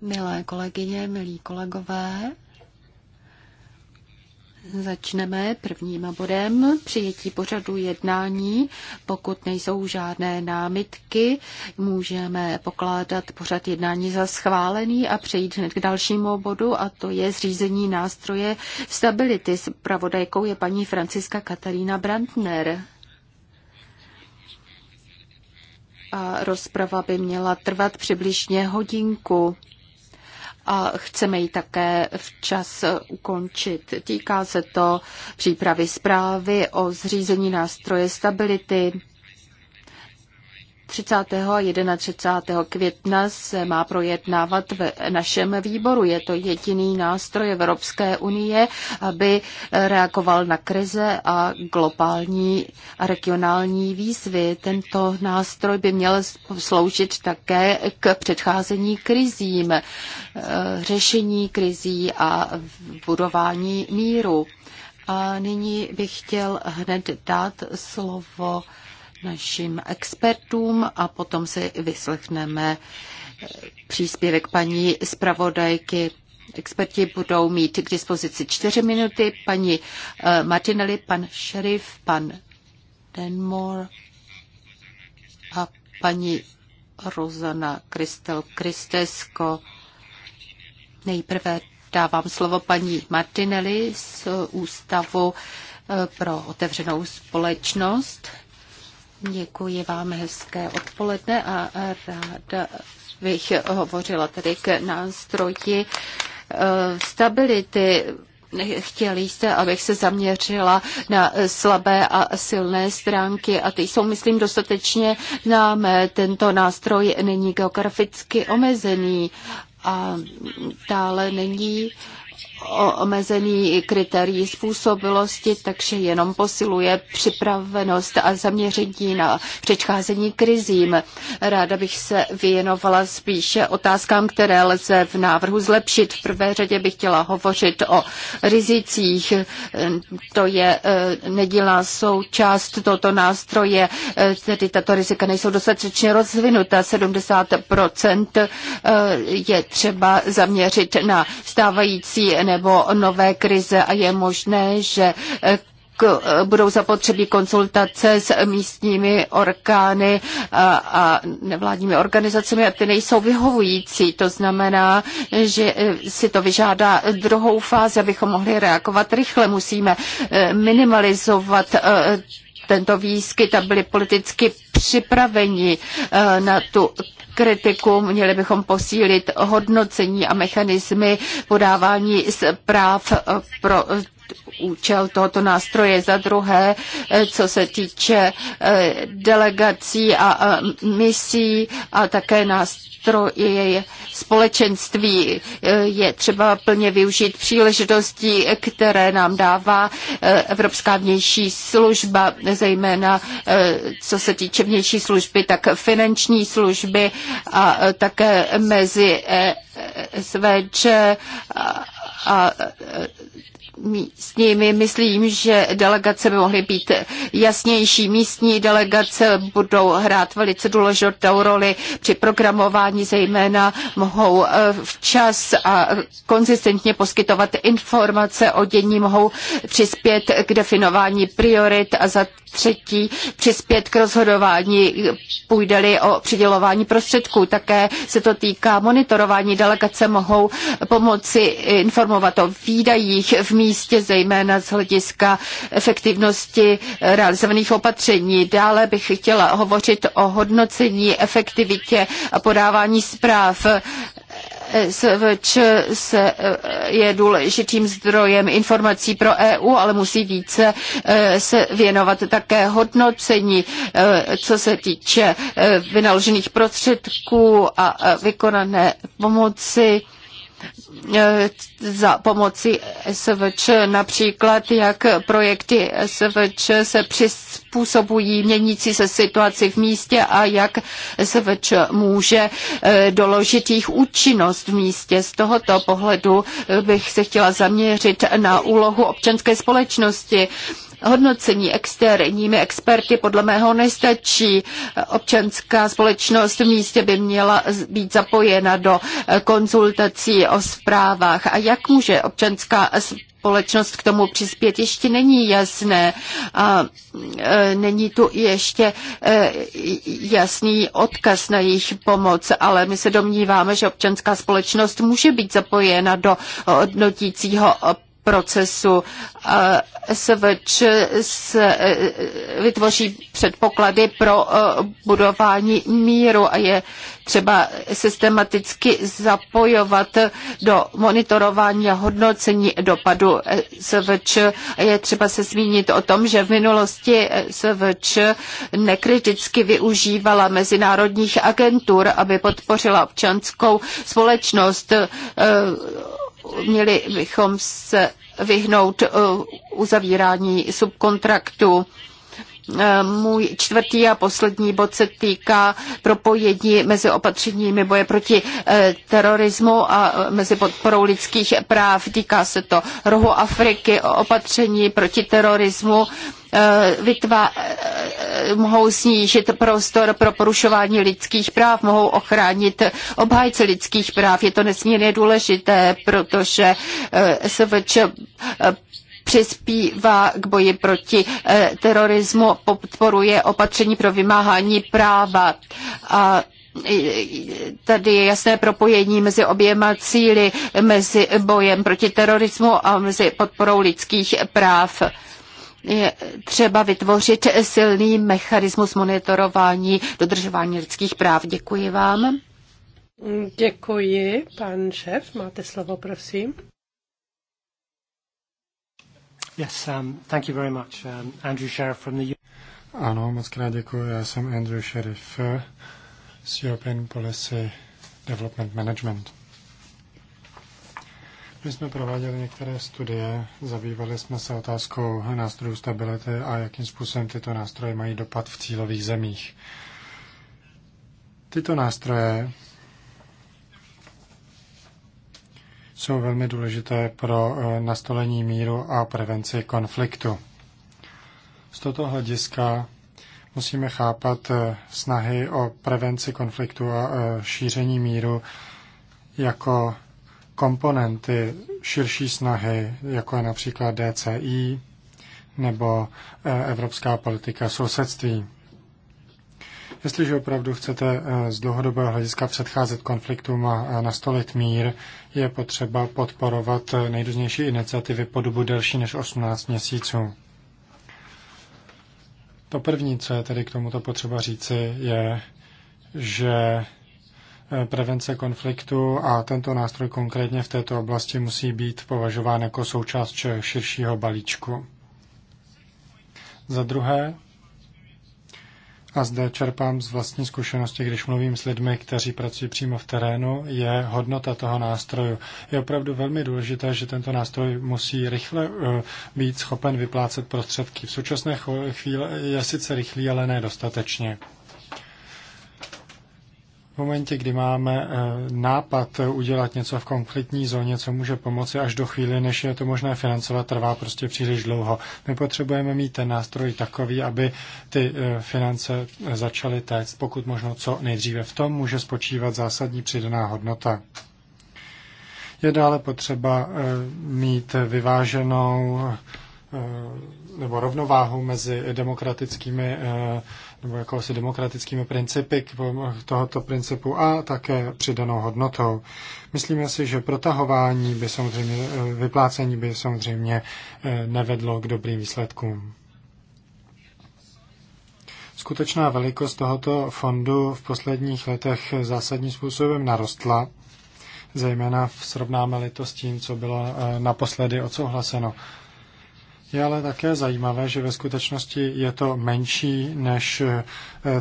Milé kolegyně, milí kolegové, Začneme prvním bodem přijetí pořadu jednání. Pokud nejsou žádné námitky, můžeme pokládat pořad jednání za schválený a přejít hned k dalšímu bodu, a to je zřízení nástroje stability. S pravodajkou je paní Franciska Katarína Brandner. a rozprava by měla trvat přibližně hodinku a chceme ji také včas ukončit. Týká se to přípravy zprávy o zřízení nástroje stability, 30. a 31. května se má projednávat v našem výboru. Je to jediný nástroj Evropské unie, aby reagoval na krize a globální a regionální výzvy. Tento nástroj by měl sloužit také k předcházení krizím, eh, řešení krizí a budování míru. A nyní bych chtěl hned dát slovo našim expertům a potom si vyslechneme eh, příspěvek paní zpravodajky. Experti budou mít k dispozici čtyři minuty. Paní eh, Martinelli, pan šerif, pan Denmore a paní Rozana Kristel Kristesko. Nejprve dávám slovo paní Martinelli z Ústavu eh, pro otevřenou společnost. Děkuji vám hezké odpoledne a ráda bych hovořila tedy k nástroji eh, stability chtěli jste, abych se zaměřila na slabé a silné stránky a ty jsou, myslím, dostatečně nám. Tento nástroj není geograficky omezený a dále není omezený kritérií způsobilosti, takže jenom posiluje připravenost a zaměření na předcházení krizím. Ráda bych se věnovala spíše otázkám, které lze v návrhu zlepšit. V prvé řadě bych chtěla hovořit o rizicích. To je eh, nedílná součást tohoto nástroje, eh, tedy tato rizika nejsou dostatečně rozvinuta. 70% eh, je třeba zaměřit na stávající nebo nové krize a je možné, že eh, k, eh, budou zapotřebí konsultace s místními orgány a, a nevládními organizacemi a ty nejsou vyhovující. To znamená, že eh, si to vyžádá druhou fázi, abychom mohli reagovat rychle. Musíme minimalizovat tento výskyt a byli politicky připraveni eh, na tu kritiku. Měli bychom posílit hodnocení a mechanismy podávání zpráv eh, pro účel tohoto nástroje. Za druhé, eh, co se týče eh, delegací a misí a také nástroje společenství, eh, je třeba plně využít příležitostí, které nám dává Evropská vnější služba, zejména co se týče vnější služby, tak finanční služby a také mezi SVČ a místními. Myslím, že delegace by mohly být jasnější. Místní delegace budou hrát velice důležitou roli při programování, zejména mohou eh, včas a konzistentně poskytovat informace o dění, mohou přispět k definování priorit a za třetí přispět k rozhodování, půjde-li o přidělování prostředků. Také se to týká monitorování. Delegace mohou pomoci informovat o výdajích v místě, zejména z hlediska efektivnosti realizovaných opatření. Dále bych chtěla hovořit o hodnocení efektivitě a podávání zpráv. SVČ se eh, je důležitým zdrojem informací pro EU, ale musí více eh, se věnovat také hodnocení, eh, co se týče vynaložených prostředků a vykonané pomoci. E, za pomoci SVČ, například jak projekty SVČ se přizpůsobují měnící se situaci v místě a jak SVČ může e, doložit jejich účinnost v místě. Z tohoto pohledu bych se chtěla zaměřit na úlohu občanské společnosti hodnocení externími experty podle mého nestačí. Občanská společnost v místě by měla být zapojena do eh, konzultací o zprávách. A jak může občanská společnost k tomu přispět, ještě není jasné. A e, není tu ještě e, jasný odkaz na jejich pomoc, ale my se domníváme, že občanská společnost může být zapojena do hodnotícího procesu. SVČ e, vytvoří předpoklady pro e, budování míru a je třeba systematicky zapojovat do monitorování a hodnocení dopadu SVČ. Je třeba se zmínit o tom, že v minulosti SVČ nekriticky využívala mezinárodních agentur, aby podpořila občanskou společnost. E, měli bychom se vyhnout eh, uzavírání subkontraktu. Eh, můj čtvrtý a poslední bod se týká propojení mezi opatřeními boje proti eh, terorismu a mezi podporou lidských práv. Týká se to rohu Afriky, opatření proti terorismu Eh, vytvá, eh, mohou snížit prostor pro porušování lidských práv, mohou ochránit obhájce lidských práv. Je to nesmírně důležité, protože eh, SVČ přispívá k boji proti terorismu, podporuje opatření pro vymáhání práva. A tady je jasné propojení mezi oběma cíly, mezi bojem proti terorismu a mezi podporou lidských práv je třeba vytvořit silný mechanismus monitorování dodržování lidských práv. Děkuji vám. Děkuji, pan šéf. Máte slovo, prosím. Yes, um, thank you very much. Um, Andrew Sheriff from the... Ano, moc krát děkuji. Já jsem Andrew Sheriff z European Policy Development Management. My jsme prováděli některé studie, zabývali jsme se otázkou nástrojů stability a jakým způsobem tyto nástroje mají dopad v cílových zemích. Tyto nástroje jsou velmi důležité pro eh, nastolení míru a prevenci konfliktu. Z tohoto hlediska musíme chápat eh, snahy o prevenci konfliktu a eh, šíření míru jako komponenty širší snahy, jako je například DCI nebo eh, Evropská politika sousedství. Jestliže opravdu chcete eh, z dlouhodobého hlediska předcházet konfliktům a nastolit mír, je potřeba podporovat eh, nejrůznější iniciativy po dobu delší než 18 měsíců. To první, co je tedy k tomuto potřeba říci, je, že prevence konfliktu a tento nástroj konkrétně v této oblasti musí být považován jako součást širšího balíčku. Za druhé, a zde čerpám z vlastní zkušenosti, když mluvím s lidmi, kteří pracují přímo v terénu, je hodnota toho nástroju. Je opravdu velmi důležité, že tento nástroj musí rychle eh, být schopen vyplácet prostředky. V současné chvíli je sice rychlý, ale nedostatečně momentě, kdy máme eh, nápad eh, udělat něco v konfliktní zóně, co může pomoci až do chvíli, než je to možné financovat, trvá prostě příliš dlouho. My potřebujeme mít ten nástroj takový, aby ty eh, finance začaly téct, pokud možno co nejdříve. V tom může spočívat zásadní přidaná hodnota. Je dále potřeba mít vyváženou nebo rovnováhu mezi demokratickými nebo jakousi demokratickými principy k tohoto principu a také přidanou hodnotou. Myslíme si, že protahování by samozřejmě, vyplácení by samozřejmě eh, nevedlo k dobrým výsledkům. Skutečná velikost tohoto fondu v posledních letech zásadním způsobem narostla, zejména srovnáme-li to s tím, co bylo eh, naposledy odsouhlaseno. Je ale také zajímavé, že ve skutečnosti je to menší než eh,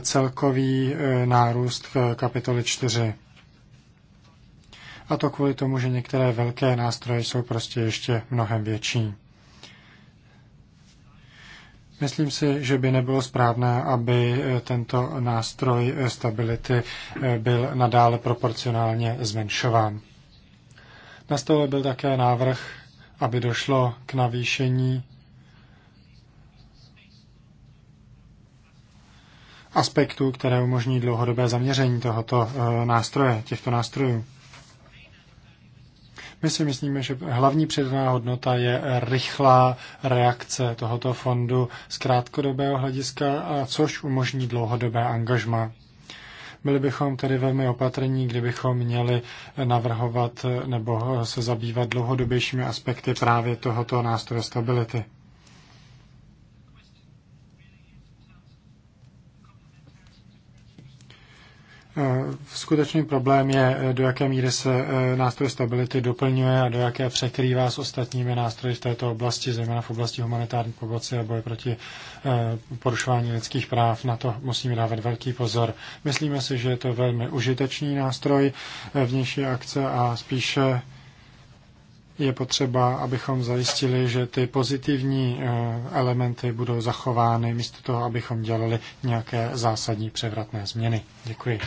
celkový eh, nárůst kapitoly 4. A to kvůli tomu, že některé velké nástroje jsou prostě ještě mnohem větší. Myslím si, že by nebylo správné, aby eh, tento nástroj stability byl nadále proporcionálně zmenšován. Na stole byl také návrh, aby došlo k navýšení aspektů, které umožní dlouhodobé zaměření tohoto eh, nástroje, těchto nástrojů. My si myslíme, že hlavní přidaná hodnota je rychlá reakce tohoto fondu z krátkodobého hlediska, což umožní dlouhodobé angažma. Byli bychom tedy velmi opatrní, kdybychom měli navrhovat nebo se zabývat dlouhodobějšími aspekty právě tohoto nástroje stability. Eh, skutečný problém je, eh, do jaké míry se eh, nástroj stability doplňuje a do jaké překrývá s ostatními nástroji v této oblasti, zejména v oblasti humanitární pomoci a boje proti porušování lidských práv. Na to musíme dávat velký pozor. Myslíme si, že je to velmi užitečný nástroj vnější akce a spíše je potřeba, abychom zajistili, že ty pozitivní elementy budou zachovány, místo toho, abychom dělali nějaké zásadní převratné změny. Děkuji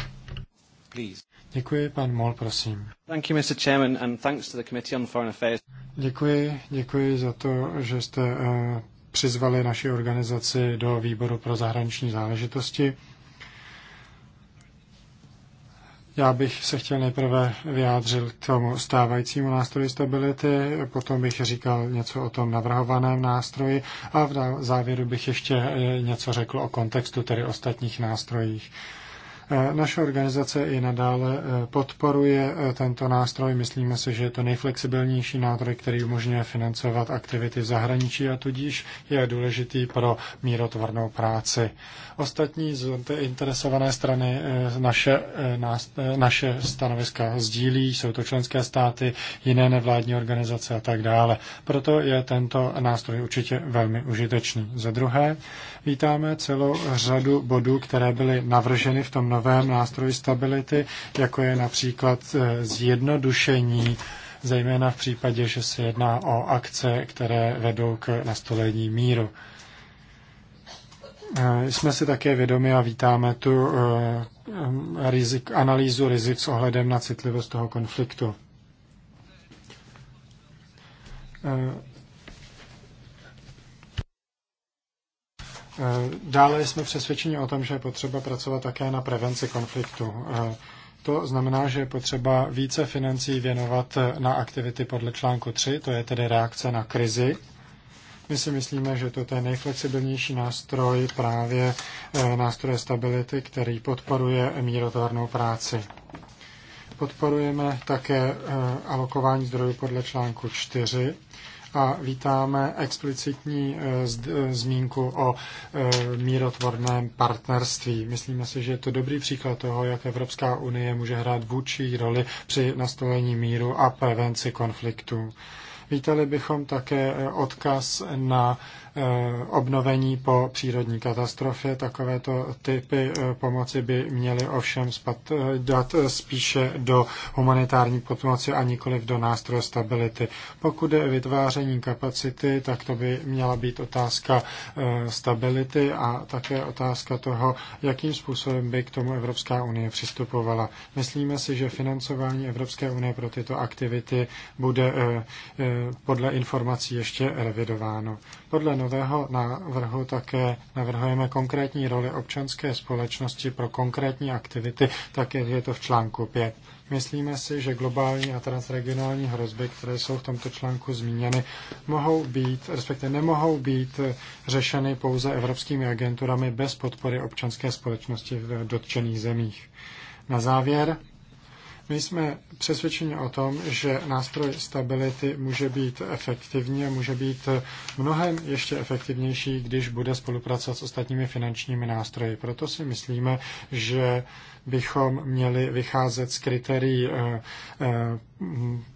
please. Děkuji, pan Mol, prosím. Thank you, Mr. Chairman, and thanks to the Committee on Foreign Affairs. Děkuji, děkuji za to, že jste uh, přizvali naši organizaci do výboru pro zahraniční záležitosti. Já bych se chtěl nejprve vyjádřit k tomu stávajícímu nástroji stability, potom bych říkal něco o tom navrhovaném nástroji a v závěru bych ještě eh, něco řekl o kontextu, tedy ostatních nástrojích. Naše organizace i nadále e, podporuje e, tento nástroj. Myslíme si, že je to nejflexibilnější nástroj, který umožňuje financovat aktivity v zahraničí a tudíž je důležitý pro mírotvornou práci. Ostatní interesované strany e, naše, naše stanoviska sdílí, jsou to členské státy, jiné nevládní organizace a tak dále. Proto je tento nástroj určitě velmi užitečný. Za druhé, vítáme celou řadu bodů, které byly navrženy v tom novém novém nástroji stability, jako je například e, zjednodušení, zejména v případě, že se jedná o akce, které vedou k nastolení míru. E, jsme si také vědomi a vítáme tu e, rizik, analýzu rizik s ohledem na citlivost toho konfliktu Eh, dále jsme přesvědčeni o tom, že je potřeba pracovat také na prevenci konfliktu. Eh, to znamená, že je potřeba více financí věnovat eh, na aktivity podle článku 3, to je tedy reakce na krizi. My si myslíme, že to je nejflexibilnější nástroj, právě nástroje stability, který podporuje mírotvornou práci. Podporujeme také alokování zdrojů podle článku 4 a vítáme explicitní eh, zmínku o eh, mírotvorném partnerství. Myslíme si, že je to dobrý příklad toho, jak Evropská unie může hrát vůči roli při nastolení míru a prevenci konfliktů. Vítali bychom také eh, odkaz na Eh, obnovení po přírodní katastrofě. Takovéto typy eh, pomoci by měly ovšem eh, dát spíše do humanitární pomoci a nikoliv do nástroje stability. Pokud je vytváření kapacity, tak to by měla být otázka stability a také otázka toho, jakým způsobem by k tomu Evropská unie přistupovala. Myslíme si, že financování Evropské unie pro tyto aktivity bude podle informací ještě revidováno. Podle nového návrhu také navrhujeme konkrétní roli občanské společnosti pro konkrétní aktivity, tak jak je to v článku 5. Myslíme si, že globální a transregionální hrozby, které jsou v tomto článku zmíněny, mohou být, respektive nemohou být řešeny pouze evropskými agenturami bez podpory občanské společnosti v dotčených zemích. Na závěr my jsme přesvědčeni o tom, že nástroj stability může být efektivní a může být mnohem ještě efektivnější, když bude spolupracovat s ostatními finančními nástroji. Proto si myslíme, že bychom měli vycházet z kritérií eh, eh,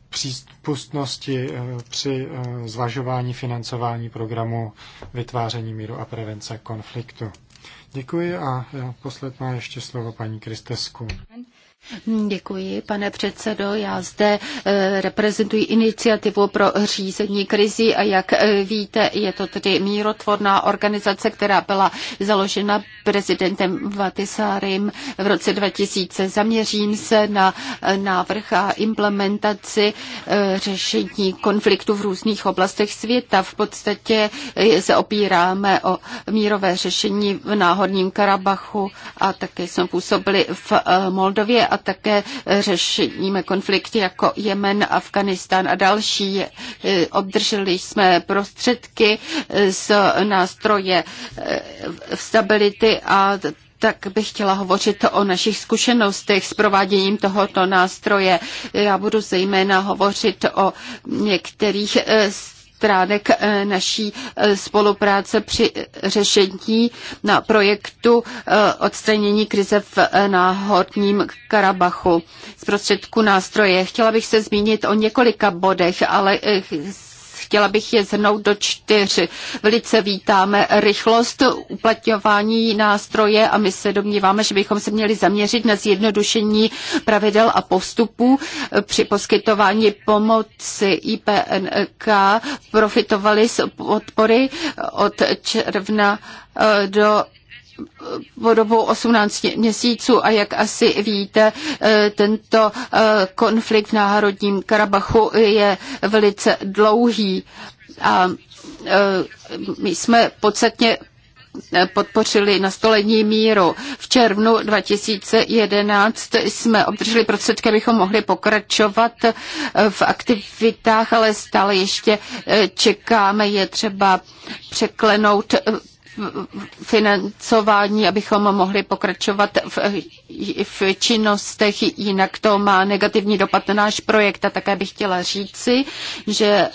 přípustnosti eh, při zvažování financování programu vytváření míru a prevence konfliktu. Děkuji a naposled má ještě slovo paní Kristesku. Děkuji, pane předsedo. Já zde eh, reprezentuji iniciativu pro řízení krizí a jak eh, víte, je to tedy mírotvorná organizace, která byla založena prezidentem Vatisárym v roce 2000. Zaměřím se na eh, návrh a implementaci řešení konfliktu v různých oblastech světa. V podstatě se opíráme o mírové řešení v náhodním Karabachu a také jsme působili v Moldově a a také řešíme konflikty jako Jemen, Afganistán a další. Obdrželi jsme prostředky z nástroje eh, stability a tak bych chtěla hovořit o našich zkušenostech s prováděním tohoto nástroje. Já budu zejména hovořit o některých stránek eh, naší eh, spolupráce při řešení na projektu eh, odstranění krize v náhodním Karabachu. Z prostředku nástroje. Chtěla bych se zmínit o několika bodech, ale Chtěla bych je zhrnout do čtyři. Velice vítáme rychlost uplatňování nástroje a my se domníváme, že bychom se měli zaměřit na zjednodušení pravidel a postupů při poskytování pomoci IPNK. Profitovali z podpory od června eh, do po dobu 18 měsíců a jak asi víte, eh, tento eh, konflikt v náhradním Karabachu je velice dlouhý a eh, my jsme podstatně podpořili nastolení míru. V červnu 2011 jsme obdrželi prostředky, abychom mohli pokračovat v aktivitách, ale stále ještě čekáme, je třeba překlenout financování, abychom mohli pokračovat v, v činnostech, jinak to má negativní dopad na náš projekt. A také bych chtěla říci, že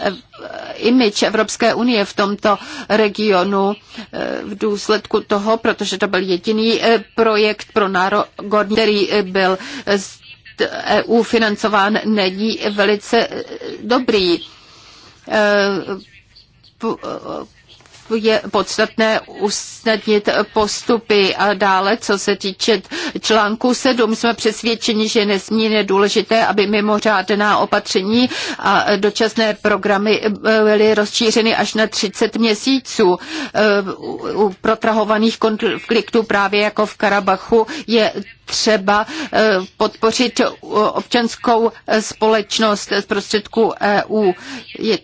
image Evropské unie v tomto regionu eh, v důsledku toho, protože to byl jediný eh, projekt pro národ, který eh, byl EU financován, není velice dobrý je podstatné usnadnit postupy a dále, co se týče článku 7, jsme přesvědčeni, že je nesmírně důležité, aby mimořádná opatření a dočasné programy byly rozšířeny až na 30 měsíců. U protrahovaných konfliktů právě jako v Karabachu je třeba eh, podpořit občanskou společnost z prostředků EU. Je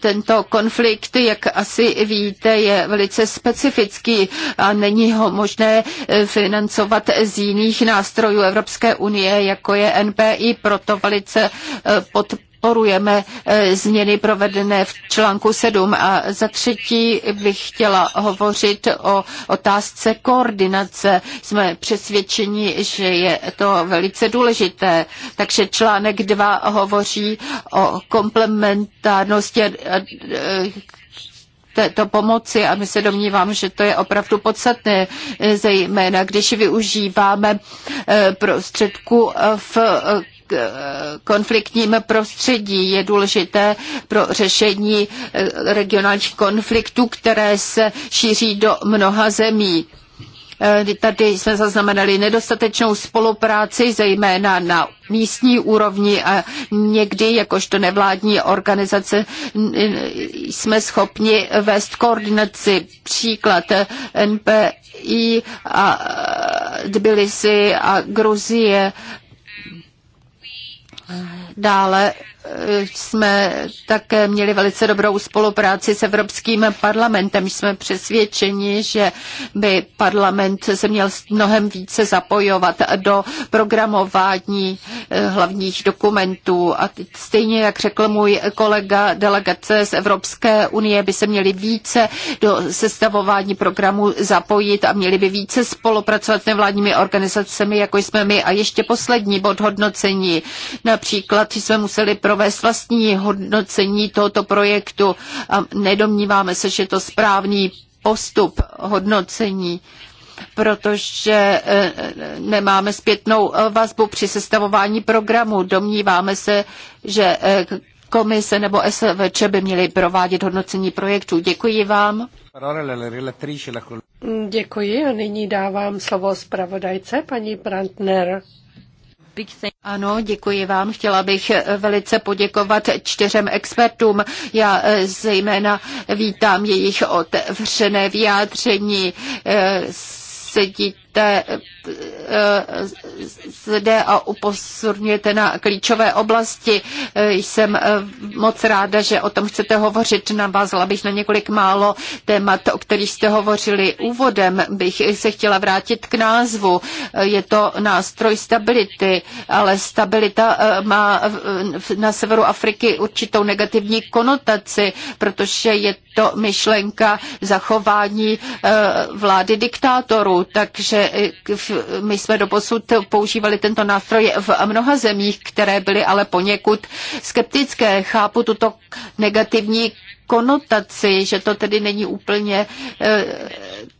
tento konflikt, jak asi víte, je velice specifický a není ho možné eh, financovat z jiných nástrojů Evropské unie, jako je NPI, proto velice eh, podporuji podporujeme eh, změny provedené v článku 7. A za třetí bych chtěla hovořit o otázce koordinace. Jsme přesvědčeni, že je to velice důležité. Takže článek 2 hovoří o komplementárnosti této pomoci a my se domníváme, že to je opravdu podstatné, eh, zejména když využíváme eh, prostředku v Eh, konfliktním prostředí. Je důležité pro řešení eh, regionálních konfliktů, které se šíří do mnoha zemí. Eh, tady jsme zaznamenali nedostatečnou spolupráci, zejména na místní úrovni a někdy, jakožto nevládní organizace, jsme schopni vést koordinaci. Příklad NPI a Tbilisi a Gruzie Dále jsme také měli velice dobrou spolupráci s Evropským parlamentem. Jsme přesvědčeni, že by parlament se měl mnohem více zapojovat do programování eh, hlavních dokumentů. A stejně, jak řekl můj kolega, delegace z Evropské unie by se měly více do sestavování programu zapojit a měli by více spolupracovat s nevládními organizacemi, jako jsme my. A ještě poslední bod hodnocení. Například jsme museli pro provést vlastní hodnocení tohoto projektu nedomníváme se, že je to správný postup hodnocení protože e, e, nemáme zpětnou vazbu při sestavování programu. Domníváme se, že e, komise nebo SVČ by měly provádět hodnocení projektů. Děkuji vám. Děkuji a nyní dávám slovo zpravodajce paní Brandner. Ano, děkuji vám. Chtěla bych eh, velice poděkovat čtyřem expertům. Já eh, zejména vítám jejich otevřené vyjádření. Eh, Sedí jste zde a upozorňujete na klíčové oblasti. Jsem moc ráda, že o tom chcete hovořit. Navázala bych na několik málo témat, o kterých jste hovořili úvodem. Bych se chtěla vrátit k názvu. Je to nástroj stability, ale stabilita eh, má na severu Afriky určitou negativní konotaci, protože je to myšlenka zachování eh, vlády diktátorů, takže Eh, my jsme doposud používali tento nástroj v mnoha zemích, které byly ale poněkud skeptické. Chápu tuto negativní konotaci, že to tedy není úplně e,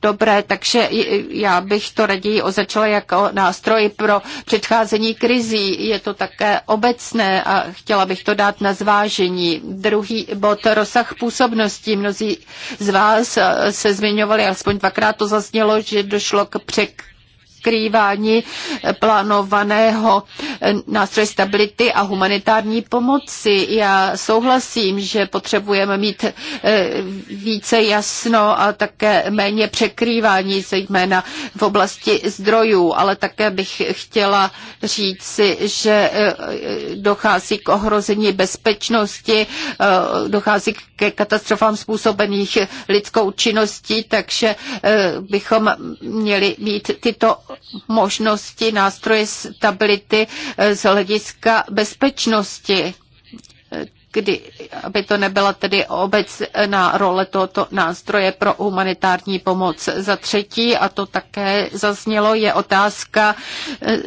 dobré, takže já bych to raději označila jako nástroj pro předcházení krizí. Je to také obecné a chtěla bych to dát na zvážení. Druhý bod, rozsah působnosti. Mnozí z vás e, se zmiňovali, alespoň dvakrát to zaznělo, že došlo k překvapení skrývání plánovaného nástroje stability a humanitární pomoci. Já souhlasím, že potřebujeme mít eh, více jasno a také méně překrývání, zejména v oblasti zdrojů, ale také bych chtěla říci, že eh, dochází k ohrození bezpečnosti, eh, dochází ke katastrofám způsobených lidskou činností, takže bychom měli mít tyto možnosti nástroje stability eh, z hlediska bezpečnosti kdy, aby to nebyla tedy obecná role tohoto nástroje pro humanitární pomoc. Za třetí, a to také zaznělo, je otázka eh,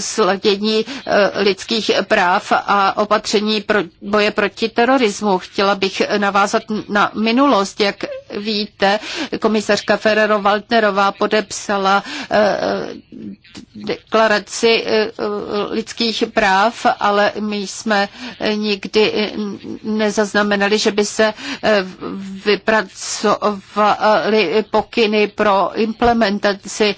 sladění eh, lidských práv a opatření pro boje proti terorismu. Chtěla bych navázat na minulost, jak víte, komisařka Ferrero-Waldnerová podepsala eh, deklaraci eh, lidských práv, ale my jsme nikdy nezaznamenali, že by se eh, vypracovaly pokyny pro implementaci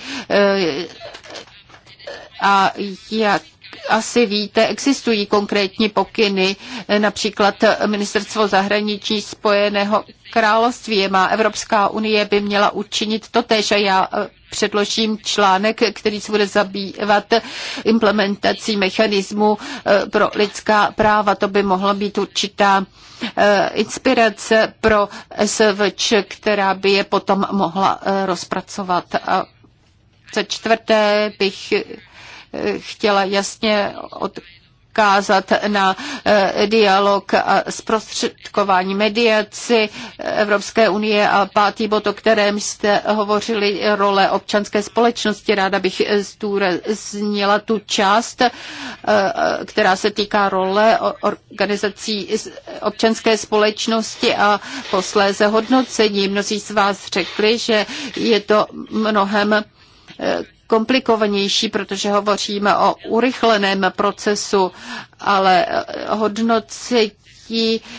a jak asi víte, existují konkrétní pokyny, eh, například eh, Ministerstvo zahraničí Spojeného království má Evropská unie by měla učinit to tež a já eh, předložím článek, který se bude zabývat implementací mechanismu pro lidská práva. To by mohla být určitá inspirace pro SVČ, která by je potom mohla rozpracovat. A za čtvrté bych chtěla jasně od kázat na eh, dialog a zprostředkování mediaci Evropské unie a pátý bod, o kterém jste hovořili, role občanské společnosti. Ráda bych zdůraznila tu část, eh, která se týká role organizací občanské společnosti a posléze hodnocení. Mnozí z vás řekli, že je to mnohem eh, komplikovanější, protože hovoříme o urychleném procesu, ale eh, hodnocení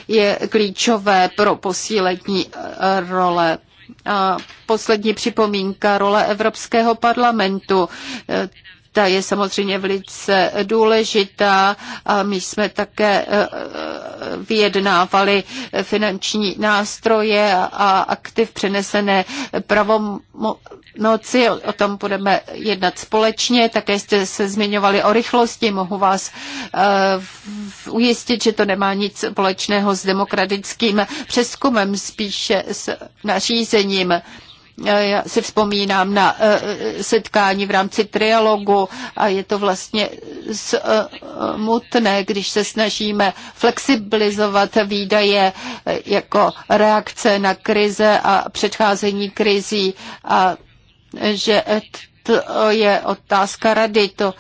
je klíčové pro posílení eh, role. A poslední připomínka role Evropského parlamentu eh, ta je samozřejmě velice důležitá a my jsme také eh, eh, vyjednávali finanční nástroje a aktiv přenesené pravomoci. O tom budeme jednat společně. Také jste se zmiňovali o rychlosti. Mohu vás eh, ujistit, že to nemá nic společného s demokratickým přeskumem, spíše s nařízením. Eh, já si vzpomínám na eh, eh, setkání v rámci trialogu a je to vlastně smutné, když se snažíme flexibilizovat výdaje jako reakce na krize a předcházení krizí a že to je otázka rady, to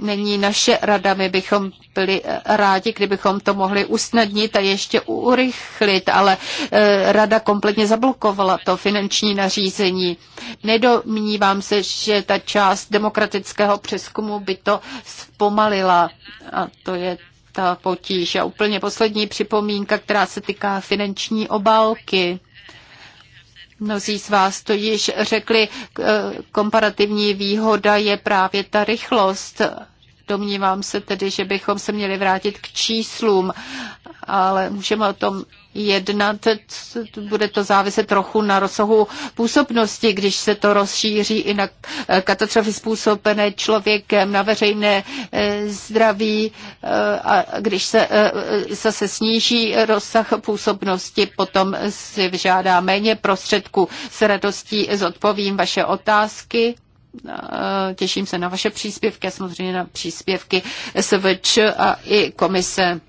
není naše rada. My bychom byli eh, rádi, kdybychom to mohli usnadnit a ještě urychlit, ale eh, rada kompletně zablokovala to finanční nařízení. Nedomnívám se, že ta část demokratického přeskumu by to zpomalila. A to je ta potíž. A úplně poslední připomínka, která se týká finanční obálky. Mnozí z vás to již řekli, eh, komparativní výhoda je právě ta rychlost. Domnívám se tedy, že bychom se měli vrátit k číslům ale můžeme o tom jednat. Bude to záviset trochu na rozsahu působnosti, když se to rozšíří i na katastrofy způsobené člověkem, na veřejné eh, zdraví eh, a když se eh, zase sníží rozsah působnosti, potom si vyžádá méně prostředků. S radostí zodpovím vaše otázky. Těším se na vaše příspěvky a samozřejmě na příspěvky SVČ a i komise.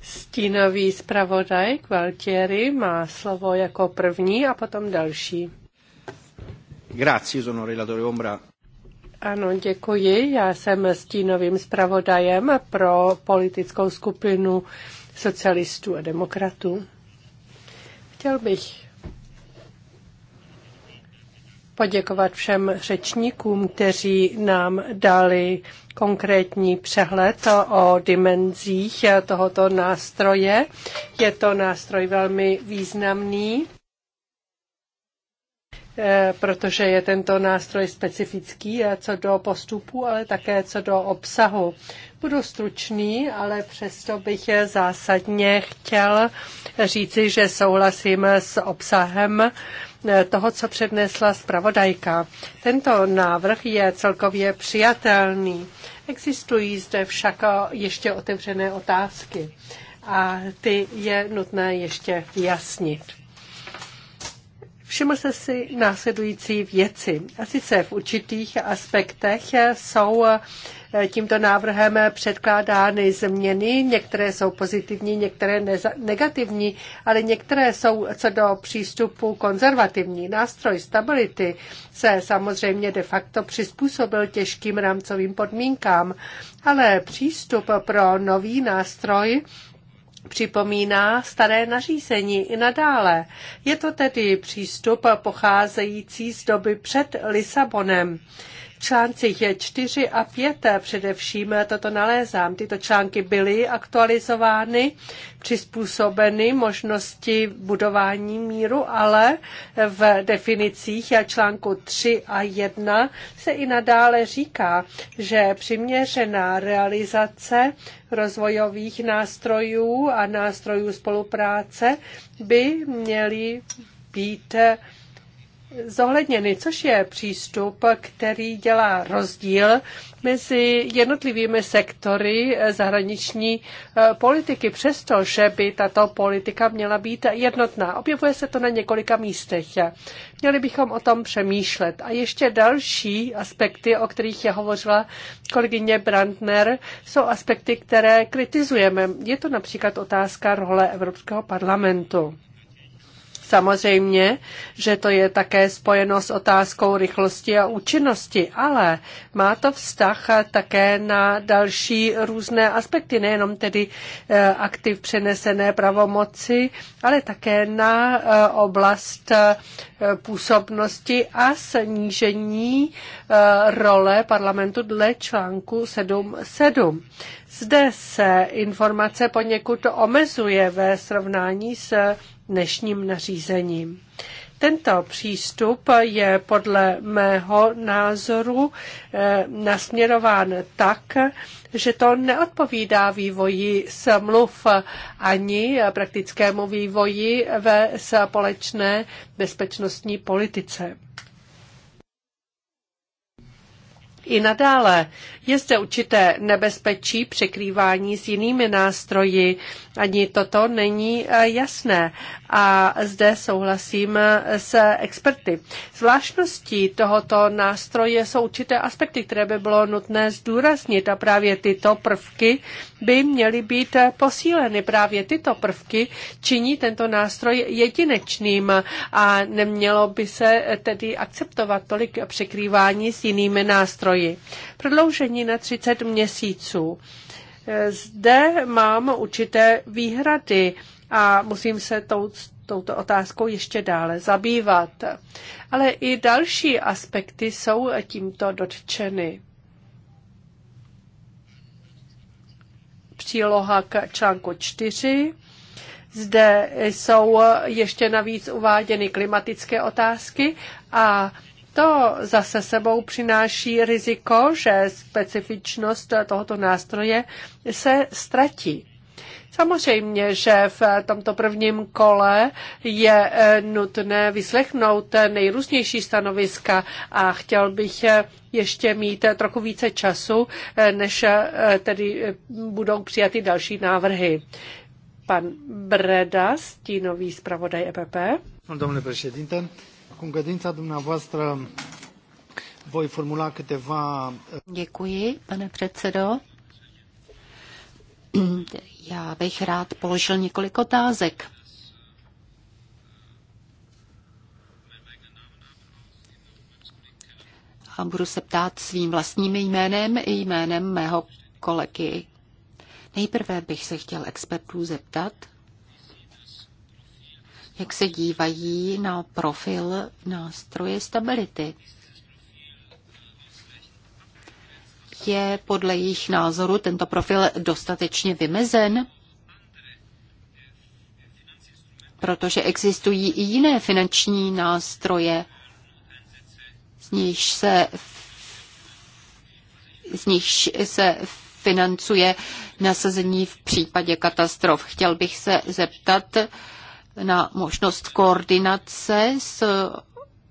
Stínový zpravodaj Gualtieri má slovo jako první a potom další. Grazie, sono relatore ombra. Ano, děkuji. Já jsem stínovým zpravodajem pro politickou skupinu socialistů a demokratů. Chtěl bych poděkovat všem řečníkům, kteří nám dali konkrétní přehled o dimenzích tohoto nástroje. Je to nástroj velmi významný, eh, protože je tento nástroj specifický eh, co do postupu, ale také co do obsahu. Budu stručný, ale přesto bych zásadně chtěl říci, že souhlasím s obsahem toho, co přednesla zpravodajka. Tento návrh je celkově přijatelný. Existují zde však ještě otevřené otázky a ty je nutné ještě vyjasnit. Všiml jste si následující věci. A sice v určitých aspektech jsou eh, tímto návrhem předkládány změny, některé jsou pozitivní, některé negativní, ale některé jsou co do přístupu konzervativní. Nástroj stability se samozřejmě de facto přizpůsobil těžkým rámcovým podmínkám, ale přístup pro nový nástroj připomíná staré nařízení i nadále. Je to tedy přístup pocházející z doby před Lisabonem článcích 4 a 5 eh, především eh, toto nalézám. Tyto články byly aktualizovány, přizpůsobeny možnosti budování míru, ale v definicích eh, článku 3 a 1 se i nadále říká, že přiměřená realizace rozvojových nástrojů a nástrojů spolupráce by měly být zohledněny, což je přístup, který dělá rozdíl mezi jednotlivými sektory zahraniční eh, politiky, přestože by tato politika měla být jednotná. Objevuje se to na několika místech. Měli bychom o tom přemýšlet. A ještě další aspekty, o kterých je hovořila kolegyně Brandner, jsou aspekty, které kritizujeme. Je to například otázka role Evropského parlamentu. Samozřejmě, že to je také spojeno s otázkou rychlosti a účinnosti, ale má to vztah také na další různé aspekty, nejenom tedy eh, aktiv přenesené pravomoci, ale také na eh, oblast eh, působnosti a snížení role parlamentu dle článku 7.7. Zde se informace poněkud omezuje ve srovnání s dnešním nařízením. Tento přístup je podle mého názoru eh, nasměrován tak, že to neodpovídá vývoji smluv ani praktickému vývoji ve společné bezpečnostní politice. I nadále je zde určité nebezpečí překrývání s jinými nástroji ani toto není eh, jasné a zde souhlasím eh, s experty. Zvláštností tohoto nástroje jsou určité aspekty, které by bylo nutné zdůraznit a právě tyto prvky by měly být eh, posíleny. Právě tyto prvky činí tento nástroj jedinečným a nemělo by se tedy akceptovat tolik překrývání s jinými nástroji. Prodloužení na 30 měsíců. Zde mám určité výhrady a musím se tou, touto otázkou ještě dále zabývat. Ale i další aspekty jsou tímto dotčeny. Příloha k článku 4. Zde jsou ještě navíc uváděny klimatické otázky a to zase sebou přináší riziko, že specifičnost tohoto nástroje se ztratí. Samozřejmě, že v tomto prvním kole je eh, nutné vyslechnout nejrůznější stanoviska a chtěl bych eh, ještě mít eh, trochu více času, než tedy budou přijaty další návrhy. Pan Breda, stínový zpravodaj EPP. Domnule Cu dumneavoastră voi formula câteva... Děkuji, pane předsedo. Já bych rád položil několik otázek. A budu se ptát svým vlastním jménem i jménem mého kolegy. Nejprve bych se chtěl expertů zeptat, jak se dívají na profil nástroje stability. Je podle jejich názoru tento profil dostatečně vymezen? Protože existují i jiné finanční nástroje, z nich se, z nich se financuje nasazení v případě katastrof. Chtěl bych se zeptat, na možnost koordinace s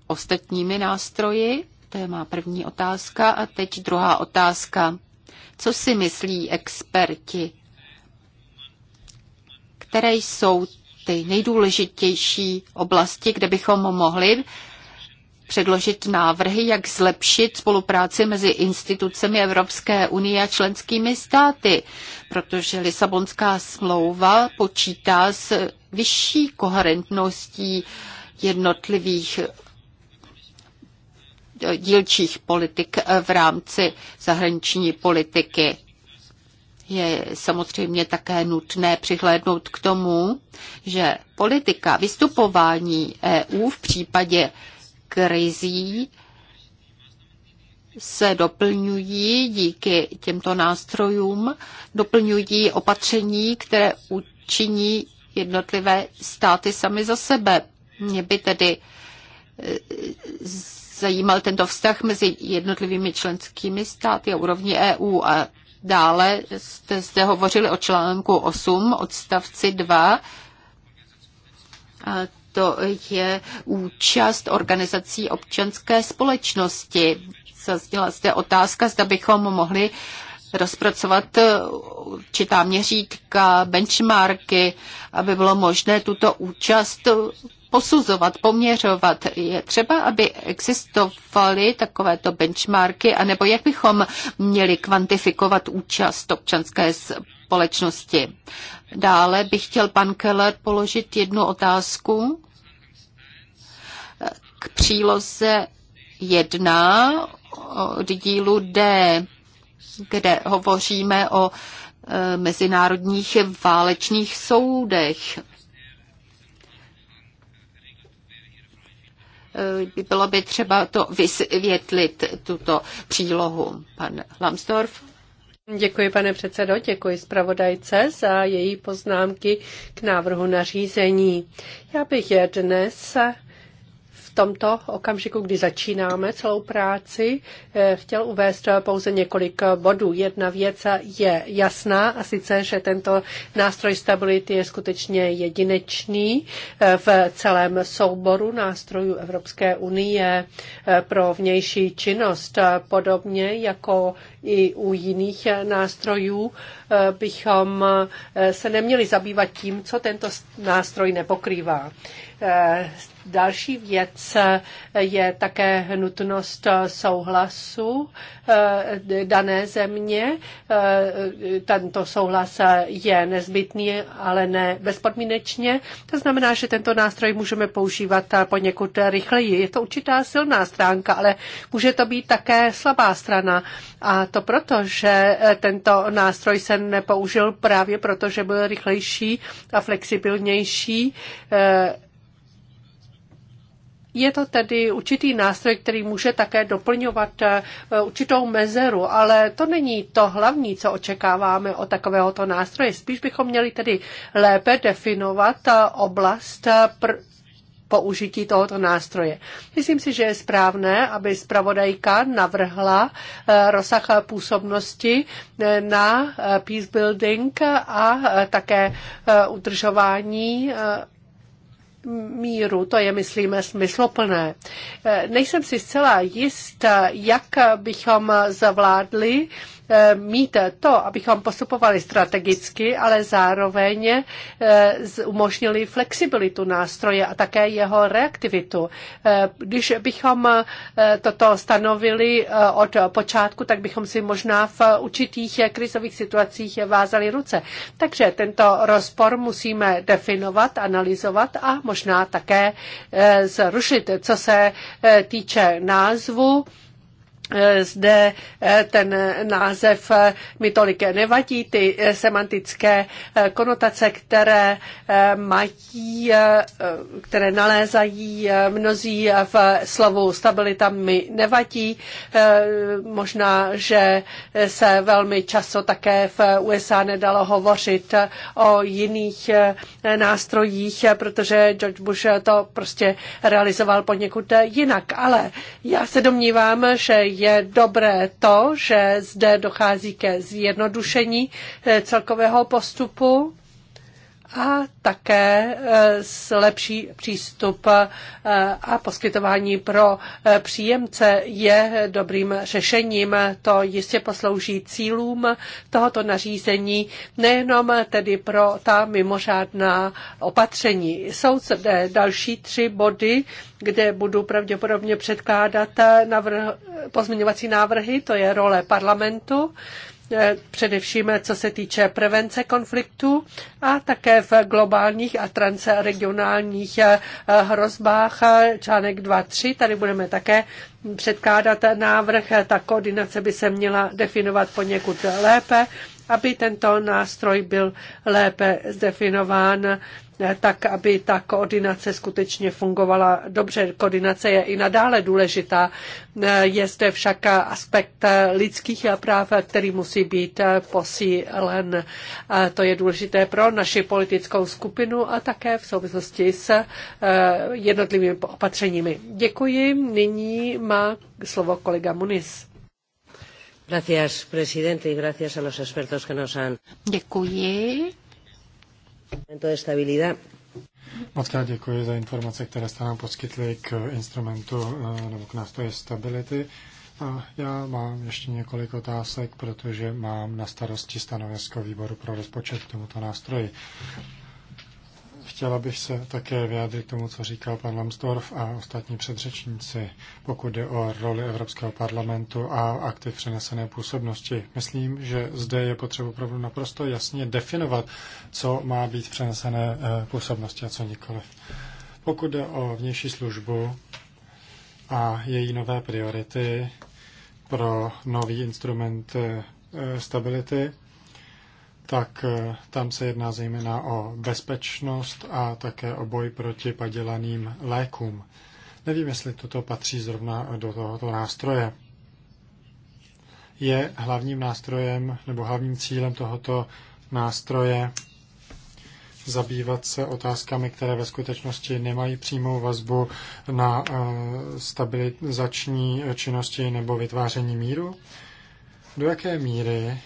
ostatními nástroji? To je má první otázka. A teď druhá otázka. Co si myslí experti? Které jsou ty nejdůležitější oblasti, kde bychom mohli předložit návrhy, jak zlepšit spolupráci mezi institucemi Evropské unie a členskými státy, protože Lisabonská smlouva počítá s vyšší koherentností jednotlivých eh, dílčích politik eh, v rámci zahraniční politiky. Je samozřejmě také nutné přihlédnout k tomu, že politika vystupování EU v případě krizí se doplňují díky těmto nástrojům, doplňují opatření, které učiní jednotlivé státy sami za sebe. Mě by tedy eh, zajímal tento vztah mezi jednotlivými členskými státy a úrovní EU. A dále jste zde hovořili o článku 8 odstavci 2. A to je účast organizací občanské společnosti. Zazněla zde otázka, zda bychom mohli uh, rozpracovat eh, určitá měřítka, benchmarky, aby bylo možné tuto účast posuzovat, poměřovat. Je třeba, aby existovaly takovéto benchmarky, anebo jak bychom měli kvantifikovat účast občanské společnosti. Dále bych chtěl pan Keller položit jednu otázku k příloze jedna od dílu D kde hovoříme o e, mezinárodních válečných soudech. E, bylo by třeba to vysvětlit, tuto přílohu. Pan Lambsdorff. Děkuji, pane předsedo, děkuji zpravodajce za její poznámky k návrhu nařízení. Já bych je dnes tomto okamžiku, kdy začínáme celou práci, eh, chtěl uvést pouze několik bodů. Jedna věc je jasná, a sice, že tento nástroj stability je skutečně jedinečný eh, v celém souboru nástrojů Evropské unie eh, pro vnější činnost. Podobně jako i u jiných nástrojů bychom se neměli zabývat tím, co tento nástroj nepokrývá Další věc je také nutnost souhlasu eh, dané země. Eh, tento souhlas je nezbytný, ale ne bezpodmínečně. To znamená, že tento nástroj můžeme používat poněkud rychleji. Je to určitá silná stránka, ale může to být také slabá strana. A to proto, že tento nástroj se nepoužil právě proto, že byl rychlejší a flexibilnější eh, je to tedy určitý nástroj, který může také doplňovat eh, určitou mezeru, ale to není to hlavní, co očekáváme od takovéhoto nástroje. Spíš bychom měli tedy lépe definovat eh, oblast eh, použití tohoto nástroje. Myslím si, že je správné, aby zpravodajka navrhla rozsah působnosti na peace building a také udržování míru, to je, myslím, smysloplné. E, nejsem si zcela jist, jak bychom zavládli. Eh, mít to, abychom postupovali strategicky, ale zároveň eh, umožnili flexibilitu nástroje a také jeho reaktivitu. Eh, když bychom toto stanovili od počátku, tak bychom si možná v určitých krizových situacích vázali ruce. Takže tento rozpor musíme definovat, analyzovat a možná také zrušit. Co se týče názvu, Eh, zde eh, ten název eh, mi tolik nevadí, ty semantické konotace, které mají, které nalézají mnozí v slovu stabilita mi nevadí. Možná, že se velmi často také v USA nedalo hovořit o jiných nástrojích, protože George Bush to prostě realizoval poněkud jinak. Ale já se domnívám, že je je dobré to, že zde dochází ke zjednodušení eh, celkového postupu a také s e, lepší přístup e, a poskytování pro e, příjemce je dobrým řešením. To jistě poslouží cílům tohoto nařízení, nejenom tedy pro ta mimořádná opatření. Jsou zde další tři body, kde budu pravděpodobně předkládat pozměňovací návrhy, to je role parlamentu. E, především co se týče prevence konfliktů a také v globálních a transregionálních e, hrozbách e, článek 2.3. Tady budeme také předkládat návrh. Ta koordinace by se měla definovat poněkud lépe, aby tento nástroj byl lépe zdefinován Eh, tak aby ta koordinace skutečně fungovala dobře. Koordinace je i nadále důležitá. Eh, je zde však aspekt eh, lidských práv, který musí být posílen. To je důležité pro naši politickou skupinu a také v souvislosti s jednotlivými opatřeními. Děkuji. Nyní má slovo kolega Muniz. Gracias, presidente, y gracias a los expertos que nos han. Děkuji Moc krát děkuji za informace, které jste nám poskytli k instrumentu eh, nebo k nástroji stability. A já mám ještě několik otázek, protože mám na starosti stanovisko výboru pro rozpočet k tomuto nástroji. Chtěla bych se také vyjádřit k tomu, co říkal pan Lambsdorff a ostatní předřečníci, pokud jde o roli Evropského parlamentu a aktiv přenesené působnosti. Myslím, že zde je potřeba opravdu naprosto jasně definovat, co má být přenesené eh, působnosti a co nikoliv. Pokud jde o vnější službu a její nové priority pro nový instrument eh, stability, tak eh, tam se jedná zejména o bezpečnost a také o boj proti padělaným lékům. Nevím, jestli toto patří zrovna do tohoto nástroje. Je hlavním nástrojem nebo hlavním cílem tohoto nástroje zabývat se otázkami, které ve skutečnosti nemají přímou vazbu na eh, stabilizační činnosti nebo vytváření míru? Do jaké míry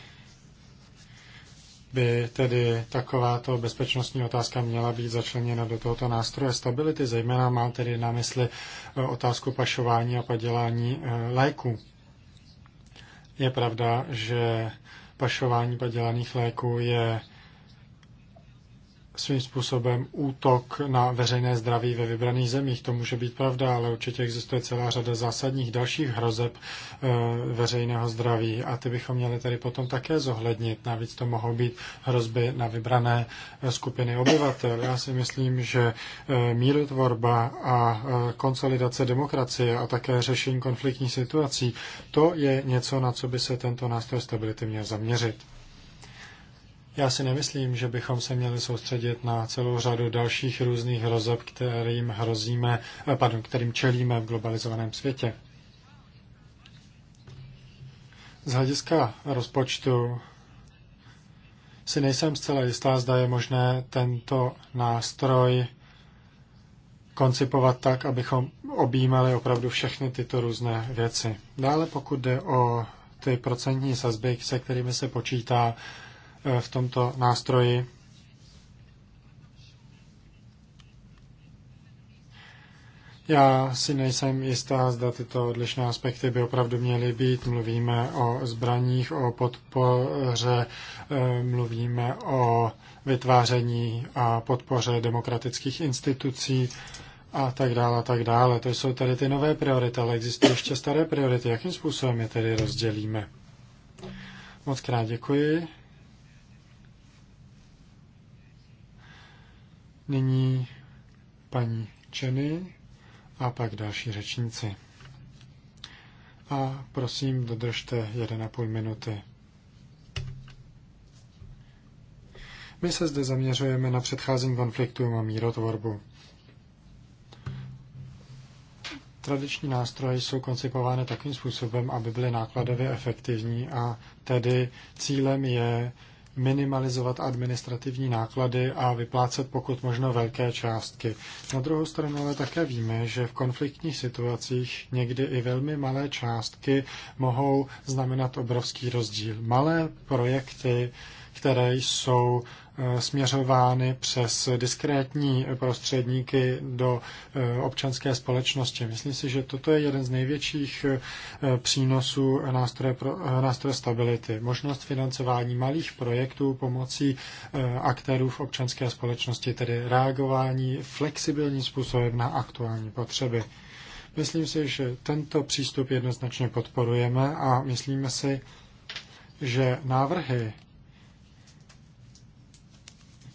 by tedy takováto bezpečnostní otázka měla být začleněna do tohoto nástroje stability, zejména mám tedy na mysli eh, otázku pašování a padělání eh, léků. Je pravda, že pašování padělaných léků je svým způsobem útok na veřejné zdraví ve vybraných zemích. To může být pravda, ale určitě existuje celá řada zásadních dalších hrozeb eh, veřejného zdraví a ty bychom měli tady potom také zohlednit. Navíc to mohou být hrozby na vybrané eh, skupiny obyvatel. Já si myslím, že eh, mírotvorba a konsolidace demokracie a také řešení konfliktních situací, to je něco, na co by se tento nástroj stability měl zaměřit. Já si nemyslím, že bychom se měli soustředit na celou řadu dalších různých hrozeb, kterým, hrozíme, eh, pardon, kterým čelíme v globalizovaném světě. Z hlediska rozpočtu si nejsem zcela jistá, zda je možné tento nástroj koncipovat tak, abychom objímali opravdu všechny tyto různé věci. Dále pokud jde o ty procentní sazby, se kterými se počítá, v tomto nástroji. Já si nejsem jistá, zda tyto odlišné aspekty by opravdu měly být. Mluvíme o zbraních, o podpoře, eh, mluvíme o vytváření a podpoře demokratických institucí a tak dále, a tak dále. To jsou tady ty nové priority, ale existují ještě staré priority. Jakým způsobem je tedy rozdělíme? Moc krát děkuji. Nyní paní Čeny a pak další řečníci. A prosím, dodržte 1,5 minuty. My se zde zaměřujeme na předcházení konfliktům a mírotvorbu. Tradiční nástroje jsou koncipovány takovým způsobem, aby byly nákladově efektivní a tedy cílem je minimalizovat administrativní náklady a vyplácet pokud možno velké částky. Na druhou stranu ale také víme, že v konfliktních situacích někdy i velmi malé částky mohou znamenat obrovský rozdíl. Malé projekty, které jsou Eh, směřovány přes diskrétní prostředníky do eh, občanské společnosti. Myslím si, že toto je jeden z největších eh, přínosů nástroje, pro, nástroje stability. Možnost financování malých projektů pomocí aktérů v občanské společnosti, tedy reagování flexibilním způsobem na aktuální potřeby. Myslím si, že tento přístup jednoznačně podporujeme a myslíme si, že návrhy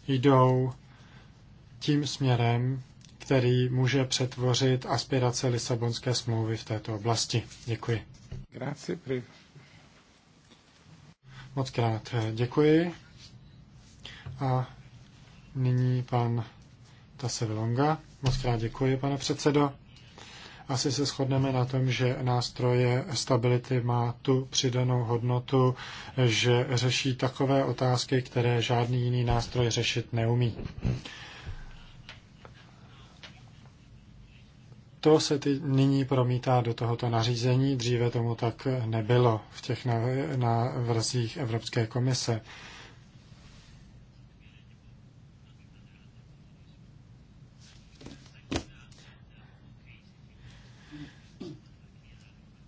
jdou tím směrem, který může přetvořit aspirace Lisabonské smlouvy v této oblasti. Děkuji. Grazie, Moc krát eh, děkuji. A nyní pan Tasevilonga. Moc krát děkuji, pane předsedo. Asi se shodneme na tom, že nástroje stability má tu přidanou hodnotu, že řeší takové otázky, které žádný jiný nástroj řešit neumí. To se ty nyní promítá do tohoto nařízení, dříve tomu tak nebylo v těch návrzích Evropské komise.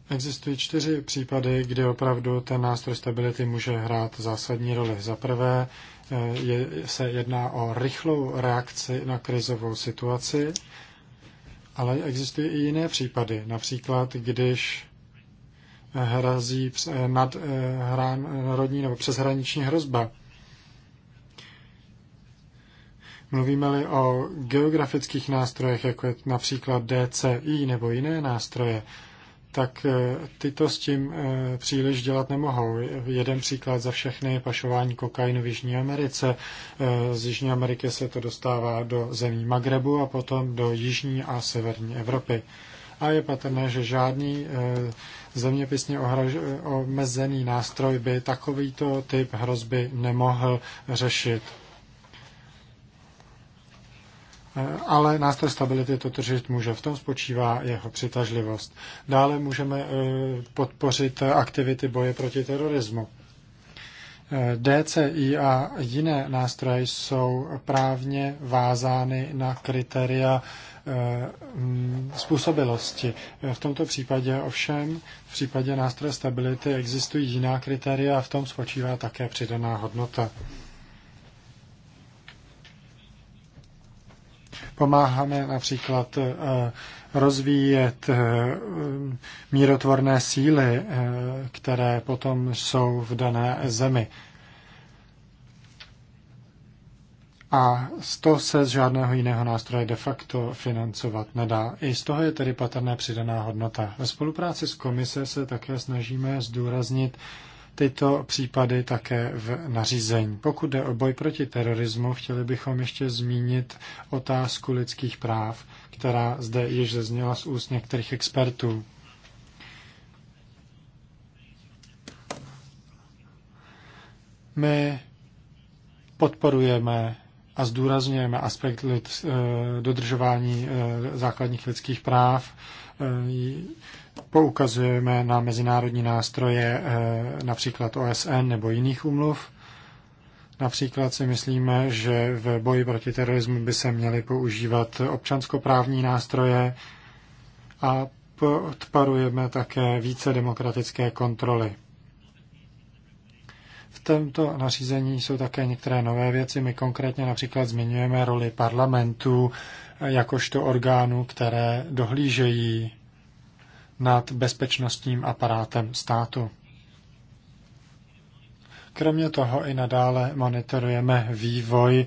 Existují čtyři případy, kdy opravdu ten nástroj stability může hrát zásadní roli. Za prvé eh, je, se jedná o rychlou reakci na krizovou situaci, ale existují i jiné případy. Například, když hrazí eh, nad eh, hrán, národní nebo přeshraniční hrozba. Mluvíme-li o geografických nástrojech, jako je například DCI nebo jiné nástroje, tak eh, tyto s tím eh, příliš dělat nemohou. Jeden příklad za všechny je pašování kokainu v Jižní Americe. Eh, z Jižní Ameriky se to dostává do zemí Magrebu a potom do Jižní a Severní Evropy. A je patrné, že žádný zeměpisně omezený nástroj by takovýto typ hrozby nemohl řešit. Eh, ale nástroj stability to držet může. V tom spočívá jeho přitažlivost. Dále můžeme eh, podpořit aktivity boje proti terorismu. Eh, DCI a jiné nástroje jsou právně vázány na kritéria mm, způsobilosti. V tomto případě ovšem, v případě nástroje stability existují jiná kritéria a v tom spočívá také přidaná hodnota. Pomáháme například eh, rozvíjet eh, mírotvorné síly, eh, které potom jsou v dané zemi. A z toho se z žádného jiného nástroje de facto financovat nedá. I z toho je tedy patrná přidaná hodnota. Ve spolupráci s komise se také snažíme zdůraznit tyto případy také v nařízení. Pokud jde o boj proti terorismu, chtěli bychom ještě zmínit otázku lidských práv, která zde již zazněla z úst některých expertů. My podporujeme a zdůrazňujeme aspekt lid, eh, dodržování eh, základních lidských práv eh, poukazujeme na mezinárodní nástroje, eh, například OSN nebo jiných umluv. Například si myslíme, že v boji proti terorismu by se měly používat občanskoprávní nástroje a podporujeme také více demokratické kontroly. V tomto nařízení jsou také některé nové věci. My konkrétně například zmiňujeme roli parlamentu eh, jakožto orgánů, které dohlížejí nad bezpečnostním aparátem státu. Kromě toho i nadále monitorujeme vývoj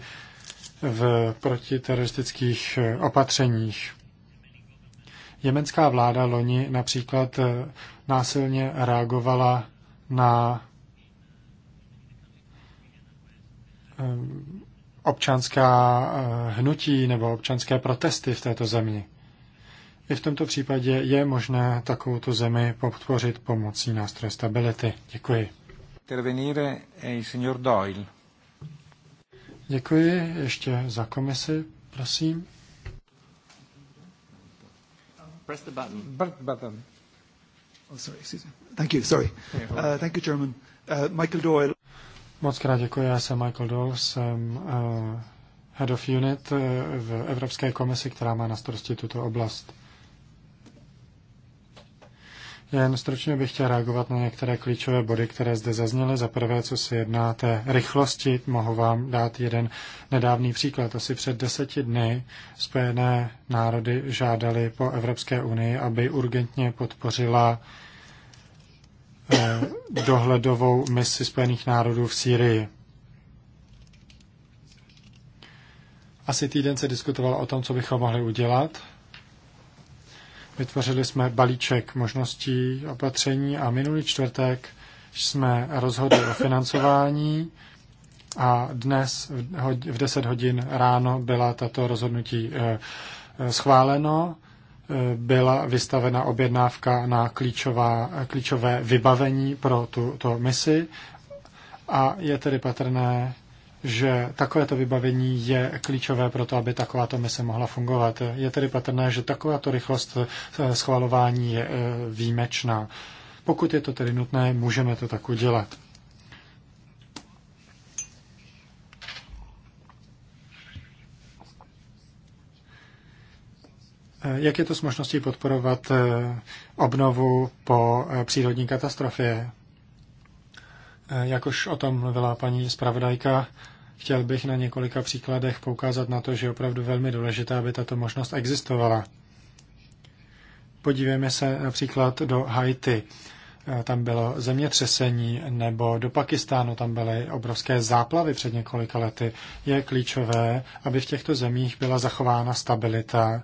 v protiteroristických eh, opatřeních. Jemenská vláda loni například eh, násilně reagovala na eh, občanská hnutí nebo občanské protesty v této zemi. I v tomto případě je možné takovouto zemi podpořit pomocí nástroje stability. Děkuji. Intervenire i signor Doyle. Děkuji. Ještě za komisi, prosím. Press the button. button. Oh, sorry, excuse me. Thank you, sorry. Uh, thank you, Chairman. Uh, Michael Doyle. Moc krát děkuji, já jsem Michael Doyle, jsem uh, Head of Unit uh, v Evropské komisi, která má na starosti tuto oblast. Jen stručně bych chtěl reagovat na některé klíčové body, které zde zazněly. Za prvé, co se jedná té rychlosti, mohu vám dát jeden nedávný příklad. Asi před deseti dny Spojené národy žádali po Evropské unii, aby urgentně podpořila eh, dohledovou misi Spojených národů v Sýrii. Asi týden se diskutovalo o tom, co bychom mohli udělat Vytvořili jsme balíček možností opatření a minulý čtvrtek jsme rozhodli o financování a dnes v 10 hodin ráno byla tato rozhodnutí eh, eh, schváleno. Eh, byla vystavena objednávka na klíčová, klíčové vybavení pro tuto misi a je tedy patrné, že takovéto vybavení je klíčové pro to, aby takováto mise mohla fungovat. Je tedy patrné, že takováto rychlost eh, schvalování je eh, výjimečná. Pokud je to tedy nutné, můžeme to tak udělat. Eh, jak je to s možností podporovat obnovu po přírodní katastrofě? Jak už o tom mluvila paní zpravodajka, chtěl bych na několika příkladech poukázat na to, že je opravdu velmi důležité, aby tato možnost existovala. Podívejme se například do Haiti. Tam bylo zemětřesení, nebo do Pakistánu tam byly obrovské záplavy před několika lety. Je klíčové, aby v těchto zemích byla zachována stabilita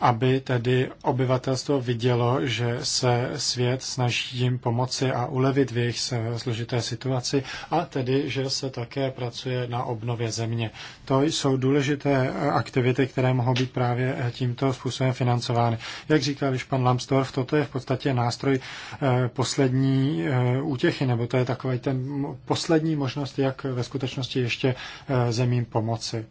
aby tedy obyvatelstvo vidělo, že se svět snaží jim pomoci a ulevit v jejich složité situaci a tedy, že se také pracuje na obnově země. To jsou důležité eh, aktivity, které mohou být právě eh, tímto způsobem financovány. Jak říkal již pan Lambsdorff, toto je v podstatě nástroj eh, poslední útěchy, nebo to je takový ten poslední možnost, jak ve skutečnosti ještě zemím pomoci.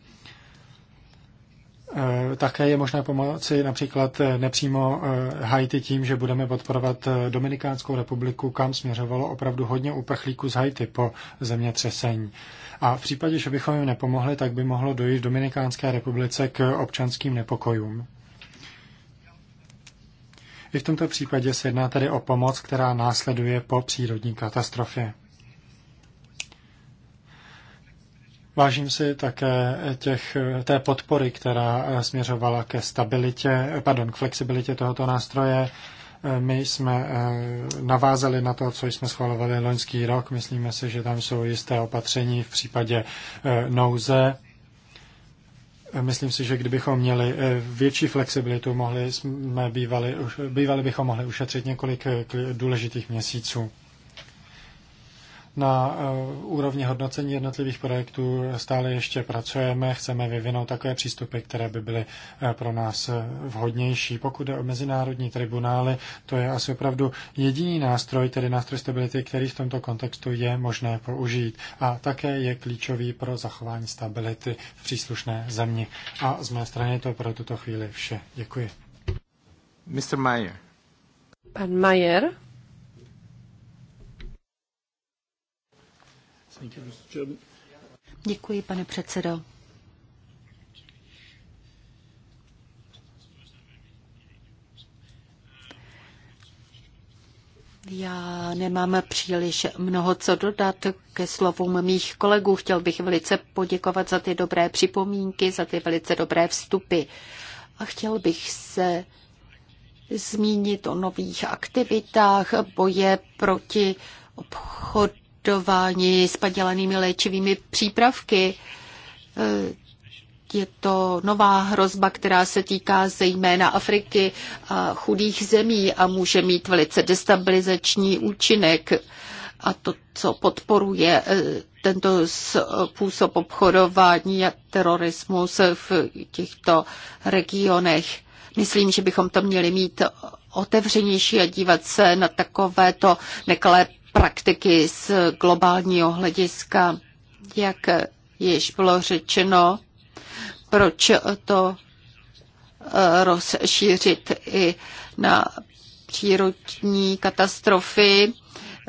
Eh, také je možné pomoci například eh, nepřímo eh, Haiti tím, že budeme podporovat Dominikánskou republiku, kam směřovalo opravdu hodně uprchlíků z Haiti po zemětřesení. A v případě, že bychom jim nepomohli, tak by mohlo dojít v Dominikánské republice k občanským nepokojům. I v tomto případě se jedná tedy o pomoc, která následuje po přírodní katastrofě. Vážím si také těch, té podpory, která eh, směřovala ke stabilitě, pardon, k flexibilitě tohoto nástroje. Eh, my jsme eh, navázali na to, co jsme schvalovali loňský rok. Myslíme si, že tam jsou jisté opatření v případě nouze. Myslím si, že kdybychom měli větší flexibilitu, mohli jsme bývali, bývali bychom mohli ušetřit několik důležitých měsíců. Na eh, úrovni hodnocení jednotlivých projektů stále ještě pracujeme, chceme vyvinout takové přístupy, které by byly eh, pro nás eh, vhodnější. Pokud jde o mezinárodní tribunály, to je asi opravdu jediný nástroj, tedy nástroj stability, který v tomto kontextu je možné použít a také je klíčový pro zachování stability v příslušné zemi. A z mé strany to pro tuto chvíli vše. Děkuji. Mr. Mayer. Pan Mayer. Děkuji, pane předsedo. Já nemám příliš mnoho co dodat ke slovům mých kolegů. Chtěl bych velice poděkovat za ty dobré připomínky, za ty velice dobré vstupy. A chtěl bych se zmínit o nových aktivitách boje proti obchodu bombardováni s padělanými léčivými přípravky. Eh, je to nová hrozba, která se týká zejména Afriky a chudých zemí a může mít velice destabilizační účinek. A to, co podporuje eh, tento způsob obchodování a terorismus v těchto regionech. Myslím, že bychom to měli mít otevřenější a dívat se na takovéto nekalé praktiky z globálního hlediska. Jak již bylo řečeno, proč to eh, rozšířit i na přírodní katastrofy.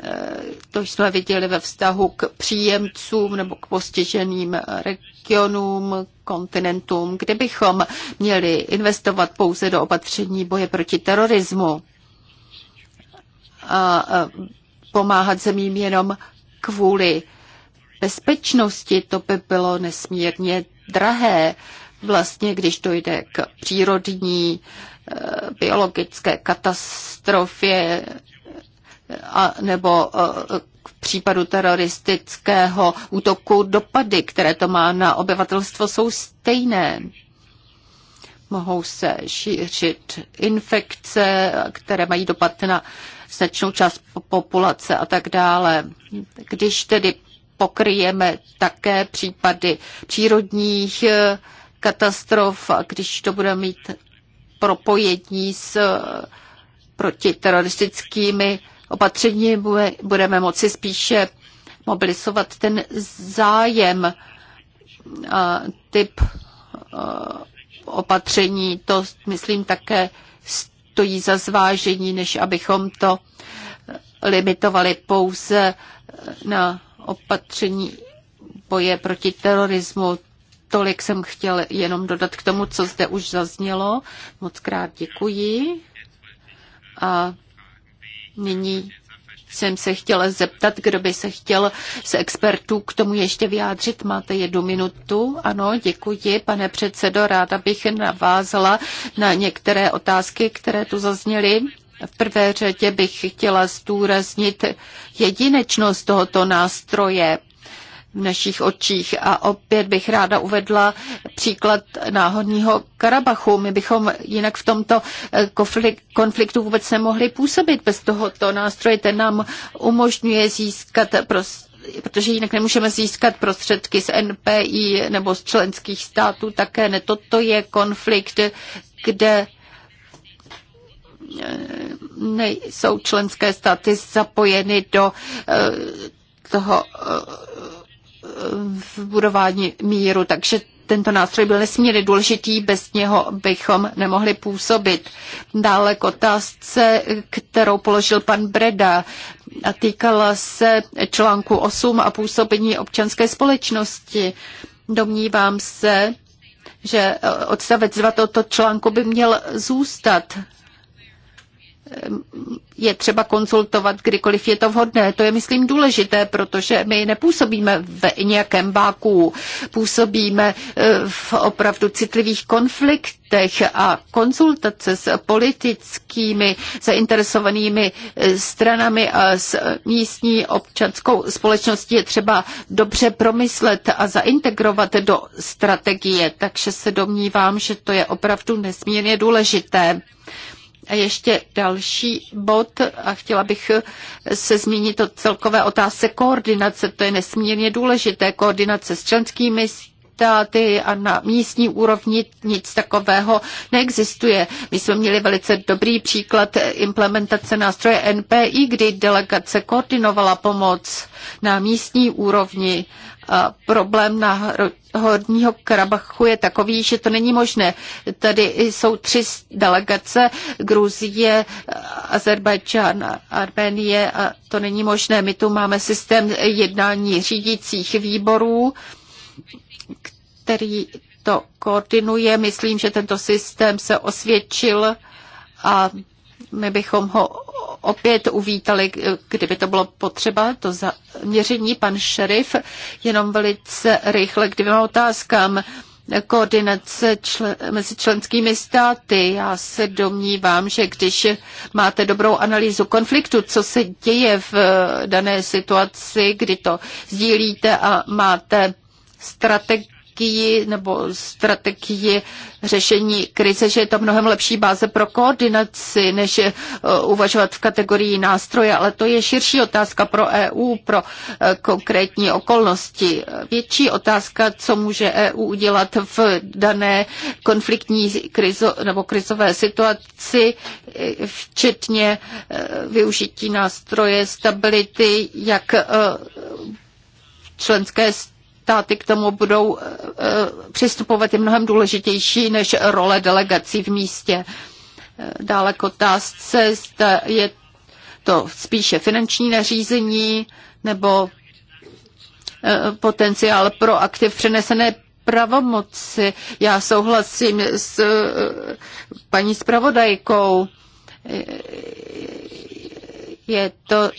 Eh, to jsme viděli ve vztahu k příjemcům nebo k postiženým regionům, kontinentům, kde bychom měli investovat pouze do opatření boje proti terorismu. A eh, pomáhat zemím jenom kvůli bezpečnosti, to by bylo nesmírně drahé. Vlastně, když dojde k přírodní eh, biologické katastrofě eh, a nebo eh, k případu teroristického útoku dopady, které to má na obyvatelstvo, jsou stejné. Mohou se šířit infekce, které mají dopad na uh, značnou část populace a tak dále. Když tedy pokryjeme také případy přírodních eh, katastrof a když to bude mít propojení s eh, protiteroristickými opatřeními, budeme moci spíše mobilizovat ten zájem typ eh, opatření. To myslím také stojí za zvážení, než abychom to limitovali pouze na opatření boje proti terorismu. Tolik jsem chtěl jenom dodat k tomu, co zde už zaznělo. Moc krát děkuji. A nyní jsem se chtěla zeptat, kdo by se chtěl z expertů k tomu ještě vyjádřit. Máte jednu minutu? Ano, děkuji, pane předsedo. Ráda bych navázala na některé otázky, které tu zazněly. V prvé řadě bych chtěla zdůraznit jedinečnost tohoto nástroje v našich očích. A opět bych ráda uvedla příklad náhodního Karabachu. My bychom jinak v tomto eh, konfliktu vůbec nemohli působit bez tohoto nástroje. Ten nám umožňuje získat prostě protože jinak nemůžeme získat prostředky z NPI nebo z členských států také ne. Toto je konflikt, kde eh, nejsou členské státy zapojeny do eh, toho v budování míru, takže tento nástroj byl nesmírně důležitý, bez něho bychom nemohli působit. Dále k otázce, kterou položil pan Breda, a týkala se článku 8 a působení občanské společnosti. Domnívám se, že odstavec 2 tohoto článku by měl zůstat je třeba konzultovat, kdykoliv je to vhodné. To je, myslím, důležité, protože my nepůsobíme v nějakém báku, působíme eh, v opravdu citlivých konfliktech a konzultace s politickými zainteresovanými eh, stranami a s místní občanskou společností je třeba dobře promyslet a zaintegrovat do strategie. Takže se domnívám, že to je opravdu nesmírně důležité. A ještě další bod a chtěla bych se zmínit o celkové otázce koordinace. To je nesmírně důležité. Koordinace s členskými státy a na místní úrovni nic takového neexistuje. My jsme měli velice dobrý příklad implementace nástroje NPI, kdy delegace koordinovala pomoc na místní úrovni problém na Horního Karabachu je takový, že to není možné. Tady jsou tři delegace Gruzie, Azerbajdžán, Arménie a to není možné. My tu máme systém jednání řídících výborů, který to koordinuje. Myslím, že tento systém se osvědčil a my bychom ho opět uvítali, kdyby to bylo potřeba, to zaměření. Pan šerif, jenom velice rychle k dvěma otázkám koordinace čl- mezi členskými státy. Já se domnívám, že když máte dobrou analýzu konfliktu, co se děje v dané situaci, kdy to sdílíte a máte strategii, strategii nebo strategii řešení krize, že je to mnohem lepší báze pro koordinaci, než eh, uvažovat v kategorii nástroje, ale to je širší otázka pro EU, pro eh, konkrétní okolnosti. Větší otázka, co může EU udělat v dané konfliktní krizo, nebo krizové situaci, eh, včetně využití nástroje stability, jak členské státy k tomu budou eh, eh, přistupovat je mnohem důležitější než role delegací v místě. Eh, dále k otázce, zda je to spíše finanční nařízení nebo potenciál pro aktiv přenesené pravomoci. Já souhlasím s paní zpravodajkou. Je to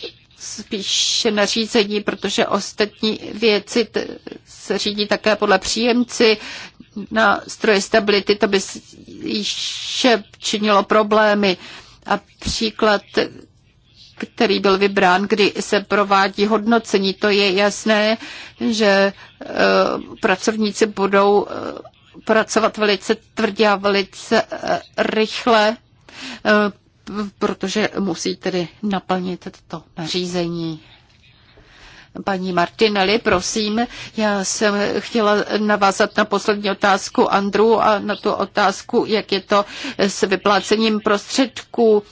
spíše nařízení, protože ostatní věci se řídí také podle příjemci. Na stroje stability to by již činilo problémy. A příklad, který byl vybrán, kdy se provádí hodnocení, to je jasné, že eh, pracovníci budou eh, pracovat velice tvrdě a velice eh, rychle protože musí tedy naplnit toto nařízení. Paní Martinelli, prosím, já jsem chtěla navázat na poslední otázku Andru a na tu otázku, jak je to s vyplácením prostředků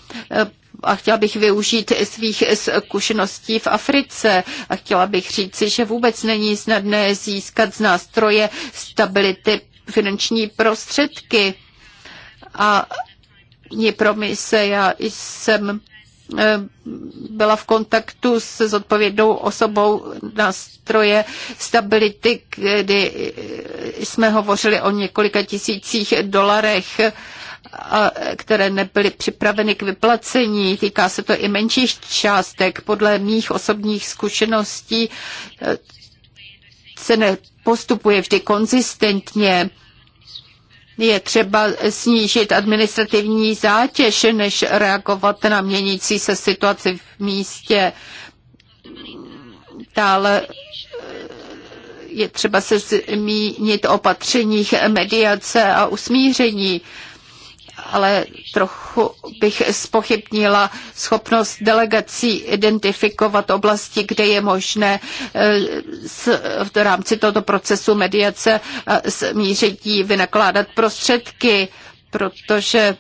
a chtěla bych využít svých zkušeností v Africe a chtěla bych říci, že vůbec není snadné získat z nástroje stability finanční prostředky. A promise. Já jsem eh, byla v kontaktu s zodpovědnou osobou nástroje stability, kdy jsme hovořili o několika tisících dolarech, které nebyly připraveny k vyplacení. Týká se to i menších částek. Podle mých osobních zkušeností eh, se nepostupuje vždy konzistentně je třeba snížit administrativní zátěž, než reagovat na měnící se situaci v místě. Dále eh, je třeba se zmínit o opatřeních mediace a usmíření ale trochu bych spochybnila schopnost delegací identifikovat oblasti, kde je možné eh, v rámci tohoto procesu mediace eh, smíření vynakládat prostředky, protože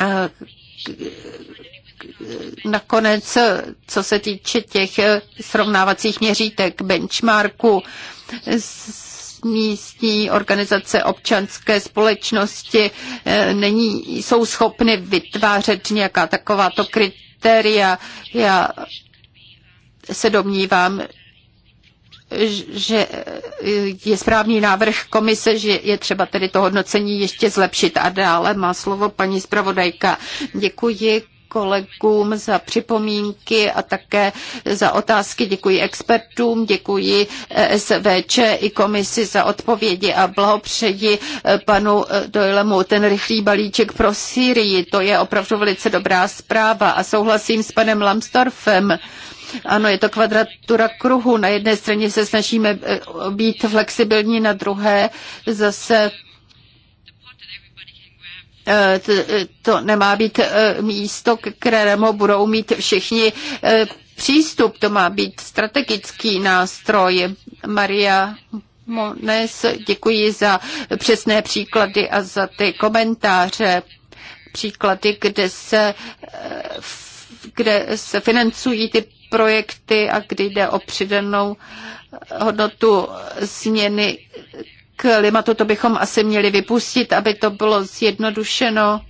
eh, nakonec, co se týče těch srovnávacích měřítek, benchmarku, místní organizace občanské společnosti eh, není, jsou schopny vytvářet nějaká takováto kritéria. Já se domnívám, že eh, je správný návrh komise, že je třeba tedy to hodnocení ještě zlepšit. A dále má slovo paní zpravodajka. Děkuji kolegům za připomínky a také za otázky. Děkuji expertům, děkuji eh, SVČ i komisi za odpovědi a blahopřeji eh, panu eh, Doylemu. Ten rychlý balíček pro Syrii, to je opravdu velice dobrá zpráva a souhlasím s panem Lambsdorfem. Ano, je to kvadratura kruhu. Na jedné straně se snažíme být flexibilní, na druhé zase Eh, eh, to nemá být eh, místo, kterému budou mít všichni přístup. To má být strategický nástroj. Maria Mones, děkuji za přesné příklady a za ty komentáře. Příklady, kde se, kde se financují ty projekty a kdy jde o přidanou hodnotu změny klimatu, to bychom asi měli vypustit, aby to bylo zjednodušeno.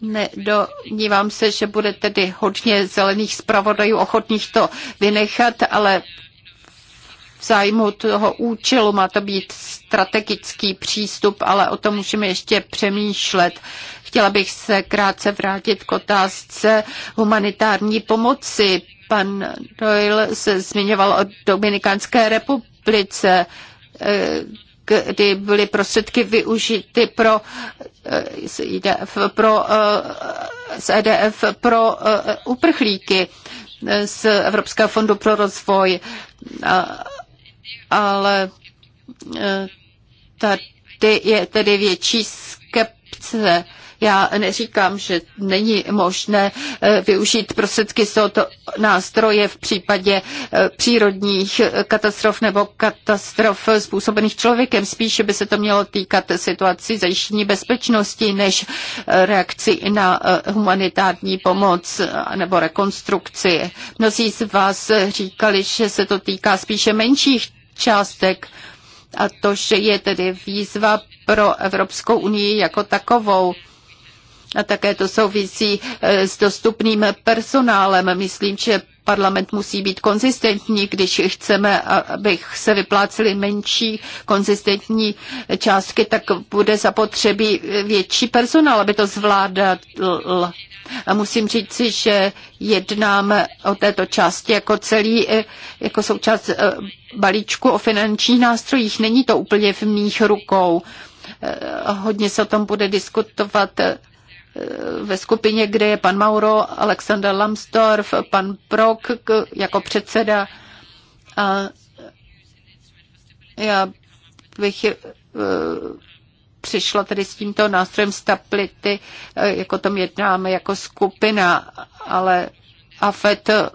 Nedonívám se, že bude tedy hodně zelených zpravodajů ochotných to vynechat, ale v zájmu toho účelu má to být strategický přístup, ale o tom můžeme ještě přemýšlet. Chtěla bych se krátce vrátit k otázce humanitární pomoci. Pan Doyle se zmiňoval o Dominikánské republice kdy byly prostředky využity pro, eh, pro, z eh, EDF pro eh, uprchlíky z Evropského fondu pro rozvoj. Ale tady je tedy větší skepce já neříkám, že není možné eh, využít prostředky z tohoto nástroje v případě eh, přírodních katastrof nebo katastrof způsobených člověkem. Spíše by se to mělo týkat situaci zajištění bezpečnosti než eh, reakci na humanitární pomoc nebo rekonstrukci. Mnozí z vás říkali, že se to týká spíše menších částek a to, že je tedy výzva pro Evropskou unii jako takovou. A také to souvisí e, s dostupným personálem. Myslím, že parlament musí být konzistentní, když chceme, abych se vyplácely menší konzistentní částky, tak bude zapotřebí větší personál, aby to zvládal. A musím říci, že jednáme o této části jako celý, e, jako součást e, balíčku o finančních nástrojích. Není to úplně v mých rukou. Hodně se o tom bude diskutovat ve skupině, kde je pan Mauro, Alexander Lambsdorff, pan Prok jako předseda. A já bych eh, přišla tedy s tímto nástrojem stability, eh, jako tom jednáme jako skupina, ale AFET eh,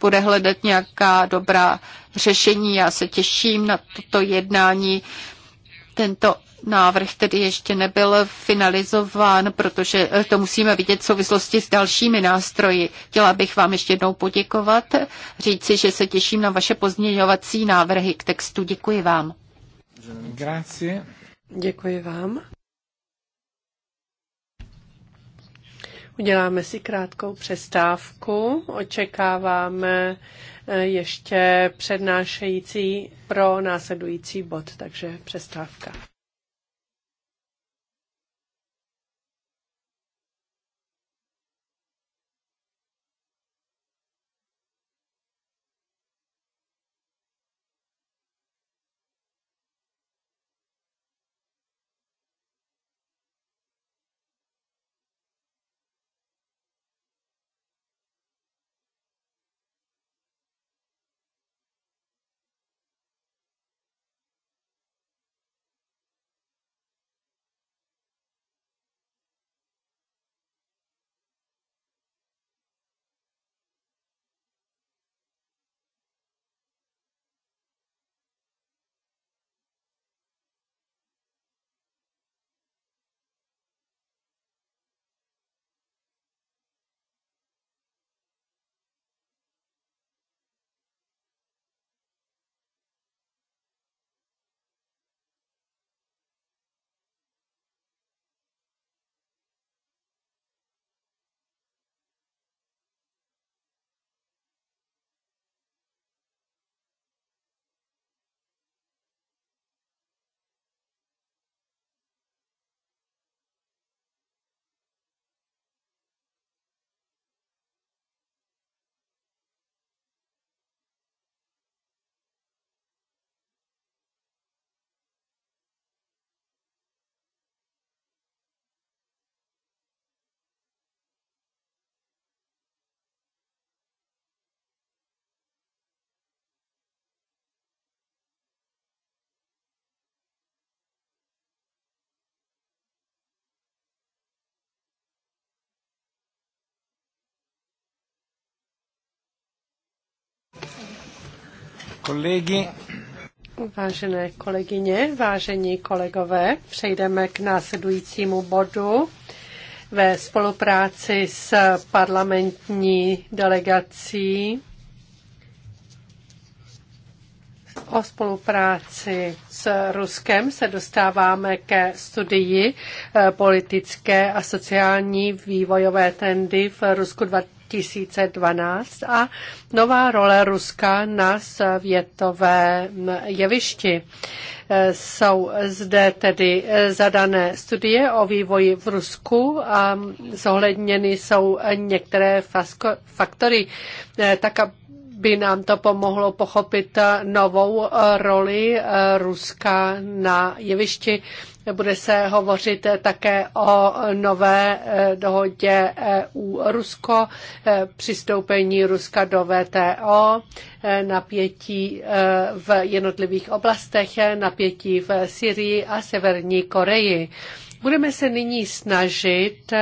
bude hledat nějaká dobrá řešení. Já se těším na toto jednání tento návrh tedy ještě nebyl finalizován, protože eh, to musíme vidět v souvislosti s dalšími nástroji. Chtěla bych vám ještě jednou poděkovat, říci, že se těším na vaše pozměňovací návrhy k textu. Děkuji vám. Grazie. Děkuji vám. Uděláme si krátkou přestávku. Očekáváme ještě přednášející pro následující bod, takže přestávka. kolegy. Vážené kolegyně, vážení kolegové, přejdeme k následujícímu bodu. Ve spolupráci s parlamentní delegací o spolupráci s Ruskem se dostáváme ke studii eh, politické a sociální vývojové trendy v Rusku 2012 a nová role Ruska na světovém jevišti. Jsou zde tedy zadané studie o vývoji v Rusku a zohledněny jsou některé faktory, eh, tak aby nám to pomohlo pochopit novou roli eh, Ruska na jevišti bude se hovořit také o nové eh, dohodě EU-Rusko, eh, přistoupení Ruska do VTO, eh, napětí v jednotlivých oblastech, napětí v Syrii a Severní Koreji. Budeme se nyní snažit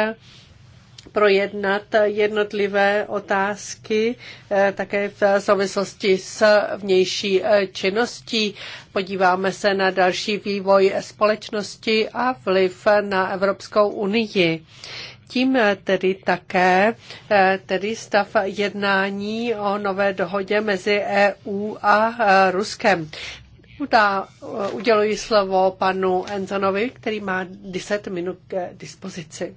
projednat jednotlivé otázky eh, také v souvislosti s vnější eh, činností. Podíváme se na další vývoj společnosti a vliv na Evropskou unii tím eh, tedy také tedy stav jednání o nové dohodě mezi EU a Ruskem. Udá, uděluji slovo panu Enzonovi, který má 10 minut k dispozici.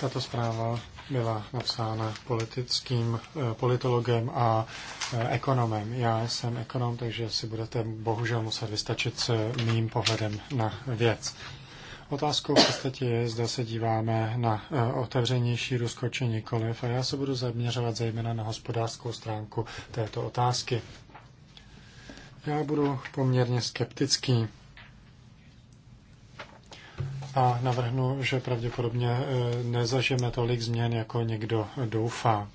Tato zpráva byla napsána politickým eh, politologem a eh, ekonomem. Já jsem ekonom, takže si budete bohužel muset vystačit s eh, mým pohledem na věc. Otázkou v podstatě je, zda se díváme na otevřenější Rusko či nikoliv a já se budu zaměřovat zejména na hospodářskou stránku této otázky. Já budu poměrně skeptický a navrhnu, že pravděpodobně e, nezažijeme tolik změn, jako někdo doufá.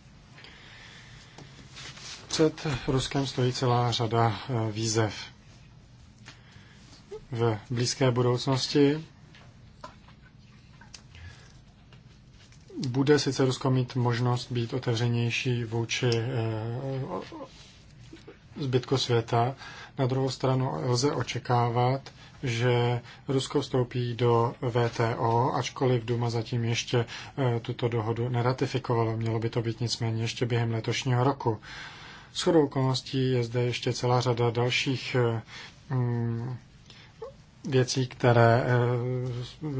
Před Ruskem stojí celá řada e, výzev. V blízké budoucnosti bude sice Rusko mít možnost být otevřenější vůči e, zbytku světa, na druhou stranu lze očekávat, že Rusko vstoupí do VTO, ačkoliv Duma zatím ještě eh, tuto dohodu neratifikovalo. Mělo by to být nicméně ještě během letošního roku. chodou okolností je zde ještě celá řada dalších eh, mm, věcí, které eh,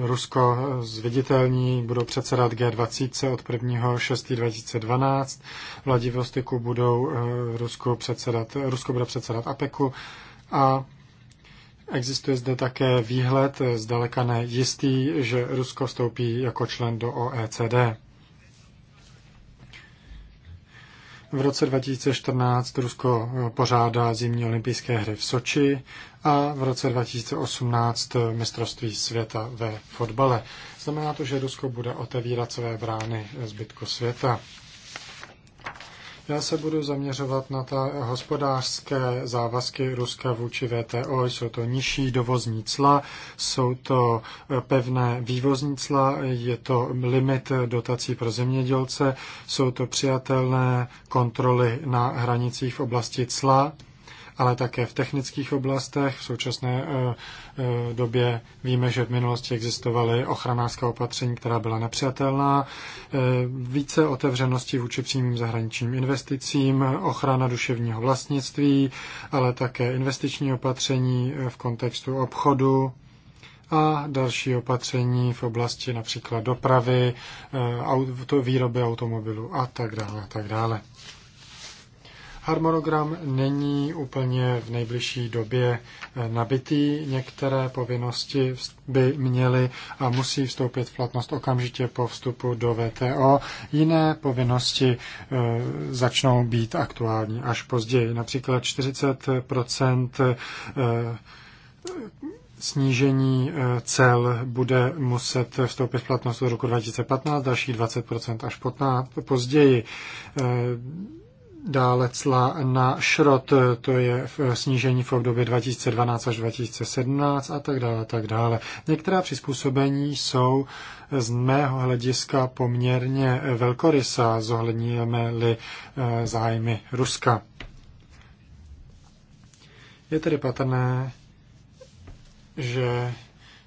Rusko zviditelní, budou předsedat G20 od 1.6.2012, v Vladivostoku budou Rusko předsedat, Rusko bude předsedat APEKu a Existuje zde také výhled eh, zdaleka nejistý, že Rusko vstoupí jako člen do OECD. V roce 2014 Rusko eh, pořádá zimní olympijské hry v Soči a v roce 2018 eh, mistrovství světa ve fotbale. Znamená to, že Rusko bude otevírat své brány zbytku světa. Já se budu zaměřovat na ta hospodářské závazky Ruska vůči VTO. Jsou to nižší dovozní cla, jsou to eh, pevné vývozní cla, je to limit dotací pro zemědělce, jsou to přijatelné kontroly na hranicích v oblasti cla ale také v technických oblastech. V současné eh, eh, době víme, že v minulosti existovaly ochranářská opatření, která byla nepřijatelná. Eh, více otevřenosti vůči přímým zahraničním investicím, ochrana duševního vlastnictví, ale také investiční opatření v kontextu obchodu a další opatření v oblasti například dopravy, výroby automobilů a tak dále, a tak dále. Harmonogram není úplně v nejbližší době eh, nabitý. Některé povinnosti by měly a musí vstoupit v platnost okamžitě po vstupu do VTO. Jiné povinnosti eh, začnou být aktuální až později. Například 40 eh, snížení cel bude muset vstoupit v platnost do roku 2015, další 20 až potná, později. Dále cla na šrot, to je v eh, snížení v období 2012 až 2017 a tak dále, tak dále. Některá přizpůsobení jsou z mého hlediska poměrně eh, velkorysá, zohledníme-li eh, zájmy Ruska. Je tedy patrné, že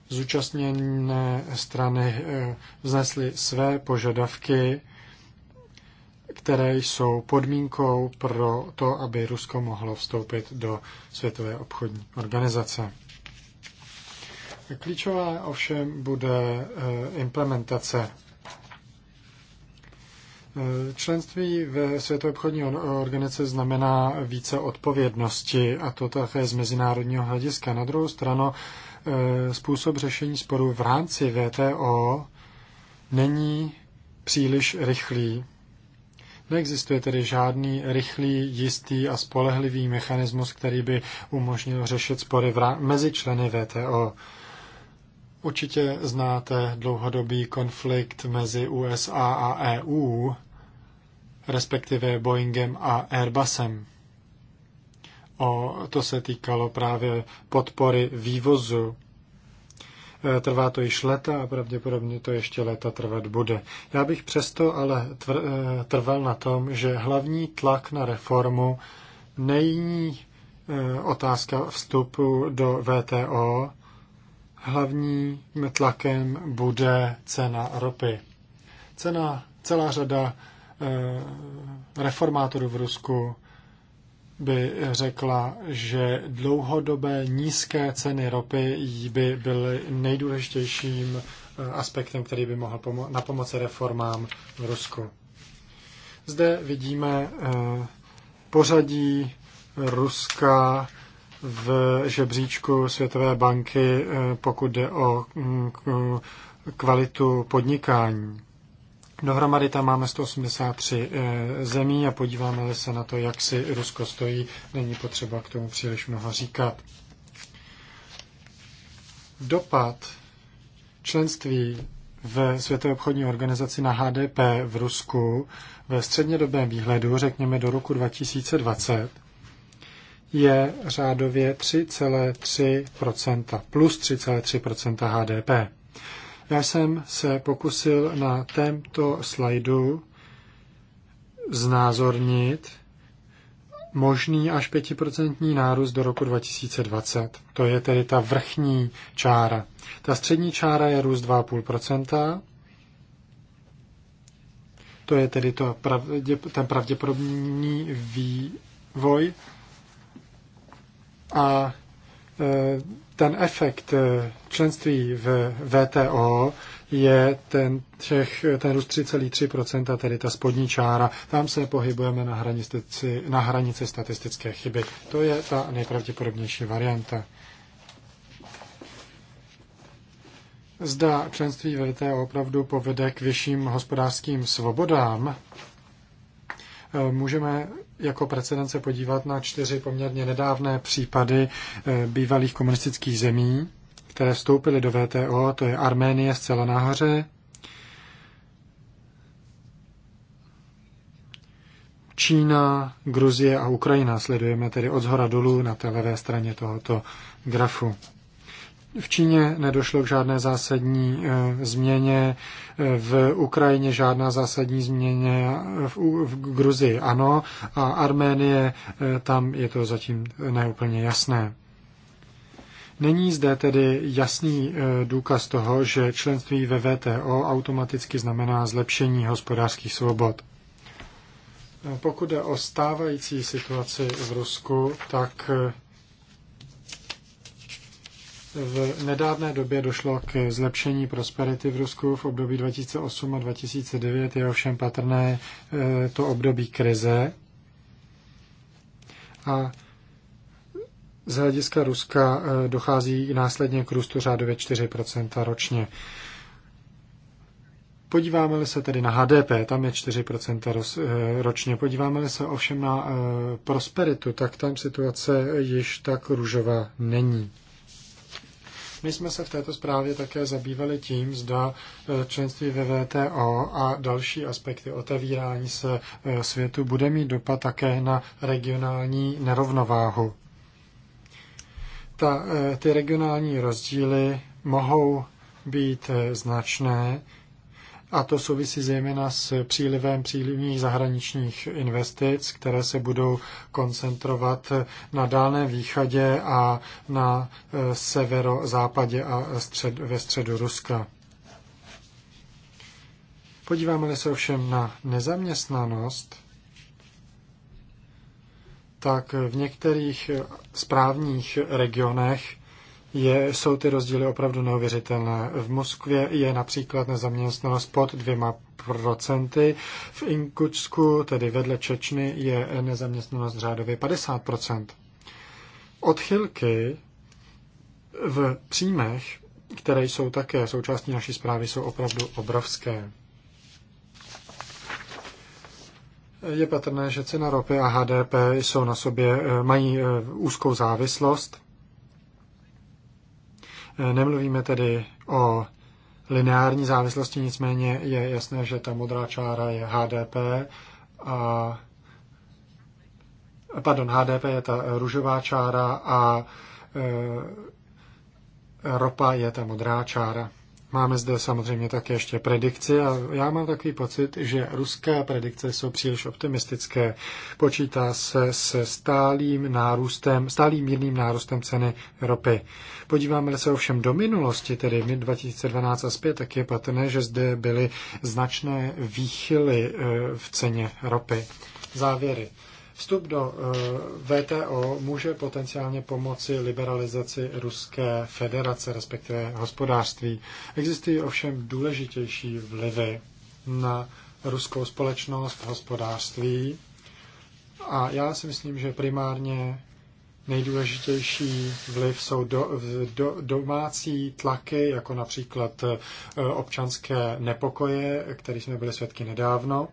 zúčastněné strany vznesly své požadavky které jsou podmínkou pro to, aby Rusko mohlo vstoupit do Světové obchodní organizace. Klíčová ovšem bude eh, implementace. Eh, členství ve Světové obchodní organizaci znamená více odpovědnosti, a to také z mezinárodního hlediska. Na druhou stranu eh, způsob řešení sporů v rámci VTO není příliš rychlý Neexistuje tedy žádný rychlý, jistý a spolehlivý mechanismus, který by umožnil řešit spory mezi členy VTO. Určitě znáte dlouhodobý konflikt mezi USA a EU, respektive Boeingem a Airbusem. O, to se týkalo právě podpory vývozu Eh, trvá to již leta a pravděpodobně to ještě leta trvat bude. Já bych přesto ale eh, trval na tom, že hlavní tlak na reformu není eh, otázka vstupu do VTO. Hlavním tlakem bude cena ropy. Cena, celá řada reformátorů v Rusku by řekla, že dlouhodobé nízké ceny ropy by byly nejdůležitějším eh, aspektem, který by mohl na pomoci reformám v Rusku. Zde vidíme eh, pořadí Ruska v žebříčku Světové banky, eh, pokud jde o mm, kvalitu podnikání. Dohromady tam máme 183 eh, zemí a podíváme se na to, jak si Rusko stojí. Není potřeba k tomu příliš mnoho říkat. Dopad členství ve Světové obchodní organizaci na HDP v Rusku ve střednědobém výhledu, řekněme do roku 2020, je řádově 3,3 plus 3,3 HDP. Já jsem se pokusil na tento slajdu znázornit možný až 5% nárůst do roku 2020. To je tedy ta vrchní čára. Ta střední čára je růst 2,5%. To je tedy to pravdě, ten pravděpodobný vývoj. A e, ten efekt eh, členství v VTO je ten, těch, ten růst 3,3%, tedy ta spodní čára. Tam se pohybujeme na hranici, na hranici statistické chyby. To je ta nejpravděpodobnější varianta. Zda členství v VTO opravdu povede k vyšším hospodářským svobodám, eh, můžeme jako precedence podívat na čtyři poměrně nedávné případy eh, bývalých komunistických zemí, které vstoupily do VTO, to je Arménie zcela nahoře, Čína, Gruzie a Ukrajina. Sledujeme tedy od zhora dolů na té levé straně tohoto grafu v Číně nedošlo k žádné zásadní eh, změně, eh, v Ukrajině žádná zásadní změně, v, v Gruzii ano, a Arménie eh, tam je to zatím neúplně jasné. Není zde tedy jasný důkaz toho, že členství ve VTO automaticky znamená zlepšení hospodářských svobod. Pokud jde o stávající situaci v Rusku, tak v nedávné době došlo k zlepšení prosperity v Rusku v období 2008 a 2009. Je ovšem patrné eh, to období krize. A z hlediska Ruska eh, dochází následně k růstu řádově 4% ročně. Podíváme-li se tedy na HDP, tam je 4% eh, ročně. Podíváme-li se ovšem na prosperitu, tak tam situace již tak růžová není. My jsme se v této zprávě také zabývali tím, zda e, členství ve VTO a další aspekty otevírání se e, světu bude mít dopad také na regionální nerovnováhu. Ta, e, ty regionální rozdíly mohou být značné a to souvisí zejména s přílivem přílivních zahraničních investic, které se budou koncentrovat na Dálném východě a na e, severozápadě a střed, ve středu Ruska. Podíváme-li se ovšem na nezaměstnanost, tak v některých e, správních regionech je, jsou ty rozdíly opravdu neuvěřitelné. V Moskvě je například nezaměstnanost pod dvěma procenty, v Inkučsku, tedy vedle Čečny, je nezaměstnanost řádově 50 Odchylky v příjmech, které jsou také součástí naší zprávy, jsou opravdu obrovské. Je patrné, že cena ropy a HDP jsou na sobě, eh, mají eh, úzkou závislost Nemluvíme tedy o lineární závislosti, nicméně je jasné, že ta modrá čára je HDP a pardon, HDP je ta růžová čára a e, ropa je ta modrá čára. Máme zde samozřejmě také ještě predikci a já mám takový pocit, že ruské predikce jsou příliš optimistické. Počítá se s stálým nárůstem, stálým mírným nárůstem ceny ropy. Podíváme se ovšem do minulosti, tedy my 2012 a zpět, tak je patrné, že zde byly značné výchyly eh, v ceně ropy. Závěry. Vstup do eh, VTO může potenciálně pomoci liberalizaci Ruské federace, respektive hospodářství. Existují ovšem důležitější vlivy na ruskou společnost, hospodářství. A já si myslím, že primárně nejdůležitější vliv jsou do, do, domácí tlaky, jako například eh, občanské nepokoje, který jsme byli svědky nedávno.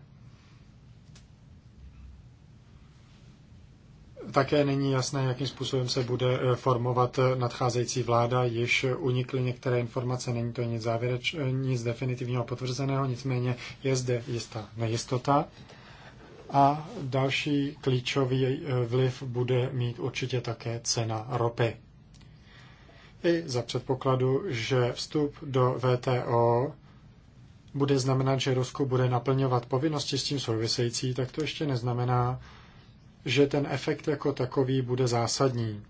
Také není jasné, jakým způsobem se bude eh, formovat eh, nadcházející vláda. Již unikly některé informace, není to nic, závěreč, eh, nic definitivního potvrzeného, nicméně je zde jistá nejistota. A další klíčový vliv bude mít určitě také cena ropy. I za předpokladu, že vstup do VTO bude znamenat, že Rusko bude naplňovat povinnosti s tím související, tak to ještě neznamená, že ten efekt jako takový bude zásadní.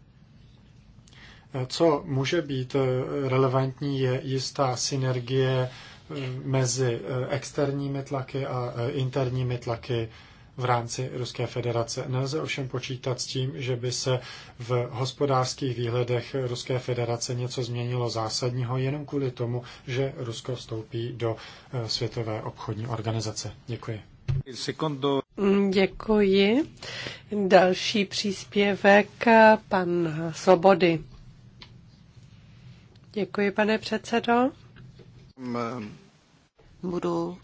Eh, co může být eh, relevantní, je jistá synergie eh, mezi externími tlaky a interními tlaky v rámci Ruské federace. Nelze ovšem počítat s tím, že by se v hospodářských výhledech Ruské federace něco změnilo zásadního jenom kvůli tomu, že Rusko vstoupí do Světové obchodní organizace. Děkuji. Děkuji. Další příspěvek pan Slobody. Děkuji, pane předsedo. Budu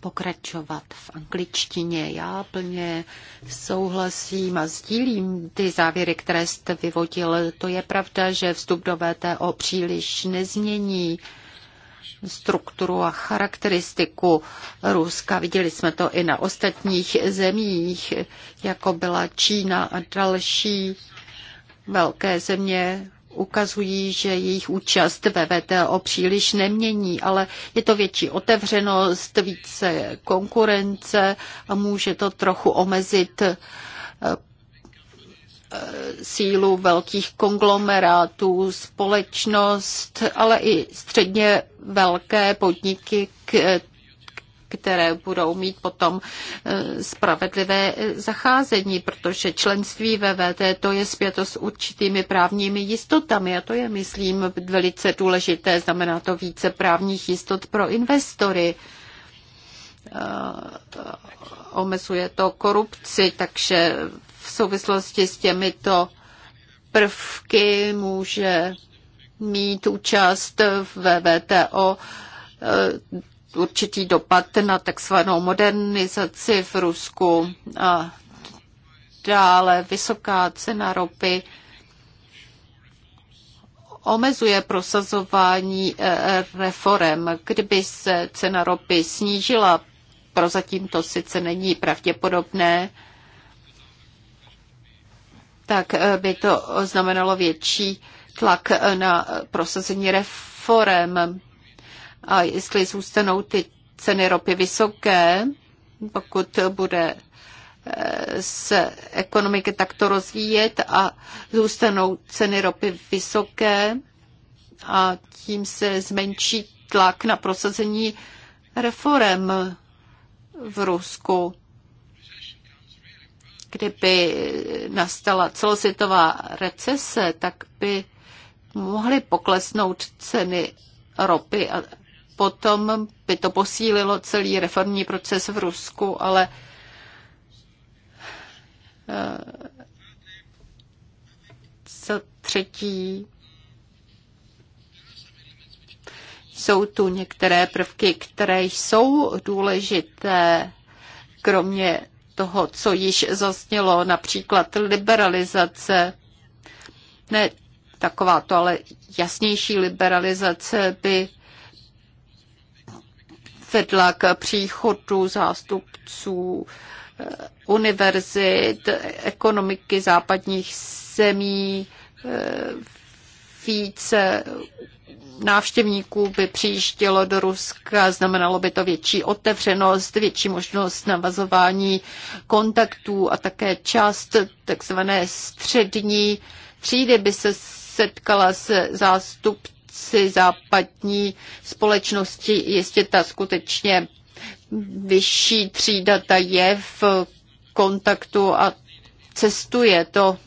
pokračovat v angličtině. Já plně souhlasím a sdílím ty závěry, které jste vyvodil. To je pravda, že vstup do VTO příliš nezmění uh, strukturu a charakteristiku Ruska. Viděli jsme to i na ostatních zemích, jako byla Čína a další velké země ukazují, že jejich účast ve VTO příliš nemění, ale je to větší otevřenost, více konkurence a může to trochu omezit eh, sílu velkých konglomerátů, společnost, ale i středně velké podniky, které budou mít potom eh, spravedlivé eh, zacházení, protože členství ve VT to je zpěto s určitými právními jistotami a to je, myslím, velice důležité. Znamená to více právních jistot pro investory eh, omezuje to korupci, takže v souvislosti s těmito prvky může mít účast v VTO eh, určitý dopad na takzvanou modernizaci v Rusku a dále vysoká cena ropy omezuje prosazování eh, reform. Kdyby se cena ropy snížila, prozatím to sice není pravděpodobné, tak eh, by to znamenalo větší tlak na prosazení reform. A jestli zůstanou ty ceny ropy vysoké, pokud bude eh, se ekonomiky takto rozvíjet a zůstanou ceny ropy vysoké a tím se zmenší tlak na prosazení reform v Rusku. Kdyby nastala celosvětová recese, tak by mohly poklesnout ceny ropy a potom by to posílilo celý reformní proces v Rusku, ale eh, za třetí jsou tu některé prvky, které jsou důležité, kromě toho, co již zaznělo, například liberalizace. Ne Taková to, ale jasnější liberalizace by vedla k příchodu zástupců eh, univerzit, ekonomiky západních zemí, eh, více návštěvníků by přijíždělo do Ruska, znamenalo by to větší otevřenost, větší možnost navazování kontaktů a také část takzvané střední třídy by se setkala s zástupci západní společnosti. Jistě ta skutečně vyšší třída ta je v kontaktu a cestuje to.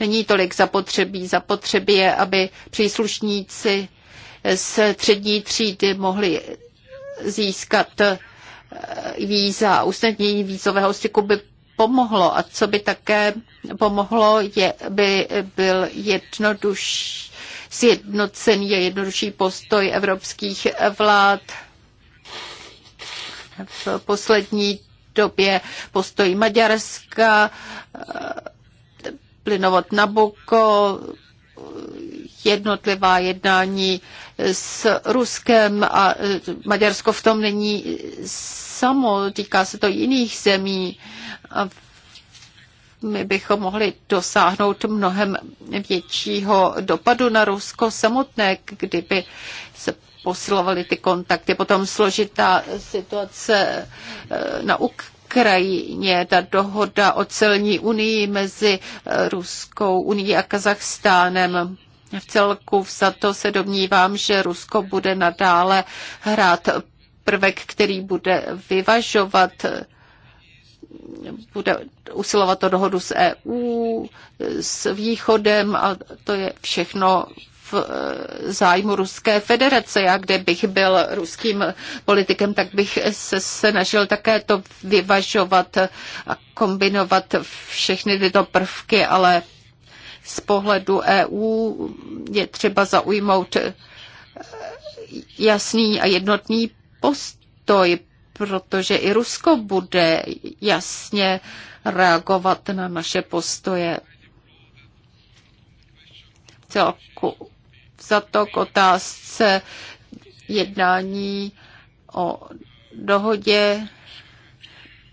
Není tolik zapotřebí. Zapotřebí je, aby příslušníci z třední třídy mohli získat eh, víza. Usnadnění vízového styku by pomohlo a co by také pomohlo, je, by byl jednodušší je jednodušší postoj evropských vlád. V poslední době postoj Maďarska, plynovod Nabuko, jednotlivá jednání s Ruskem a e, Maďarsko v tom není samo, týká se to jiných zemí. A my bychom mohli dosáhnout mnohem většího dopadu na Rusko samotné, kdyby se posilovaly ty kontakty. Potom složitá situace e, na Ukrajině, ta dohoda o celní unii mezi Ruskou unii a Kazachstánem. V celku za to se domnívám, že Rusko bude nadále hrát prvek, který bude vyvažovat bude usilovat o dohodu s EU, s Východem a to je všechno v eh, zájmu Ruské federace. Já kde bych byl ruským politikem, tak bych se snažil také to vyvažovat a kombinovat všechny tyto prvky, ale z pohledu EU je třeba zaujmout jasný a jednotný postoj, protože i Rusko bude jasně reagovat na naše postoje. Celku za to k otázce jednání o dohodě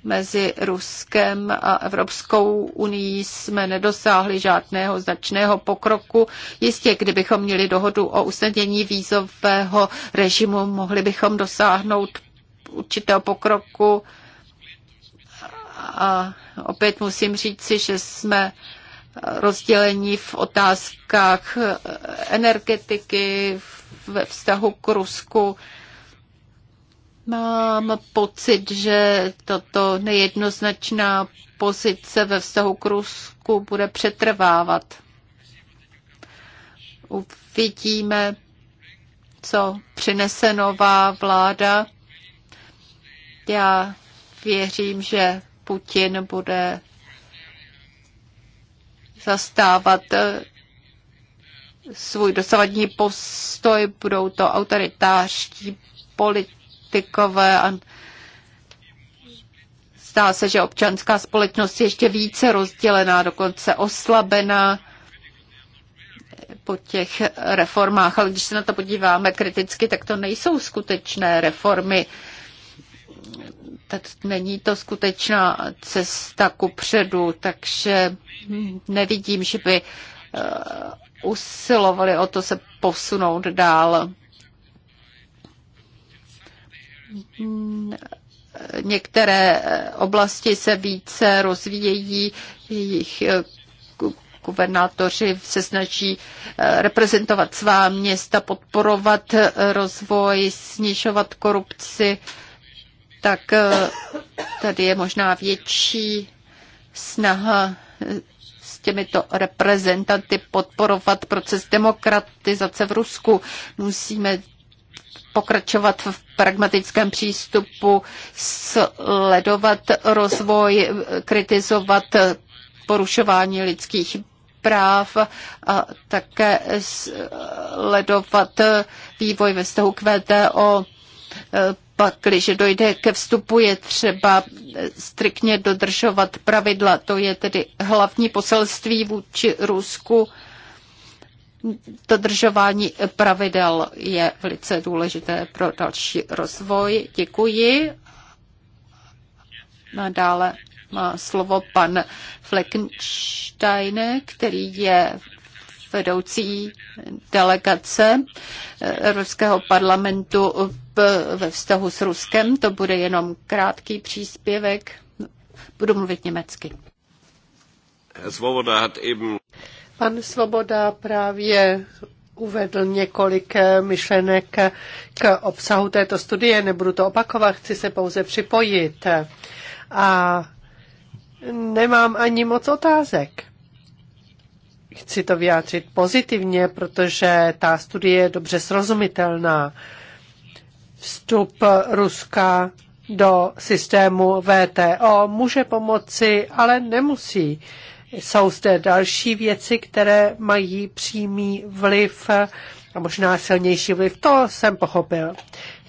mezi Ruskem a Evropskou unii jsme nedosáhli žádného značného pokroku. Jistě, kdybychom měli dohodu o usnadnění vízového režimu, mohli bychom dosáhnout určitého pokroku. A opět musím říci, že jsme rozdělení v otázkách energetiky ve vztahu k Rusku. Mám pocit, že tato nejednoznačná pozice ve vztahu k Rusku bude přetrvávat. Uvidíme, co přinese nová vláda. Já věřím, že Putin bude zastávat eh, svůj dosavadní postoj, budou to autoritářští politi- politikové a zdá se, že občanská společnost je ještě více rozdělená, dokonce oslabená po těch reformách. Ale když se na to podíváme kriticky, tak to nejsou skutečné reformy. Tak není to skutečná cesta ku předu, takže nevidím, že by eh, usilovali o to se posunout dál. Některé oblasti se více rozvíjejí, jejich eh, guvernátoři se snaží eh, reprezentovat svá města, podporovat eh, rozvoj, snižovat korupci, tak tady je možná větší snaha s těmito reprezentanty podporovat proces demokratizace v Rusku. Musíme pokračovat v pragmatickém přístupu, sledovat rozvoj, kritizovat porušování lidských práv a také sledovat vývoj ve vztahu k VTO. Pak, když dojde ke vstupu, je třeba striktně dodržovat pravidla. To je tedy hlavní poselství vůči Rusku Dodržování pravidel je velice důležité pro další rozvoj. Děkuji. Nadále má slovo pan Fleckenstein, který je vedoucí delegace Evropského eh, parlamentu ve vztahu s Ruskem. To bude jenom krátký příspěvek. Budu mluvit německy. Svoboda hat eben Pan Svoboda právě uvedl několik myšlenek k obsahu této studie. Nebudu to opakovat, chci se pouze připojit. A nemám ani moc otázek. Chci to vyjádřit pozitivně, protože ta studie je dobře srozumitelná. Vstup Ruska do systému VTO může pomoci, ale nemusí. Jsou zde další věci, které mají přímý vliv eh, a možná silnější vliv. To jsem pochopil.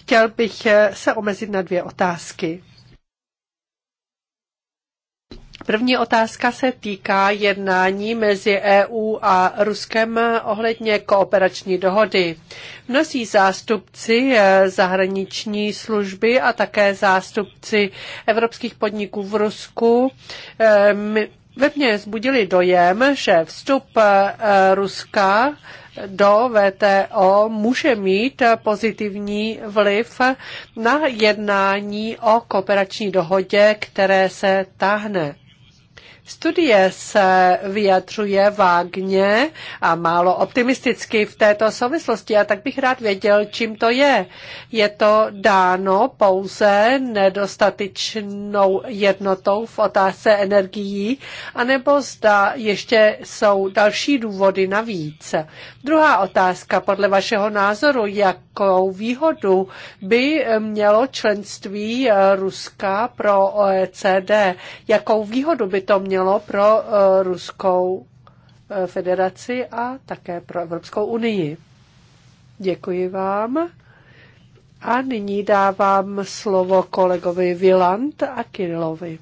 Chtěl bych eh, se omezit na dvě otázky. První otázka se týká jednání mezi EU a Ruskem ohledně kooperační dohody. Mnozí zástupci eh, zahraniční služby a také zástupci evropských podniků v Rusku ve mně zbudili dojem, že vstup eh, Ruska do VTO může mít pozitivní vliv na jednání o kooperační dohodě, které se táhne. Studie se vyjadřuje vágně a málo optimisticky v této souvislosti a tak bych rád věděl, čím to je. Je to dáno pouze nedostatečnou jednotou v otázce energií, anebo zda ještě jsou další důvody navíc. Druhá otázka podle vašeho názoru, jak jakou výhodu by mělo členství eh, Ruska pro OECD, jakou výhodu by to mělo pro eh, Ruskou eh, federaci a také pro Evropskou unii. Děkuji vám. A nyní dávám slovo kolegovi Viland a Kirilovi.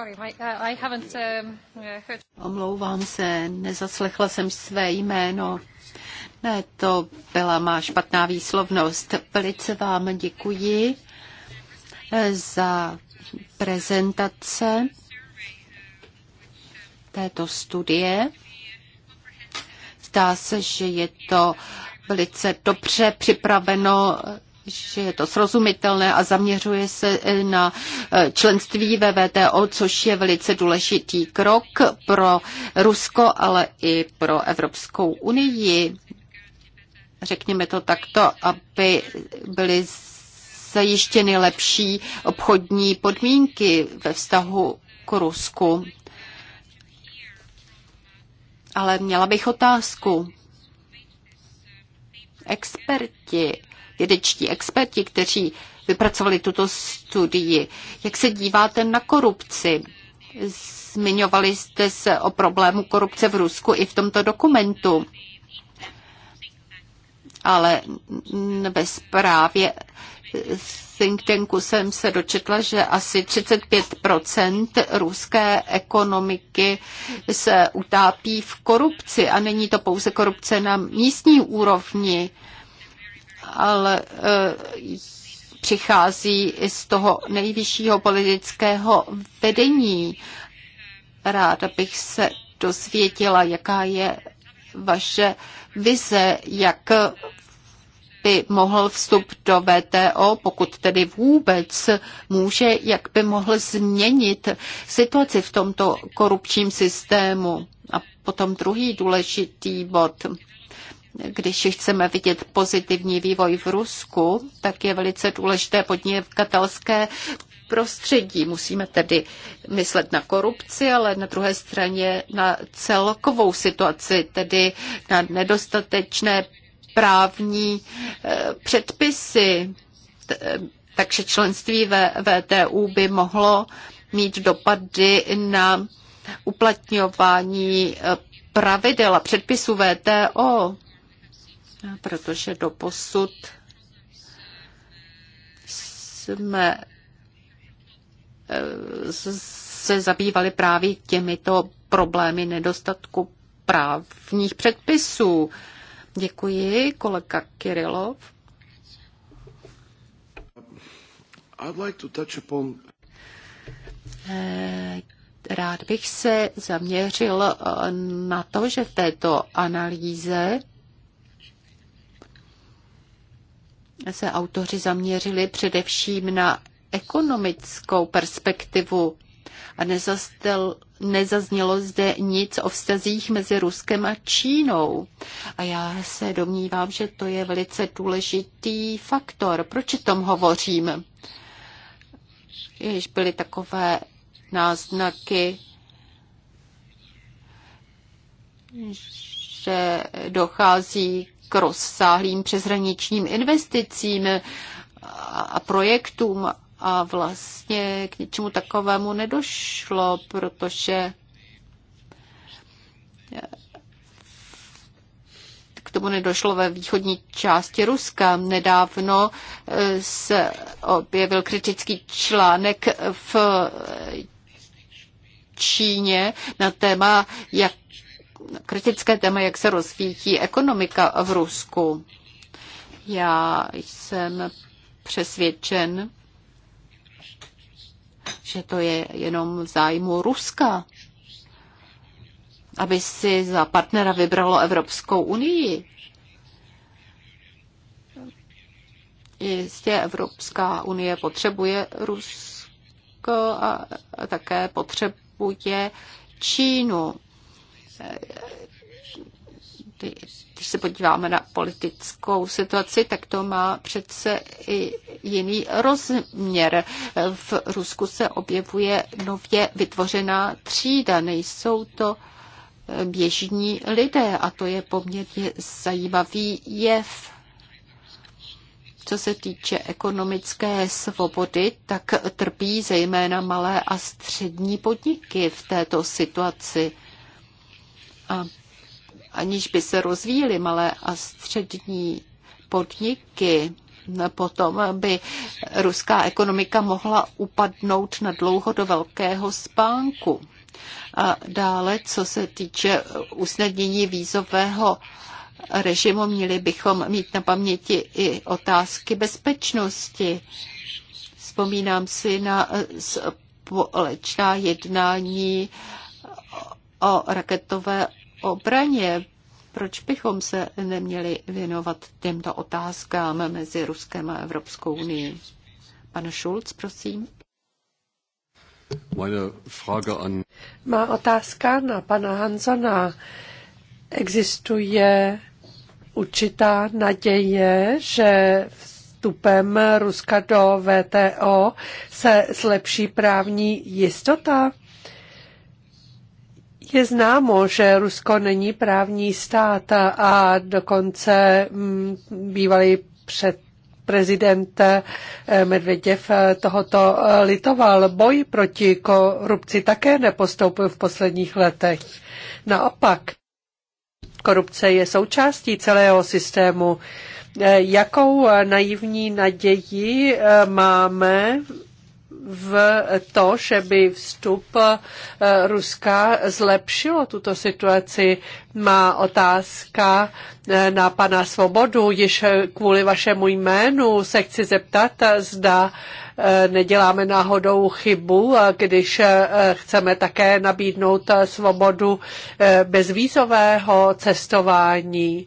sorry, my, uh, I haven't, um, uh, heard... Omlouvám se, nezaslechla jsem své jméno. Ne, to byla má špatná výslovnost. Velice vám děkuji eh, za prezentace této studie. Zdá se, že je to velice dobře připraveno že je to srozumitelné a zaměřuje se e, na e, členství ve VTO, což je velice důležitý krok pro Rusko, ale i pro Evropskou unii. Řekněme to takto, aby byly zajištěny lepší obchodní podmínky ve vztahu k Rusku. Ale měla bych otázku. Experti vědečtí experti, kteří vypracovali tuto studii. Jak se díváte na korupci? Zmiňovali jste se o problému korupce v Rusku i v tomto dokumentu. Ale ve zprávě think tanku jsem se dočetla, že asi 35 ruské ekonomiky se utápí v korupci a není to pouze korupce na místní úrovni, ale e, přichází z toho nejvyššího politického vedení. Ráda bych se dozvěděla, jaká je vaše vize, jak by mohl vstup do VTO, pokud tedy vůbec může, jak by mohl změnit situaci v tomto korupčním systému. A potom druhý důležitý bod. Když chceme vidět pozitivní vývoj v Rusku, tak je velice důležité podnikatelské prostředí. Musíme tedy myslet na korupci, ale na druhé straně na celkovou situaci, tedy na nedostatečné právní eh, předpisy. Takže členství v VTU by mohlo mít dopady na uplatňování eh, pravidel a předpisů VTO protože do posud, jsme eh, se zabývali právě těmito problémy nedostatku právních předpisů. Děkuji, kolega Kirilov. Eh, rád bych se zaměřil eh, na to, že v této analýze se autoři zaměřili především na ekonomickou perspektivu a nezastel, nezaznělo zde nic o vztazích mezi Ruskem a Čínou. A já se domnívám, že to je velice důležitý faktor. Proč o tom hovořím? Jež byly takové náznaky, že dochází k rozsáhlým přeshraničním investicím a projektům a vlastně k ničemu takovému nedošlo, protože k tomu nedošlo ve východní části Ruska. Nedávno eh, se objevil kritický článek v Číně na téma, jak kritické téma, jak se rozvíjí ekonomika v Rusku. Já jsem přesvědčen, že to je jenom v zájmu Ruska, aby si za partnera vybralo Evropskou unii. Jistě Evropská unie potřebuje Rusko a také potřebuje Čínu když se podíváme na politickou situaci, tak to má přece i jiný rozměr. V Rusku se objevuje nově vytvořená třída. Nejsou to běžní lidé a to je poměrně zajímavý jev. Co se týče ekonomické svobody, tak trpí zejména malé a střední podniky v této situaci a aniž by se rozvíjely malé a střední podniky, potom by ruská ekonomika mohla upadnout na dlouho do velkého spánku. A dále, co se týče usnadnění vízového režimu, měli bychom mít na paměti i otázky bezpečnosti. Vzpomínám si na společná jednání o raketové obraně. Proč bychom se neměli věnovat těmto otázkám mezi Ruskem a Evropskou unii? Pan Schulz, prosím. Má otázka na pana Hansona. Existuje určitá naděje, že vstupem Ruska do VTO se zlepší právní jistota? Je známo, že Rusko není právní stát a dokonce mm, bývalý před prezident eh, Medvěděv eh, tohoto eh, litoval. Boj proti korupci také nepostoupil v posledních letech. Naopak, korupce je součástí celého systému. Jakou naivní naději máme v to, že by vstup eh, Ruska zlepšilo tuto situaci. Má otázka eh, na pana Svobodu, již kvůli vašemu jménu se chci zeptat, zda eh, neděláme náhodou chybu, když chceme také nabídnout svobodu bezvízového cestování.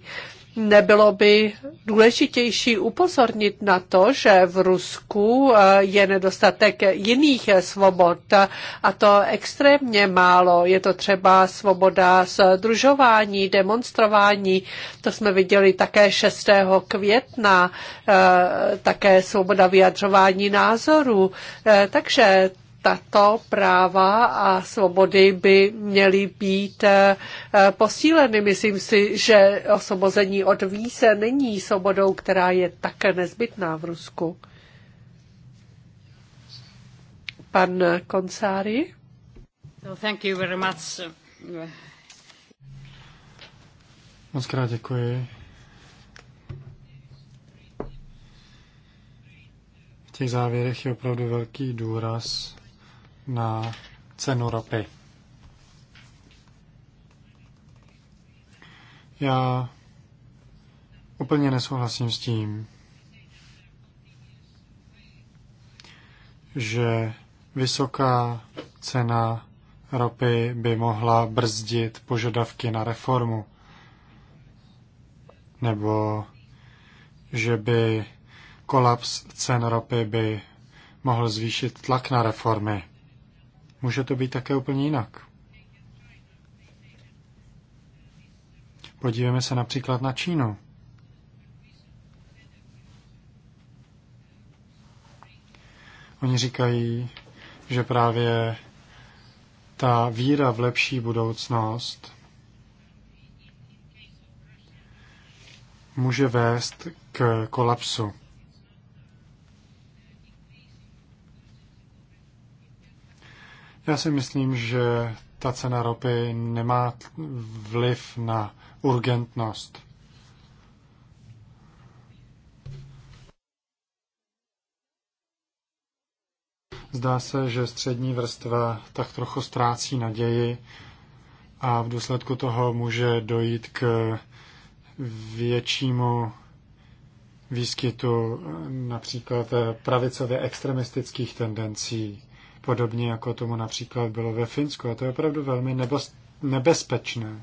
Nebylo by důležitější upozornit na to, že v Rusku eh, je nedostatek jiných eh, svobod a to extrémně málo. Je to třeba svoboda združování, demonstrování. To jsme viděli také 6. května, eh, také svoboda vyjadřování názorů. Takže tato práva a svobody by měly být eh, posíleny. Myslím si, že osvobození od víze není svobodou, která je také nezbytná v Rusku. Pan Konsári. thank you very much. Moc krát děkuji. V těch závěrech je opravdu velký důraz na cenu ropy. Já úplně nesouhlasím s tím, že vysoká cena ropy by mohla brzdit požadavky na reformu, nebo že by kolaps cen ropy by mohl zvýšit tlak na reformy. Může to být také úplně jinak. Podívejme se například na Čínu. Oni říkají, že právě ta víra v lepší budoucnost může vést k kolapsu. Já si myslím, že ta cena ropy nemá vliv na urgentnost. Zdá se, že střední vrstva tak trochu ztrácí naději a v důsledku toho může dojít k většímu výskytu například pravicově extremistických tendencí podobně jako tomu například bylo ve Finsku. A to je opravdu velmi nebezpečné.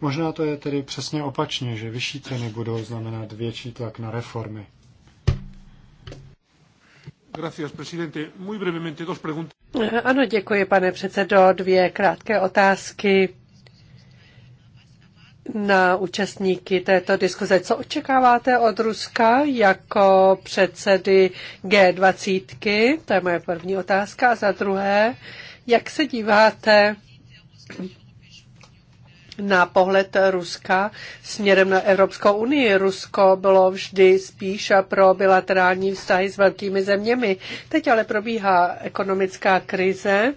Možná to je tedy přesně opačně, že vyšší ceny budou znamenat větší tlak na reformy. Ano, děkuji, pane předsedo. Dvě krátké otázky na účastníky této diskuze. Co očekáváte od Ruska jako předsedy G20? To je moje první otázka. A za druhé, jak se díváte na pohled Ruska směrem na Evropskou unii. Rusko bylo vždy spíš pro bilaterální vztahy s velkými zeměmi. Teď ale probíhá ekonomická krize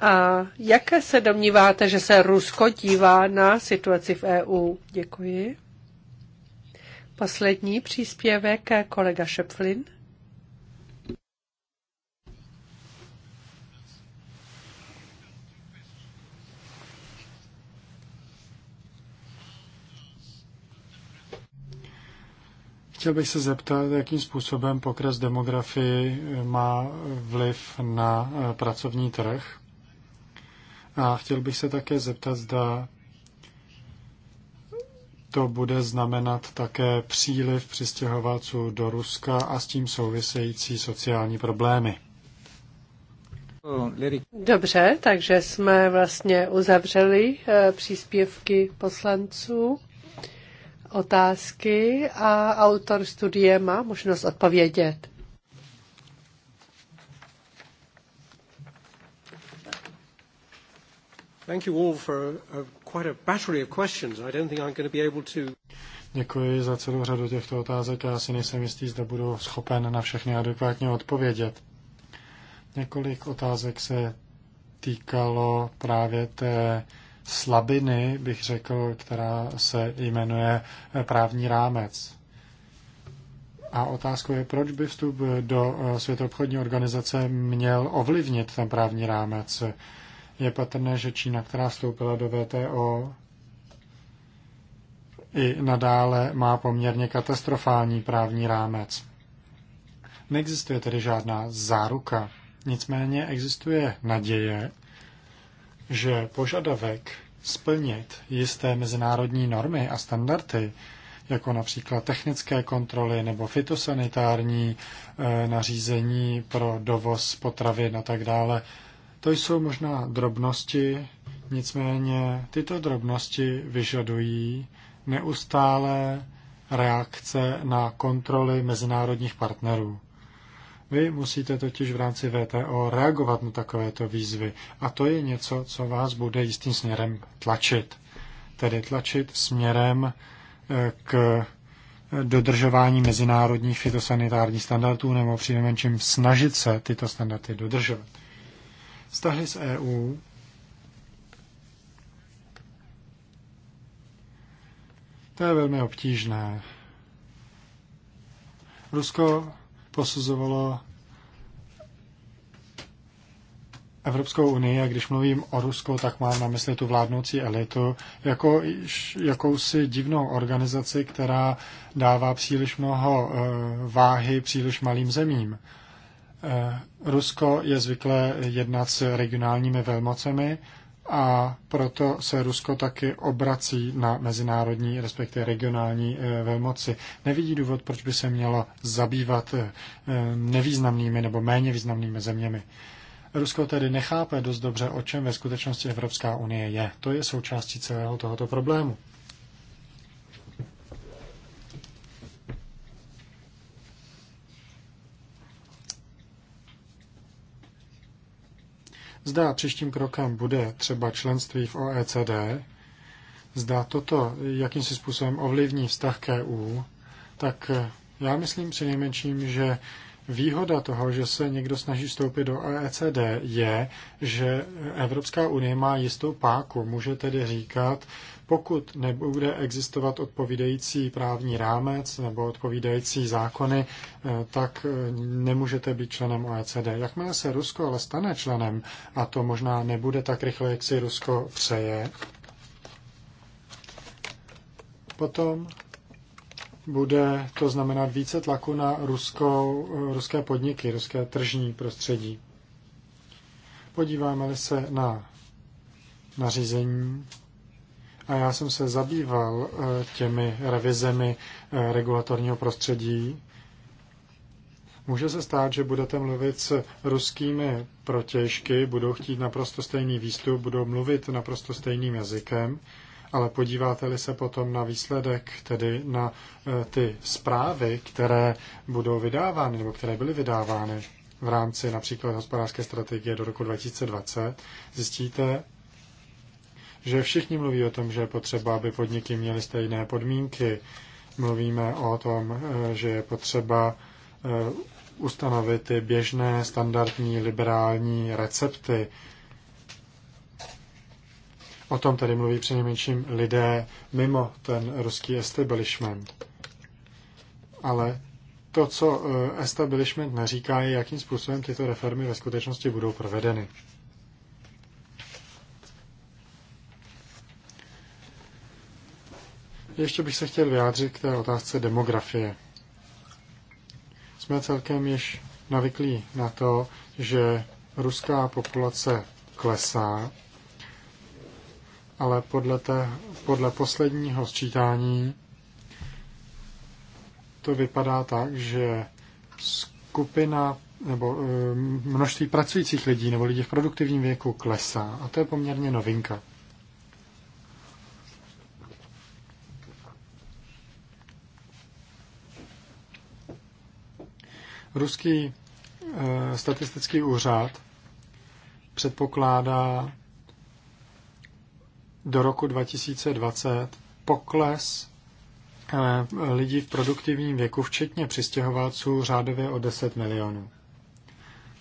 a jak se domníváte, že se Rusko dívá na situaci v EU? Děkuji. Poslední příspěvek kolega Šepflin. Chtěl bych se zeptat, jakým způsobem pokres demografii má vliv na eh, pracovní trh. A chtěl bych se také zeptat, zda to bude znamenat také příliv přistěhovalců do Ruska a s tím související sociální problémy. Dobře, takže jsme vlastně uzavřeli eh, příspěvky poslanců, otázky a autor studie má možnost odpovědět. Thank you all for a, uh, quite a battery of questions. I don't think I'm going to be able to... Děkuji za celou řadu těchto otázek. Já si nejsem jistý, zda budu schopen na všechny adekvátně odpovědět. Několik otázek se týkalo právě té slabiny, bych řekl, která se jmenuje eh, právní rámec. A otázkou je, proč by vstup do eh, Světové obchodní organizace měl ovlivnit ten právní rámec je patrné, že Čína, která vstoupila do VTO, i nadále má poměrně katastrofální právní rámec. Neexistuje tedy žádná záruka, nicméně existuje naděje, že požadavek splnit jisté mezinárodní normy a standardy, jako například technické kontroly nebo fitosanitární eh, nařízení pro dovoz potravin a tak dále, to jsou možná drobnosti, nicméně tyto drobnosti vyžadují neustále reakce na kontroly mezinárodních partnerů. Vy musíte totiž v rámci VTO reagovat na takovéto výzvy a to je něco, co vás bude jistým směrem tlačit. Tedy tlačit směrem eh, k dodržování mezinárodních fitosanitárních standardů nebo přinejmenším snažit se tyto standardy dodržovat. Vztahy s EU To je velmi obtížné. Rusko posuzovalo Evropskou unii, a když mluvím o Rusku, tak mám na mysli tu vládnoucí elitu, jako jakousi divnou organizaci, která dává příliš mnoho eh, váhy příliš malým zemím. Eh, Rusko je zvyklé jednat s regionálními velmocemi a proto se Rusko taky obrací na mezinárodní, respektive regionální eh, velmoci. Nevidí důvod, proč by se mělo zabývat eh, nevýznamnými nebo méně významnými zeměmi. Rusko tedy nechápe dost dobře, o čem ve skutečnosti Evropská unie je. To je součástí celého tohoto problému. Zda příštím krokem bude třeba členství v OECD, zda toto jakýmsi způsobem ovlivní vztah k EU, tak já myslím při nejmenším, že Výhoda toho, že se někdo snaží vstoupit do OECD, e je, že Evropská unie má jistou páku. Může tedy říkat, pokud nebude existovat odpovídající právní rámec nebo odpovídající zákony, eh, tak eh, nemůžete být členem OECD. Jakmile se Rusko ale stane členem, a to možná nebude tak rychle, jak si Rusko přeje, potom bude to znamenat více tlaku na ruskou, ruské podniky, ruské tržní prostředí. Podíváme-li se na nařízení, a já jsem se zabýval e, těmi revizemi e, regulatorního prostředí, Může se stát, že budete mluvit s ruskými protěžky, budou chtít naprosto stejný výstup, budou mluvit naprosto stejným jazykem ale podíváte-li se potom na výsledek, tedy na e, ty zprávy, které budou vydávány nebo které byly vydávány v rámci například hospodářské strategie do roku 2020, zjistíte, že všichni mluví o tom, že je potřeba, aby podniky měly stejné podmínky. Mluvíme o tom, e, že je potřeba e, ustanovit ty běžné, standardní, liberální recepty O tom tady mluví přinejmenším lidé mimo ten ruský establishment. Ale to, co eh, establishment neříká, je, jakým způsobem tyto reformy ve skutečnosti budou provedeny. Ještě bych se chtěl vyjádřit k té otázce demografie. Jsme celkem již navyklí na to, že ruská populace klesá ale podle, té, podle posledního sčítání to vypadá tak, že skupina nebo eh, množství pracujících lidí nebo lidí v produktivním věku klesá. A to je poměrně novinka. Ruský eh, statistický úřad předpokládá do roku 2020 pokles eh, lidí v produktivním věku, včetně přistěhovalců, řádově o 10 milionů.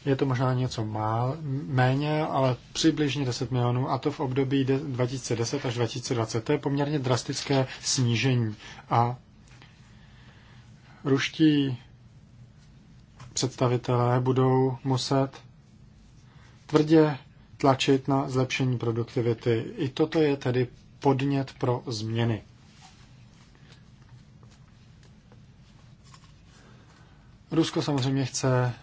Je to možná něco mál, méně, ale přibližně 10 milionů, a to v období 2010 až 2020. To je poměrně drastické snížení. A ruští představitelé budou muset tvrdě tlačit na zlepšení produktivity. I toto je tedy podnět pro změny. Rusko samozřejmě chce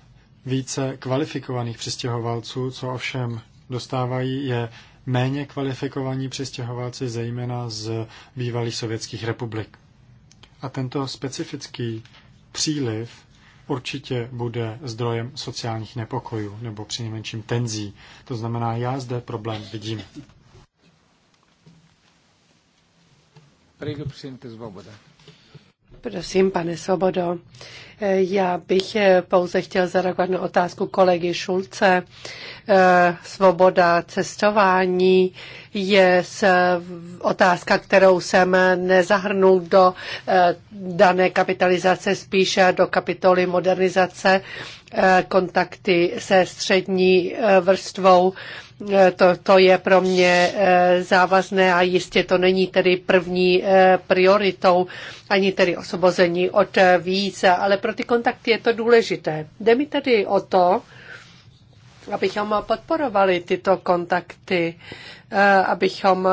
více kvalifikovaných přistěhovalců, co ovšem dostávají je méně kvalifikovaní přistěhovalci, zejména z bývalých sovětských republik. A tento specifický příliv určitě bude zdrojem sociálních nepokojů nebo nejmenším tenzí. To znamená, já zde problém vidím. Prego, presidente Svoboda. Prosím, pane Svobodo, já bych eh, pouze chtěl zareagovat na otázku kolegy Šulce. Eh, svoboda cestování je otázka, kterou jsem nezahrnul do eh, dané kapitalizace, spíše do kapitoly modernizace kontakty se střední vrstvou Eh, to, to je pro mě eh, závazné a jistě to není tedy první eh, prioritou, ani tedy osobození od více, ale pro ty kontakty je to důležité. Jde mi tedy o to, abychom podporovali tyto kontakty, abychom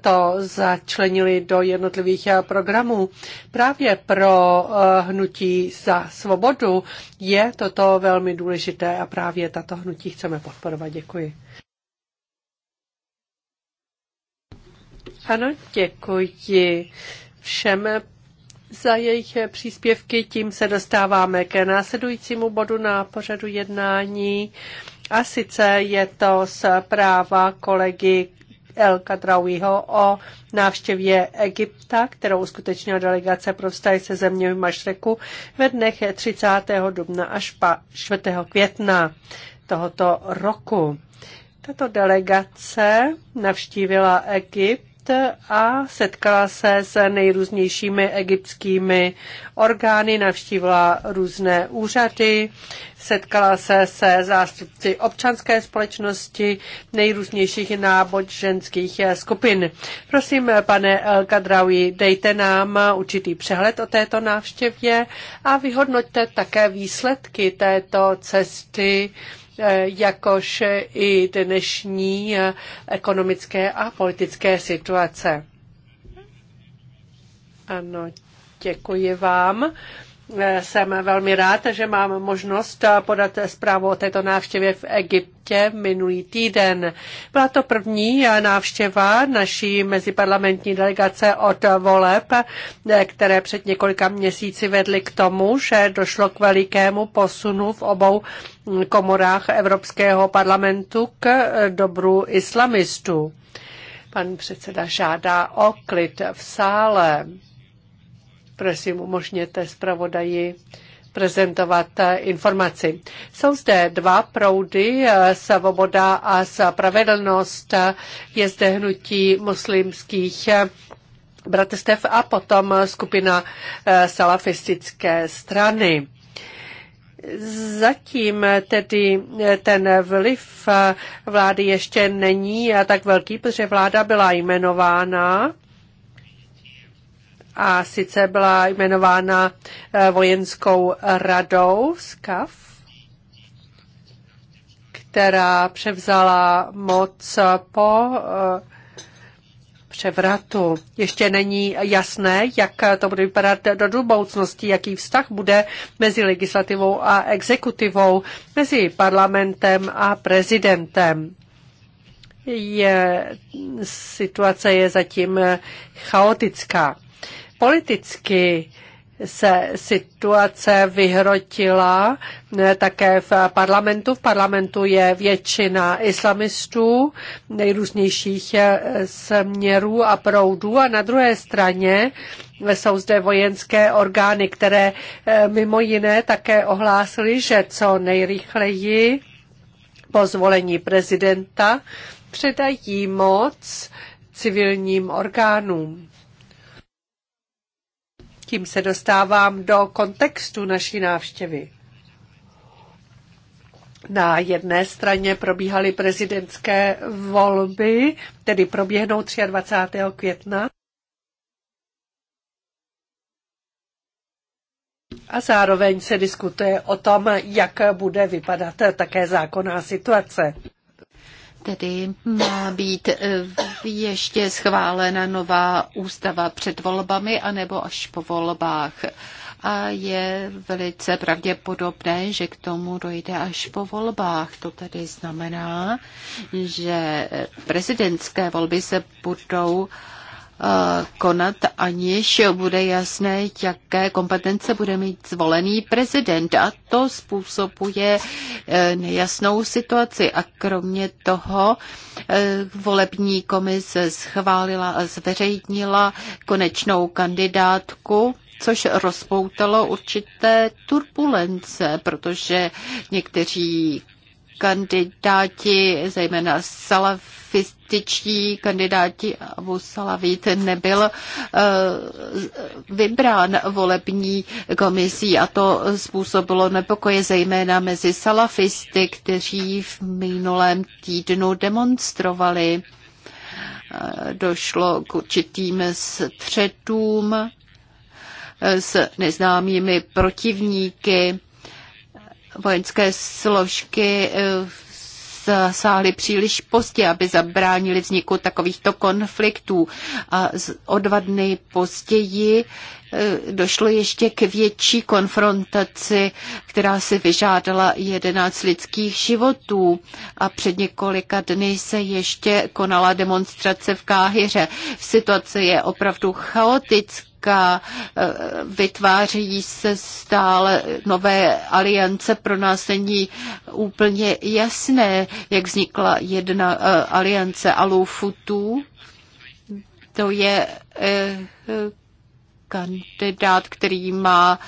to začlenili do jednotlivých programů. Právě pro hnutí za svobodu je toto velmi důležité a právě tato hnutí chceme podporovat. Děkuji. Ano, děkuji všem za jejich příspěvky. Tím se dostáváme k následujícímu bodu na pořadu jednání. A sice je to zpráva kolegy El Kadrawiho o návštěvě Egypta, kterou uskutečnila delegace pro vztahy se v Mašreku ve dnech 30. dubna až 4. května tohoto roku. Tato delegace navštívila Egypt a setkala se s nejrůznějšími egyptskými orgány, navštívila různé úřady, setkala se se zástupci občanské společnosti, nejrůznějších náboženských skupin. Prosím, pane Kadraui, dejte nám určitý přehled o této návštěvě a vyhodnoťte také výsledky této cesty E, jakož i dnešní e, ekonomické a politické situace. Ano, děkuji vám. Eh, jsem velmi rád, že mám možnost eh, podat zprávu o této návštěvě v Egyptě minulý týden. Byla to první eh, návštěva naší meziparlamentní delegace od voleb, které před několika měsíci vedly k tomu, že došlo k velikému posunu v obou hm, komorách Evropského parlamentu k dobru islamistů. Pan předseda žádá o klid v sále. Prosím, umožněte zpravodaji prezentovat eh, informaci. Jsou zde dva proudy, eh, svoboda a spravedlnost. Je zde hnutí muslimských eh, bratrstev a potom skupina salafistické strany. Zatím tedy ten vliv vlády ještě není tak velký, protože vláda byla jmenována a sice byla jmenována eh, vojenskou radou SCAF, která převzala moc po eh, převratu. Ještě není jasné, jak to bude vypadat do budoucnosti, jaký vztah bude mezi legislativou a exekutivou, mezi parlamentem a prezidentem. Je, situace je zatím eh, chaotická politicky se situace vyhrotila také v parlamentu. V parlamentu je většina islamistů nejrůznějších eh, směrů a proudů a na druhé straně jsou zde vojenské orgány, které eh, mimo jiné také ohlásily, že co nejrychleji po zvolení prezidenta předají moc civilním orgánům. Tím se dostávám do kontextu naší návštěvy. Na jedné straně probíhaly prezidentské volby, tedy proběhnou 23. května. A zároveň se diskutuje o tom, jak bude vypadat také zákonná situace. Tedy má být eh, ještě schválena nová ústava před volbami anebo až po volbách. A je velice pravděpodobné, že k tomu dojde až po volbách. To tedy znamená, že prezidentské volby se budou uh, Eh, konat, aniž bude jasné, jaké kompetence bude mít zvolený prezident. A to způsobuje eh, nejasnou situaci. A kromě toho eh, volební komise schválila a zveřejnila konečnou kandidátku což rozpoutalo určité turbulence, protože někteří kandidáti, zejména Salaf, pacifističtí kandidáti Abu Salavit nebyl eh, vybrán volební komisí a to způsobilo nepokoje zejména mezi salafisty, kteří v minulém týdnu demonstrovali. Eh, došlo k určitým střetům eh, s neznámými protivníky vojenské složky zasáhli příliš pozdě, aby zabránili vzniku takovýchto konfliktů. A o dva dny později e, došlo ještě k větší konfrontaci, která si vyžádala 11 lidských životů. A před několika dny se ještě konala demonstrace v Káhyře. Situace je opravdu chaotická politika, eh, vytváří se stále nové aliance. Pro nás není úplně jasné, jak vznikla jedna eh, aliance Alufutu. To je eh, kandidát, který má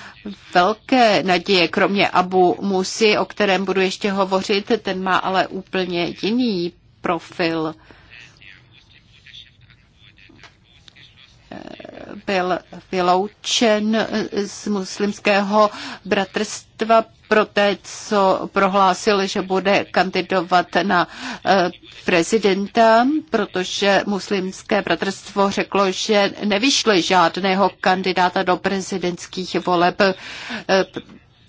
velké naděje, kromě Abu Musi, o kterém budu ještě hovořit, ten má ale úplně jiný profil. byl vyloučen z muslimského bratrstva té, co prohlásil, že bude kandidovat na eh, prezidenta, protože muslimské bratrstvo řeklo, že nevyšle žádného kandidáta do prezidentských voleb eh,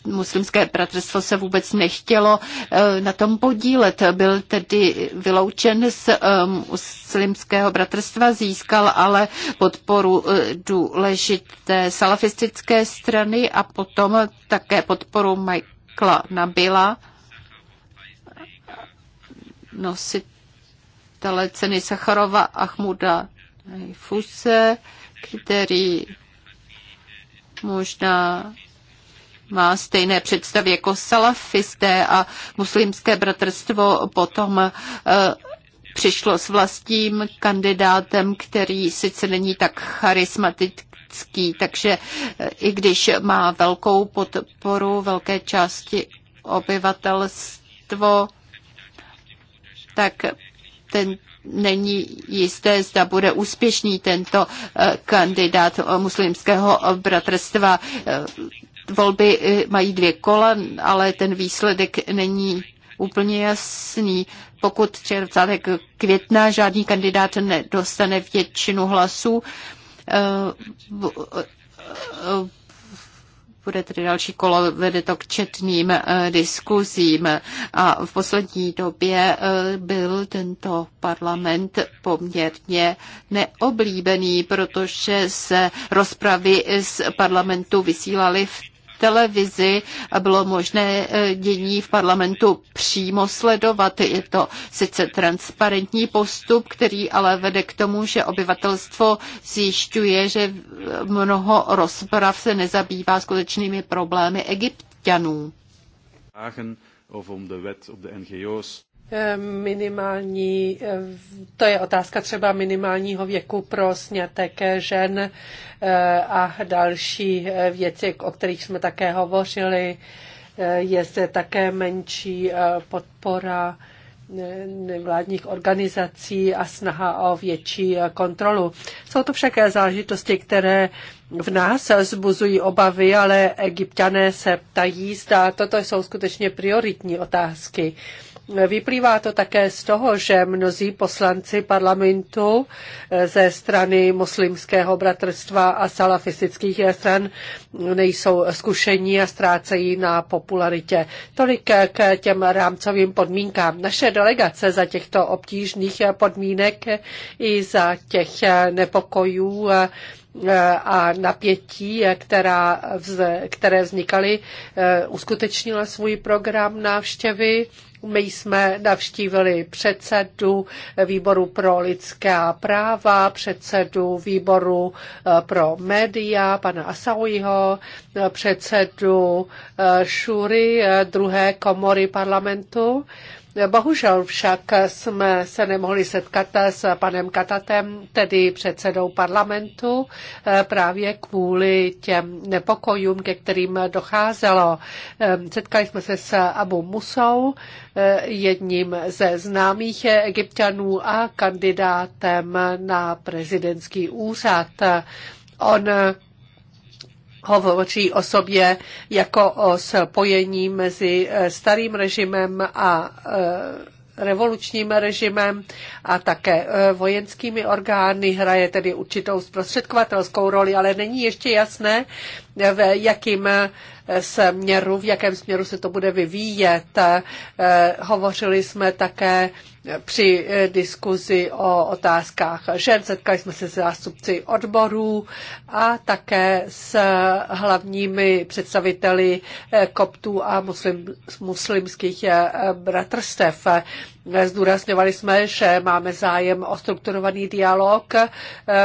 muslimské bratrstvo se vůbec nechtělo eh, na tom podílet. Byl tedy vyloučen z eh, muslimského bratrstva, získal ale podporu eh, důležité salafistické strany a potom také podporu Michaela Nabila, nositele ceny Sacharova Ahmuda Fuse, který možná má stejné představy jako salafisté a muslimské bratrstvo potom eh, přišlo s vlastním kandidátem, který sice není tak charismatický, takže eh, i když má velkou podporu velké části obyvatelstvo, tak ten není jisté, zda bude úspěšný tento eh, kandidát muslimského bratrstva volby eh, mají dvě kola, ale ten výsledek není úplně jasný. Pokud červcátek května žádný kandidát nedostane většinu hlasů, eh, bude tedy další kolo, vede to k četným eh, diskuzím. A v poslední době byl tento parlament poměrně neoblíbený, protože se rozpravy z parlamentu vysílaly v televizi a bylo možné eh, dění v parlamentu přímo sledovat. Je to sice transparentní postup, který ale vede k tomu, že obyvatelstvo zjišťuje, že mnoho rozprav se nezabývá skutečnými problémy egyptianů. over om de wet op de NGO's Eh, minimální, eh, to je otázka třeba minimálního věku pro snětek žen eh, a další věci, o kterých jsme také hovořili. Je zde také menší podpora nevládních organizací a snaha o větší kontrolu. Jsou to však záležitosti, které v nás zbuzují obavy, ale egyptiané se ptají, zda toto jsou skutečně prioritní otázky. Vyplývá to také z toho, že mnozí poslanci parlamentu eh, ze strany muslimského bratrstva a salafistických stran nejsou zkušení a ztrácejí na popularitě. Tolik eh, k těm rámcovým podmínkám. Naše delegace za těchto obtížných podmínek eh, i za těch nepokojů a napětí, která, které vznikaly, uskutečnila svůj program návštěvy my jsme navštívili předsedu výboru pro lidská práva, předsedu výboru eh, pro média, pana Asauiho, eh, předsedu eh, Šury druhé komory parlamentu. Bohužel však jsme se nemohli setkat s panem Katatem, tedy předsedou parlamentu, eh, právě kvůli těm nepokojům, ke kterým docházelo. Eh, setkali jsme se s Abu Musou, eh, jedním ze známých egyptianů a kandidátem na prezidentský úřad. On hovoří o sobě jako o spojení mezi eh, starým režimem a eh, revolučním režimem a také eh, vojenskými orgány. Hraje tedy určitou zprostředkovatelskou roli, ale není ještě jasné, v jakým směru, v jakém směru se to bude vyvíjet. Hovořili jsme také při eh, diskuzi o otázkách žen. Setkali jsme se s zástupci odborů a také s hlavními představiteli eh, koptů a muslim, muslimských eh, bratrstev. Zdůrazňovali jsme, že máme zájem o strukturovaný dialog eh,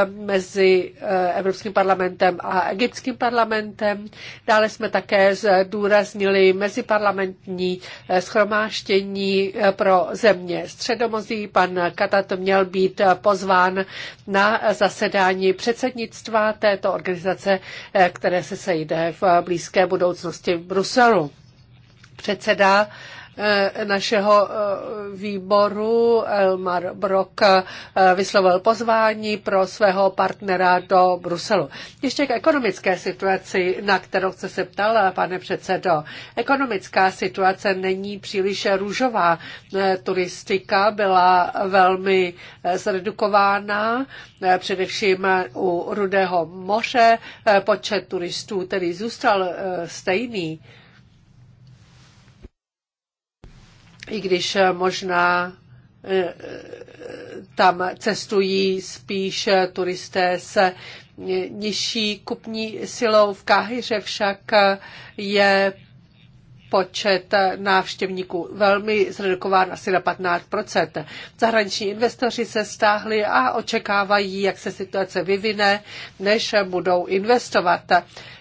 mezi eh, Evropským parlamentem a egyptským parlamentem. Dále jsme také zdůraznili meziparlamentní eh, schromáštění pro země Středomozí. Pan Katat měl být pozván na zasedání předsednictva této organizace, které se sejde v blízké budoucnosti v Bruselu. Předseda Eh, našeho eh, výboru Elmar Brok eh, vyslovil pozvání pro svého partnera do Bruselu. Ještě k ekonomické situaci, na kterou jste se ptal, pane předsedo. Ekonomická situace není příliš růžová. Turistika byla velmi zredukována, především u Rudého moře. Počet turistů tedy zůstal stejný. i když eh, možná eh, eh, tam cestují spíš turisté se nižší kupní silou. V Káhyře však je počet návštěvníků velmi zredukován asi na 15 Zahraniční investoři se stáhli a očekávají, jak se situace vyvine, než budou investovat.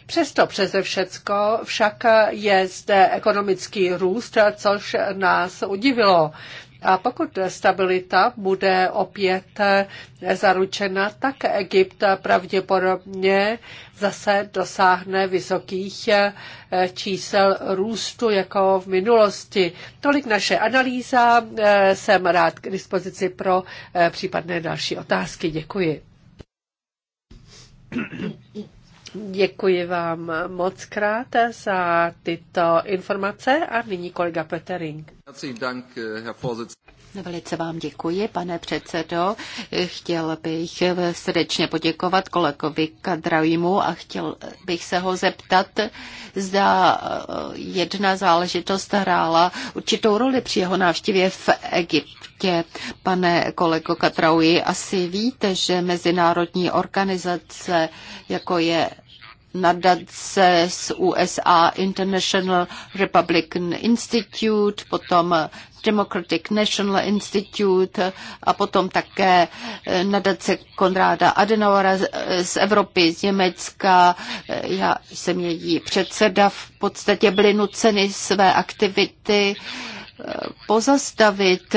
Přesto přeze všecko však je zde ekonomický růst, což nás udivilo. A pokud stabilita bude opět zaručena, tak Egypt pravděpodobně zase dosáhne vysokých eh, čísel růstu jako v minulosti. Tolik naše analýza. Eh, Jsem rád k dispozici pro eh, případné další otázky. Děkuji. Děkuji vám moc krát za tyto informace a nyní kolega Petering. Velice vám děkuji, pane předsedo. Chtěl bych srdečně poděkovat kolegovi Kadrajmu a chtěl bych se ho zeptat, zda eh, jedna záležitost hrála určitou roli při jeho návštěvě v Egyptě. Pane kolego Kadraui, asi víte, že mezinárodní organizace, jako je nadace z USA International Republican Institute, potom Democratic National Institute a potom také eh, nadace Konráda Adenauera z Evropy, z Německa. Eh, já jsem její předseda. V podstatě byly nuceny své aktivity eh, pozastavit,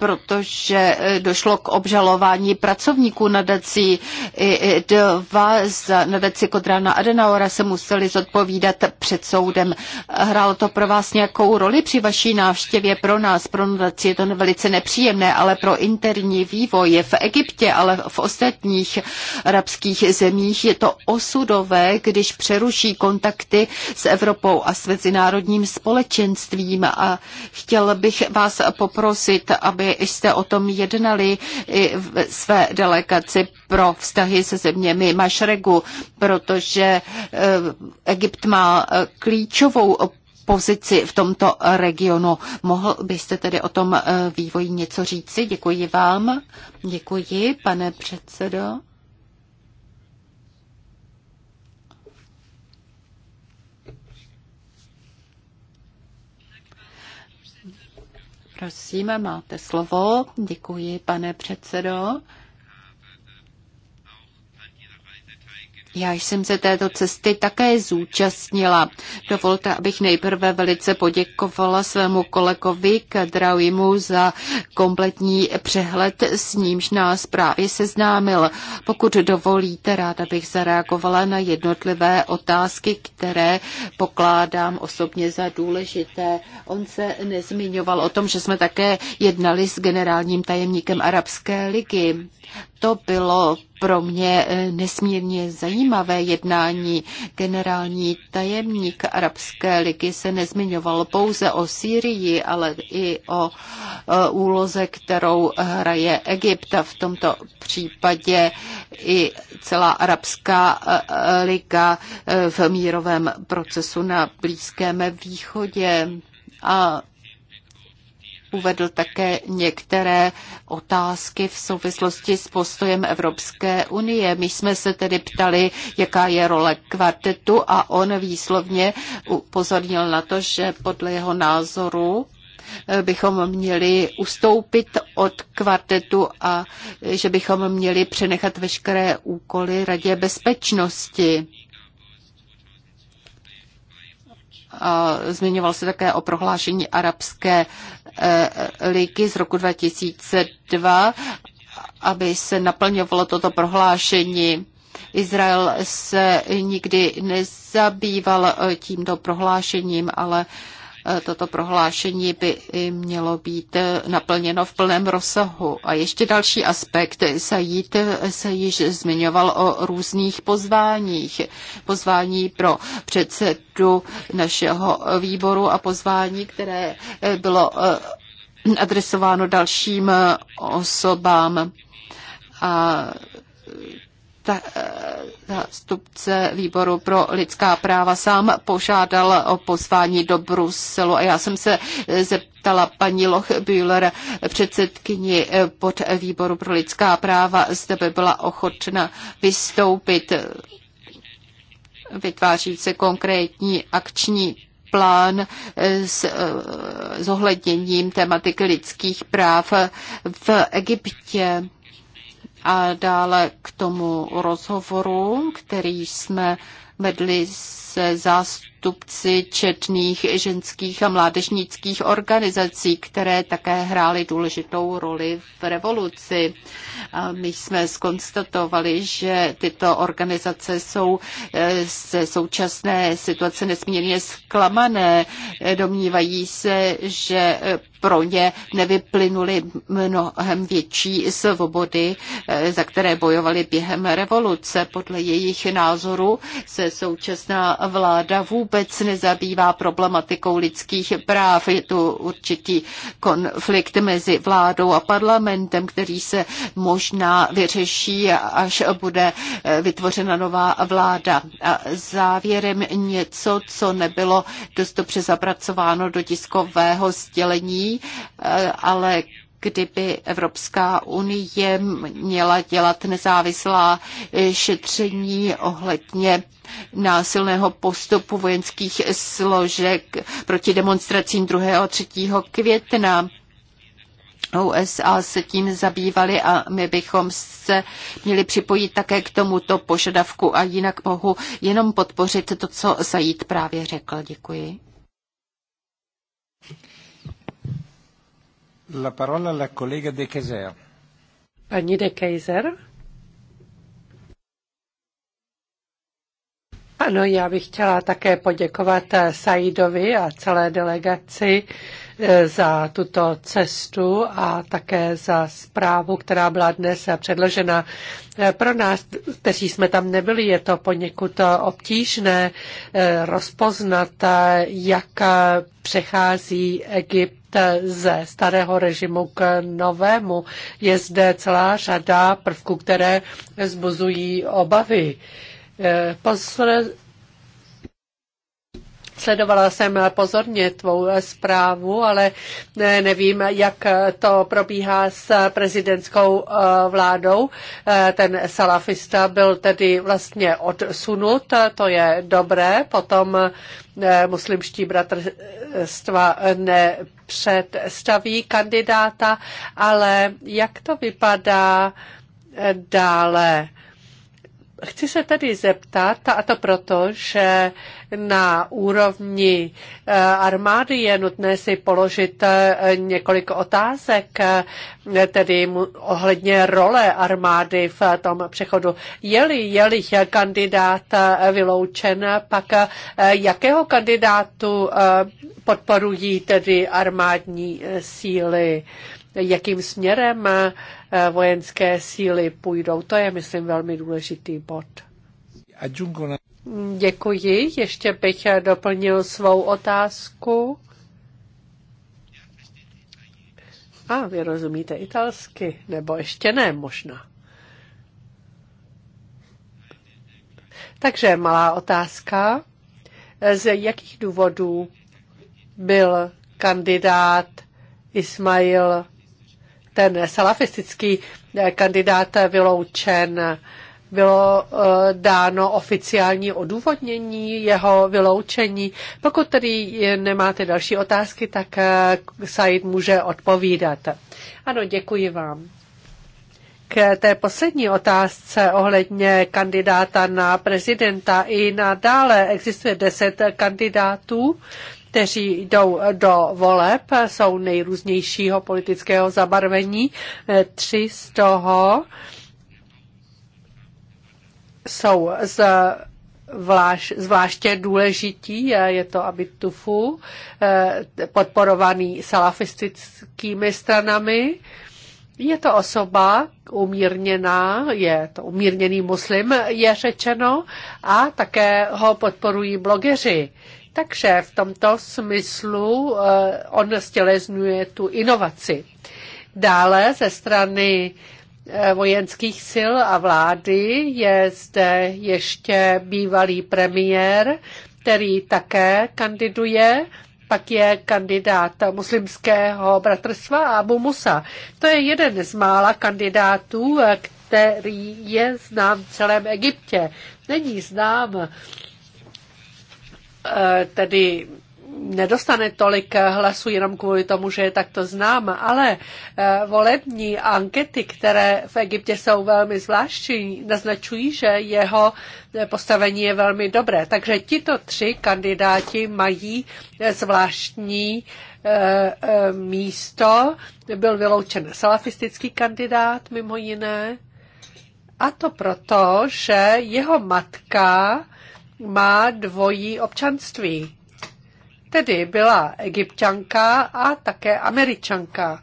protože eh, došlo k obžalování pracovníků nadací. I dva z nadací Kodrána Adenaura se museli zodpovídat před soudem. Hrálo to pro vás nějakou roli při vaší návštěvě? Pro nás, pro nadaci je to velice nepříjemné, ale pro interní vývoj v Egyptě, ale v ostatních arabských zemích je to osudové, když přeruší kontakty s Evropou a s mezinárodním společenstvím. A chtěl bych vás poprosit, aby jste o tom jednali i v své delegaci pro vztahy se zeměmi Mašregu, protože eh, Egypt má eh, klíčovou pozici v tomto regionu. Mohl byste tedy o tom eh, vývoji něco říci? Děkuji vám. Děkuji, pane předsedo. Prosím, máte slovo. Děkuji, pane předsedo. Já jsem se této cesty také zúčastnila. Dovolte, abych nejprve velice poděkovala svému kolegovi Kadrauimu za kompletní přehled, s nímž nás právě seznámil. Pokud dovolíte, ráda bych zareagovala na jednotlivé otázky, které pokládám osobně za důležité. On se nezmiňoval o tom, že jsme také jednali s generálním tajemníkem Arabské ligy to bylo pro mě eh, nesmírně zajímavé jednání. Generální tajemník Arabské ligy se nezmiňoval pouze o Sýrii, ale i o eh, úloze, kterou hraje Egypt a v tomto případě i celá Arabská eh, liga v mírovém procesu na Blízkém východě. A uvedl také některé otázky v souvislosti s postojem Evropské unie. My jsme se tedy ptali, jaká je role kvartetu a on výslovně upozornil na to, že podle jeho názoru bychom měli ustoupit od kvartetu a že bychom měli přenechat veškeré úkoly Radě bezpečnosti. zmiňoval se také o prohlášení Arabské e, ligy z roku 2002, aby se naplňovalo toto prohlášení. Izrael se nikdy nezabýval e, tímto prohlášením, ale uh, Eh, toto prohlášení by mělo být eh, naplněno v plném rozsahu. A ještě další aspekt. Sajid eh, se již zmiňoval o různých pozváních. Pozvání pro předsedu našeho výboru a pozvání, které bylo adresováno dalším osobám. A Eh, zástupce výboru pro lidská práva sám požádal o pozvání do Bruselu a já jsem se eh, zeptala paní Loch Bühler, předsedkyni eh, pod výboru pro lidská práva, zde by byla ochotna vystoupit. Vytváří se konkrétní akční plán s zohledněním tematiky lidských práv v Egyptě. A dále k tomu rozhovoru, který jsme vedli se zástupci četných ženských a mládežnických organizací, které také hrály důležitou roli v revoluci. A my jsme skonstatovali, že tyto organizace jsou e, ze současné situace nesmírně zklamané. Domnívají se, že pro ně nevyplynuly mnohem větší svobody, eh, za které bojovali během revoluce. Podle jejich názoru se současná vláda vůbec nezabývá problematikou lidských práv. Je tu určitý konflikt mezi vládou a parlamentem, který se možná vyřeší, až bude eh, vytvořena nová vláda. A závěrem něco, co nebylo dost dobře zapracováno do tiskového sdělení, Eh, ale kdyby Evropská unie měla dělat nezávislá šetření ohledně násilného postupu vojenských složek proti demonstracím 2. a 3. května. USA se tím zabývali a my bychom se měli připojit také k tomuto požadavku a jinak mohu jenom podpořit to, co Zajít právě řekl. Děkuji. La parola alla collega De Keyser. Paní De Keyser. Ano, já bych chtěla také poděkovat eh, Saidovi a celé delegaci eh, za tuto cestu a také za zprávu, která byla dnes předložena. Eh, pro nás, kteří jsme tam nebyli, je to poněkud obtížné rozpoznat, jak přechází Egypt ze starého režimu k novému. Je zde celá řada prvků, které zbuzují obavy. Posle... Sledovala jsem pozorně tvou zprávu, ale nevím, jak to probíhá s prezidentskou eh, vládou. Eh, ten salafista byl tedy vlastně odsunut, to je dobré. Potom eh, muslimští bratrstva nepředstaví kandidáta, ale jak to vypadá dále? Chci se tedy zeptat, a to proto, že na úrovni eh, armády je nutné si položit eh, několik otázek, eh, tedy ohledně role armády v tom přechodu. Je-li, je kandidát vyloučen, pak jakého kandidátu podporují tedy armádní síly? jakým směrem eh, vojenské síly půjdou. To je, myslím, velmi důležitý bod. Děkuji. Ještě bych eh, doplnil svou otázku. A vy rozumíte italsky, nebo ještě ne možná. Takže malá otázka. Z jakých důvodů byl kandidát Ismail ten salafistický eh, kandidát vyloučen. Bylo eh, dáno oficiální odůvodnění jeho vyloučení. Pokud tedy nemáte další otázky, tak eh, Said může odpovídat. Ano, děkuji vám. K té poslední otázce ohledně kandidáta na prezidenta i nadále existuje deset kandidátů kteří jdou do voleb, jsou nejrůznějšího politického zabarvení. Tři z toho jsou z Vláž, zvláště důležitý je to Abitufu, eh, podporovaný salafistickými stranami. Je to osoba umírněná, je to umírněný muslim, je řečeno, a také ho podporují blogeři. Takže v tomto smyslu eh, on stěleznuje tu inovaci. Dále ze strany eh, vojenských sil a vlády je zde ještě bývalý premiér, který také kandiduje pak je kandidát muslimského bratrstva Abu Musa. To je jeden z mála kandidátů, eh, který je znám v celém Egyptě. Není znám Eh, tedy nedostane tolik hlasů jenom kvůli tomu, že je takto znám, ale eh, volební ankety, které v Egyptě jsou velmi zvláštní, naznačují, že jeho eh, postavení je velmi dobré. Takže tito tři kandidáti mají zvláštní místo. Byl vyloučen salafistický kandidát mimo jiné. A to proto, že jeho matka má dvojí občanství. Tedy byla egyptčanka a také američanka,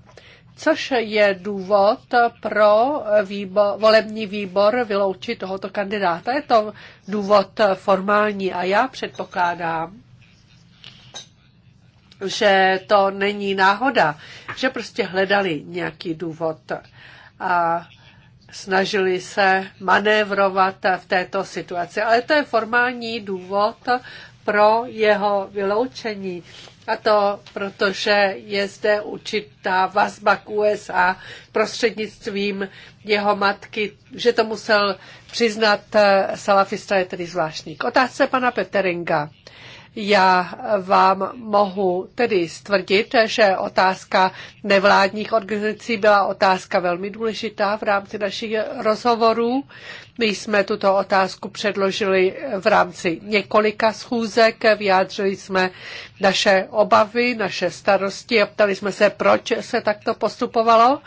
což je důvod pro výbor, volební výbor vyloučit tohoto kandidáta. Je to důvod formální a já předpokládám, že to není náhoda, že prostě hledali nějaký důvod. A snažili se manévrovat v této situaci. Ale to je formální důvod pro jeho vyloučení. A to protože je zde určitá vazba k USA prostřednictvím jeho matky, že to musel přiznat eh, salafista je tedy zvláštní. K otázce pana Peteringa. Já vám mohu tedy stvrdit, že otázka nevládních organizací byla otázka velmi důležitá v rámci našich rozhovorů. My jsme tuto otázku předložili v rámci několika schůzek, vyjádřili jsme naše obavy, naše starosti a ptali jsme se, proč se takto postupovalo.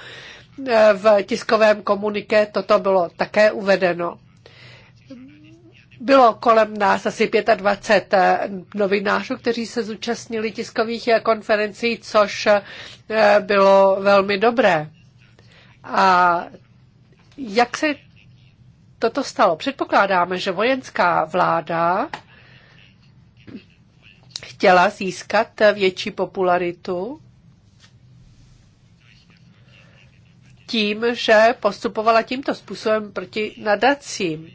V tiskovém komuniké toto bylo také uvedeno. Bylo kolem nás asi 25 eh, novinářů, kteří se zúčastnili tiskových eh, konferencí, což eh, bylo velmi dobré. A jak se toto stalo? Předpokládáme, že vojenská vláda chtěla získat větší popularitu tím, že postupovala tímto způsobem proti nadacím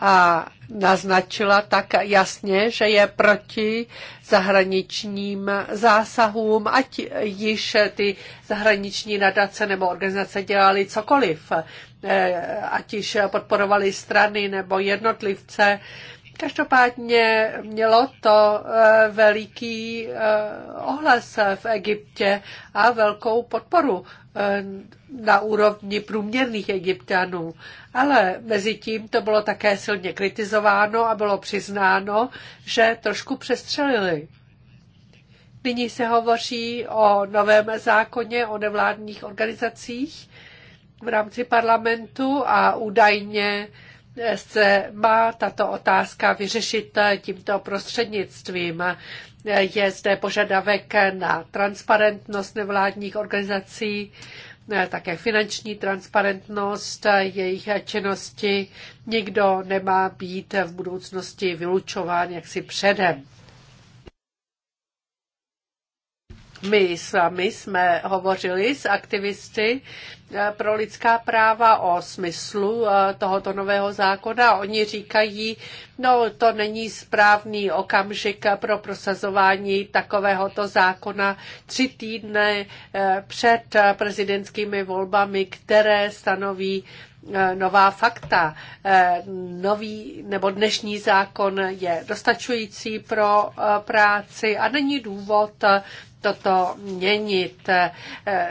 a naznačila tak jasně, že je proti zahraničním zásahům, ať již ty zahraniční nadace nebo organizace dělali cokoliv, eh, ať již podporovali strany nebo jednotlivce, Každopádně mělo to eh, veliký eh, ohlas v Egyptě a velkou podporu eh, na úrovni průměrných egyptianů. Ale mezi tím to bylo také silně kritizováno a bylo přiznáno, že trošku přestřelili. Nyní se hovoří o novém zákoně o nevládních organizacích v rámci parlamentu a údajně se má tato otázka vyřešit tímto prostřednictvím. Je zde požadavek na transparentnost nevládních organizací, také finanční transparentnost jejich činnosti. Nikdo nemá být v budoucnosti vylučován jaksi předem. My vámi jsme hovořili s aktivisty eh, pro lidská práva o smyslu eh, tohoto nového zákona. Oni říkají, no to není správný okamžik pro prosazování takovéhoto zákona tři týdny eh, před prezidentskými volbami, které stanoví nová fakta. Nový nebo dnešní zákon je dostačující pro práci a není důvod toto měnit. E,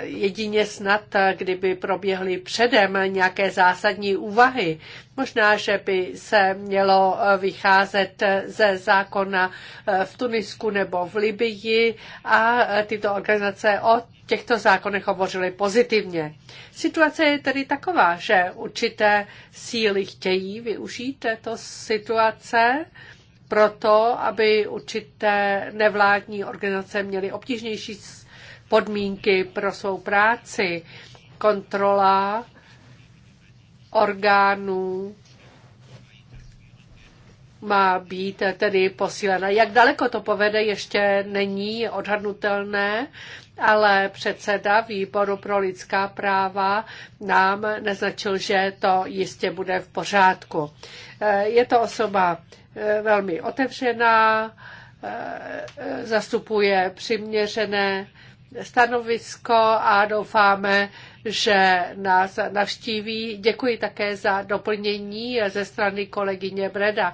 jedině snad, kdyby proběhly předem nějaké zásadní úvahy. Možná, že by se mělo vycházet ze zákona e, v Tunisku nebo v Libii a tyto organizace o těchto zákonech hovořily pozitivně. Situace je tedy taková, že určité síly chtějí využít této situace, proto, aby určité nevládní organizace měly obtížnější podmínky pro svou práci. Kontrola orgánů má být tedy posílena. Jak daleko to povede, ještě není odhadnutelné ale předseda výboru pro lidská práva nám naznačil, že to jistě bude v pořádku. Eh, je to osoba eh, velmi otevřená, eh, zastupuje přiměřené stanovisko a doufáme, že nás navštíví. Děkuji také za doplnění ze strany kolegyně Breda.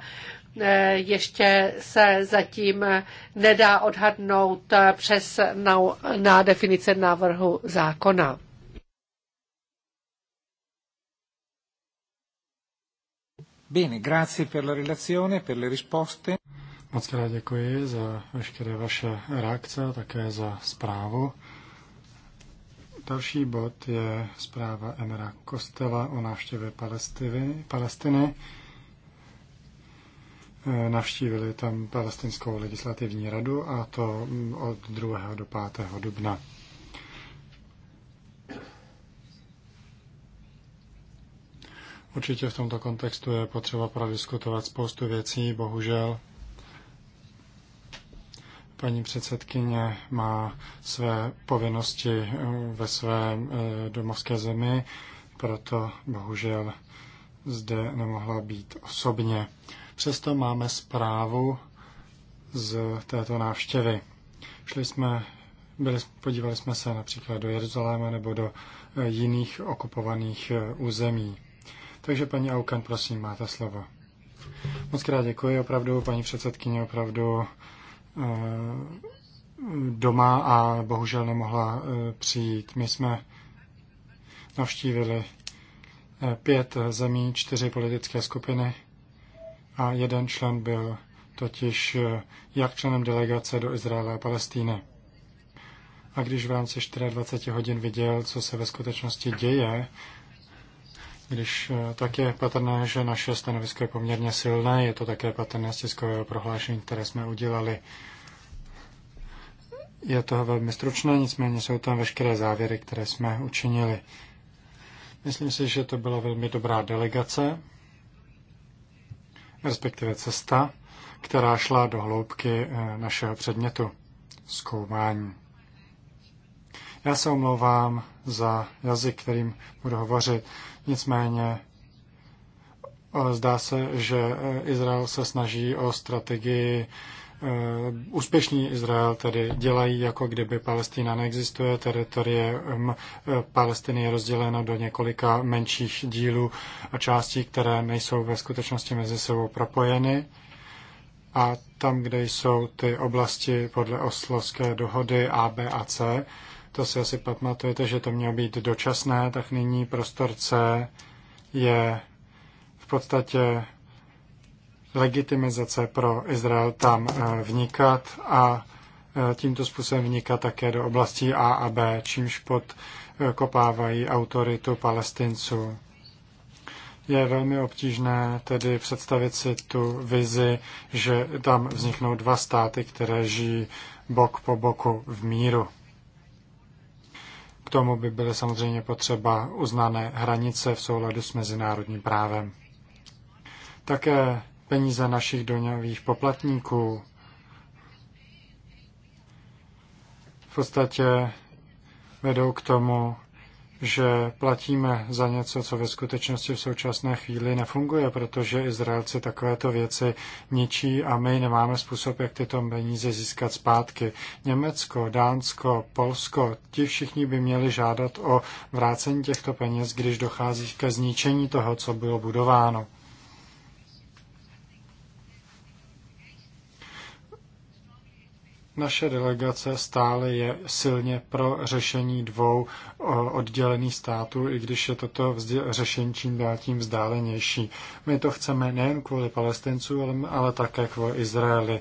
Eh, ještě se zatím nedá odhadnout eh, přes na, na definice návrhu zákona. Bene, grazie per la relazione, per le risposte. Moc krát děkuji za veškeré vaše reakce a také za zprávu. Další bod je zpráva Emera Kostela o návštěvě Palestiny. Palestiny. Eh, navštívili tam palestinskou legislativní radu a to mm, od 2. do 5. dubna. Určitě v tomto kontextu je potřeba prodiskutovat spoustu věcí. Bohužel paní předsedkyně má své povinnosti mm, ve své eh, domovské zemi, proto bohužel zde nemohla být osobně. Přesto máme zprávu z této návštěvy. Šli jsme, byli, podívali jsme se například do Jeruzaléma nebo do eh, jiných okupovaných eh, území. Takže paní Aukan, prosím, máte slovo. Moc krát děkuji, opravdu, paní předsedkyně, opravdu eh, doma a bohužel nemohla přijít. My jsme navštívili pět zemí, čtyři politické skupiny a jeden člen byl totiž eh, jak členem delegace do Izraele a Palestíny. A když v rámci 24 hodin viděl, co se ve skutečnosti děje, když eh, tak je patrné, že naše stanovisko je poměrně silné, je to také patrné z tiskového prohlášení, které jsme udělali. Je toho velmi stručné, nicméně jsou tam veškeré závěry, které jsme učinili. Myslím si, že to byla velmi dobrá delegace respektive cesta, která šla do hloubky eh, našeho předmětu zkoumání. Já se omlouvám za jazyk, kterým budu hovořit. Nicméně eh, zdá se, že eh, Izrael se snaží o strategii Eh, úspěšní Izrael tedy dělají, jako kdyby Palestina neexistuje. Teritorie eh, Palestiny je rozděleno do několika menších dílů a částí, které nejsou ve skutečnosti mezi sebou propojeny. A tam, kde jsou ty oblasti podle oslovské dohody A, B a C, to si asi pamatujete, že to mělo být dočasné, tak nyní prostor C je v podstatě legitimizace pro Izrael tam eh, vnikat a eh, tímto způsobem vniká také do oblastí A a B, čímž podkopávají autoritu palestinců. Je velmi obtížné tedy představit si tu vizi, že tam vzniknou dva státy, které žijí bok po boku v míru. K tomu by byly samozřejmě potřeba uznané hranice v souladu s mezinárodním právem. Také peníze našich doňových poplatníků. V podstatě vedou k tomu, že platíme za něco, co ve skutečnosti v současné chvíli nefunguje, protože Izraelci takovéto věci ničí a my nemáme způsob, jak tyto peníze získat zpátky. Německo, Dánsko, Polsko, ti všichni by měli žádat o vrácení těchto peněz, když dochází ke zničení toho, co bylo budováno. Naše delegace stále je silně pro řešení dvou oddělených států, i když je toto řešení čím dál tím vzdálenější. My to chceme nejen kvůli palestincům, ale také kvůli Izraeli.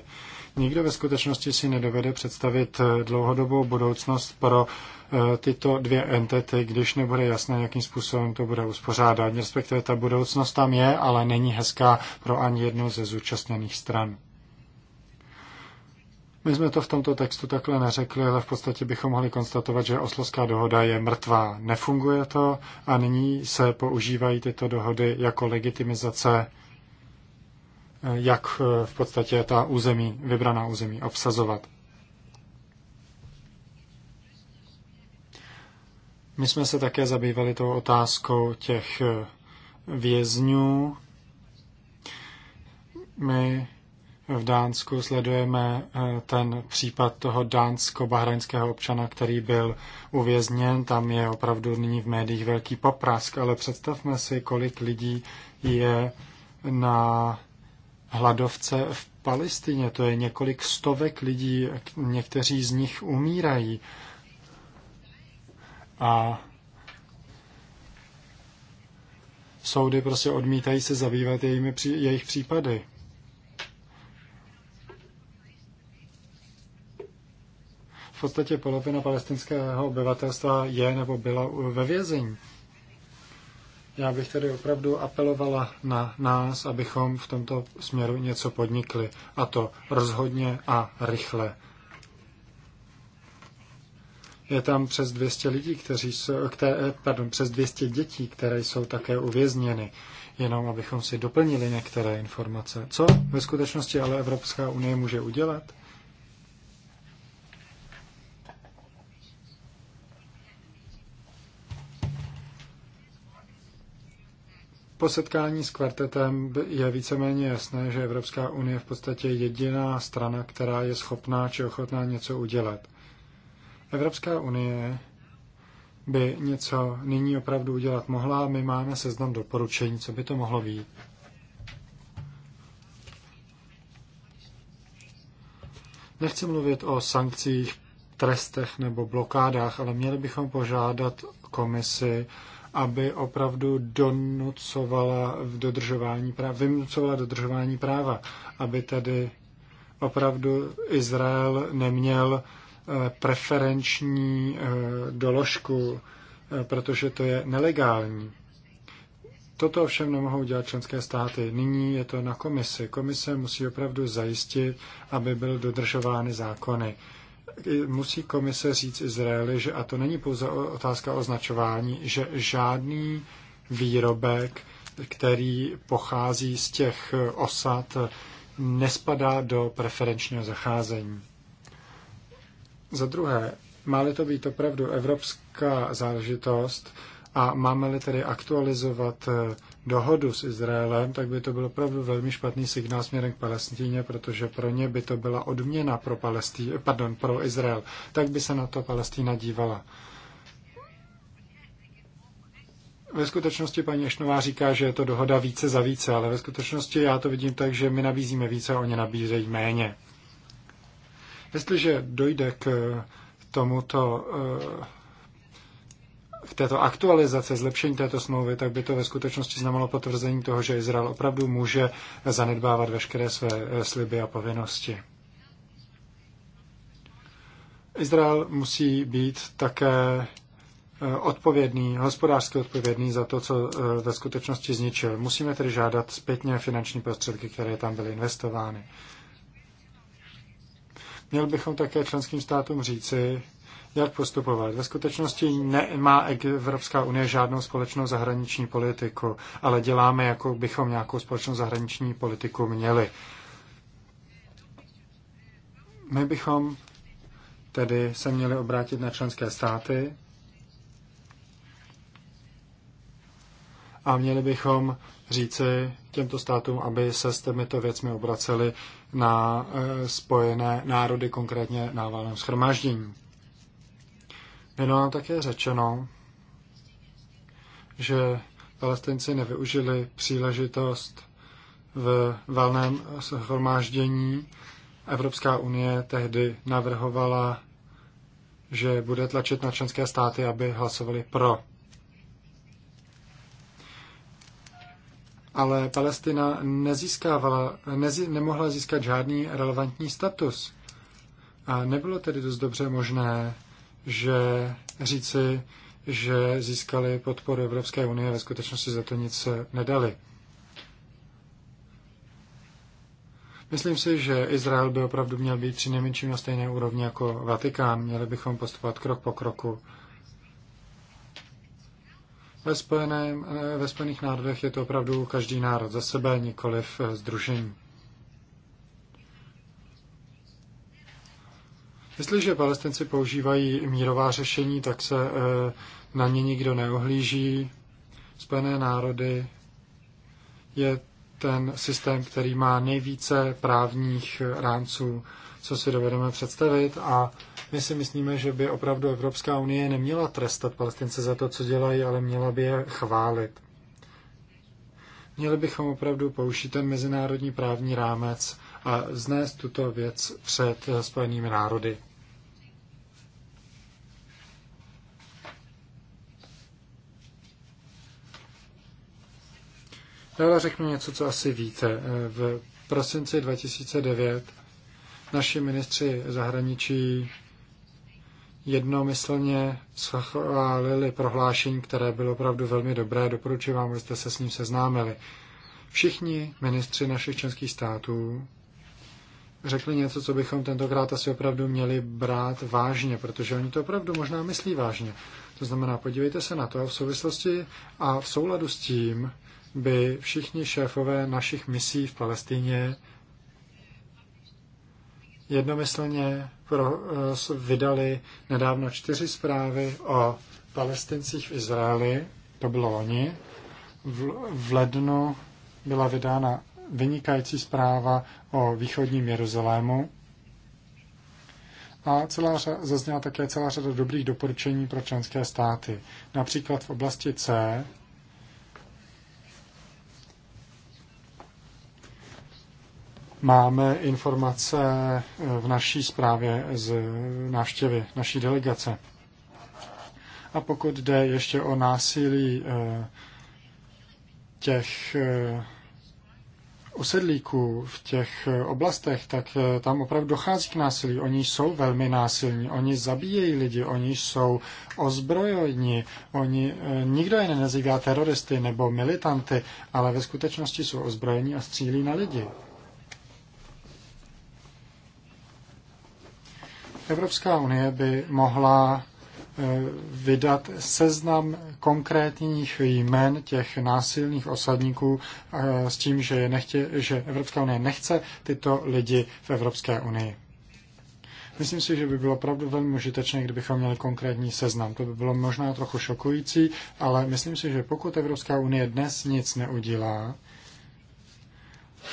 Nikdo ve skutečnosti si nedovede představit e, dlouhodobou budoucnost pro e, tyto dvě entity, když nebude jasné, jakým způsobem to bude uspořádat. Respektive ta budoucnost tam je, ale není hezká pro ani jednu ze zúčastněných stran. My jsme to v tomto textu takhle neřekli, ale v podstatě bychom mohli konstatovat, že oslovská dohoda je mrtvá. Nefunguje to a nyní se používají tyto dohody jako legitimizace, eh, jak eh, v podstatě ta území, vybraná území obsazovat. My jsme se také zabývali tou otázkou těch eh, vězňů. My v Dánsku sledujeme eh, ten případ toho dánsko-bahrajnského občana, který byl uvězněn. Tam je opravdu nyní v médiích velký poprask, ale představme si, kolik lidí je na hladovce v Palestině. To je několik stovek lidí, někteří z nich umírají. A soudy prostě odmítají se zabývat jejimi, jejich případy. podstatě polovina palestinského obyvatelstva je nebo byla ve vězení. Já bych tedy opravdu apelovala na nás, abychom v tomto směru něco podnikli. A to rozhodně a rychle. Je tam přes 200 lidí, kteří jsou, které, pardon, přes 200 dětí, které jsou také uvězněny. Jenom abychom si doplnili některé informace. Co ve skutečnosti ale Evropská unie může udělat? Po setkání s kvartetem je víceméně jasné, že Evropská unie je v podstatě jediná strana, která je schopná či ochotná něco udělat. Evropská unie by něco nyní opravdu udělat mohla my máme seznam doporučení, co by to mohlo být. Nechci mluvit o sankcích, trestech nebo blokádách, ale měli bychom požádat komisi, aby opravdu donucovala v dodržování práva, vynucovala dodržování práva, aby tady opravdu Izrael neměl eh, preferenční eh, doložku, eh, protože to je nelegální. Toto ovšem nemohou dělat členské státy. Nyní je to na komisi. Komise musí opravdu zajistit, aby byly dodržovány zákony musí komise říct Izraeli, že a to není pouze otázka označování, že žádný výrobek, který pochází z těch osad, nespadá do preferenčního zacházení. Za druhé, má-li to být opravdu evropská záležitost, a máme-li tedy aktualizovat eh, dohodu s Izraelem, tak by to byl opravdu velmi špatný signál směrem k Palestíně, protože pro ně by to byla odměna pro, Palestí, pardon, pro Izrael. Tak by se na to Palestína dívala. Ve skutečnosti paní Ešnová říká, že je to dohoda více za více, ale ve skutečnosti já to vidím tak, že my nabízíme více a oni nabízejí méně. Jestliže dojde k eh, tomuto eh, v této aktualizaci, zlepšení této smlouvy, tak by to ve skutečnosti znamenalo potvrzení toho, že Izrael opravdu může zanedbávat veškeré své eh, sliby a povinnosti. Izrael musí být také eh, odpovědný, hospodářsky odpovědný za to, co eh, ve skutečnosti zničil. Musíme tedy žádat zpětně finanční prostředky, které tam byly investovány. Měl bychom také členským státům říci, jak postupovat. Ve skutečnosti nemá e Evropská unie žádnou společnou zahraniční politiku, ale děláme, jako bychom nějakou společnou zahraniční politiku měli. My bychom tedy se měli obrátit na členské státy a měli bychom říci těmto státům, aby se s těmito věcmi obraceli na eh, spojené národy, konkrétně na válném schromáždění. Bylo nám také řečeno, že palestinci nevyužili příležitost v valném shromáždění. Evropská unie tehdy navrhovala, že bude tlačit na členské státy, aby hlasovali pro. Ale Palestina nezískávala, nezi, nemohla získat žádný relevantní status. A nebylo tedy dost dobře možné že říci, že získali podporu Evropské unie, ve skutečnosti za to nic nedali. Myslím si, že Izrael by opravdu měl být při nejmenším na stejné úrovni jako Vatikán. Měli bychom postupovat krok po kroku. Ve, spojeném, ve Spojených národech je to opravdu každý národ za sebe, nikoliv združení. Eh, Jestliže palestinci používají mírová řešení, tak se eh, na ně nikdo neohlíží. Spojené národy je ten systém, který má nejvíce právních rámců, co si dovedeme představit a my si myslíme, že by opravdu Evropská unie neměla trestat palestince za to, co dělají, ale měla by je chválit. Měli bychom opravdu použít ten mezinárodní právní rámec a znést tuto věc před Spojenými národy. Dále řeknu něco, co asi víte. Eh, v prosinci 2009 naši ministři zahraničí jednomyslně schválili prohlášení, které bylo opravdu velmi dobré. Doporučuji vám, abyste se s ním seznámili. Všichni ministři našich členských států řekli něco, co bychom tentokrát asi opravdu měli brát vážně, protože oni to opravdu možná myslí vážně. To znamená, podívejte se na to v souvislosti a v souladu s tím by všichni šéfové našich misí v Palestíně jednomyslně pro, eh, vydali nedávno čtyři zprávy o palestincích v Izraeli, to bylo oni. V, v lednu byla vydána vynikající zpráva o východním Jeruzalému. A celá, zazněla také celá řada dobrých doporučení pro členské státy. Například v oblasti C Máme informace eh, v naší zprávě z návštěvy naší delegace. A pokud jde ještě o násilí eh, těch eh, usedlíků v těch oblastech, tak tam opravdu dochází k násilí. Oni jsou velmi násilní, oni zabíjejí lidi, oni jsou ozbrojeni, oni, nikdo je nenazývá teroristy nebo militanty, ale ve skutečnosti jsou ozbrojeni a střílí na lidi. Evropská unie by mohla eh, vydat seznam konkrétních jmen těch násilných osadníků eh, s tím, že, je nechtě, že Evropská unie nechce tyto lidi v Evropské unii. Myslím si, že by bylo opravdu velmi užitečné, kdybychom měli konkrétní seznam. To by bylo možná trochu šokující, ale myslím si, že pokud Evropská unie dnes nic neudělá,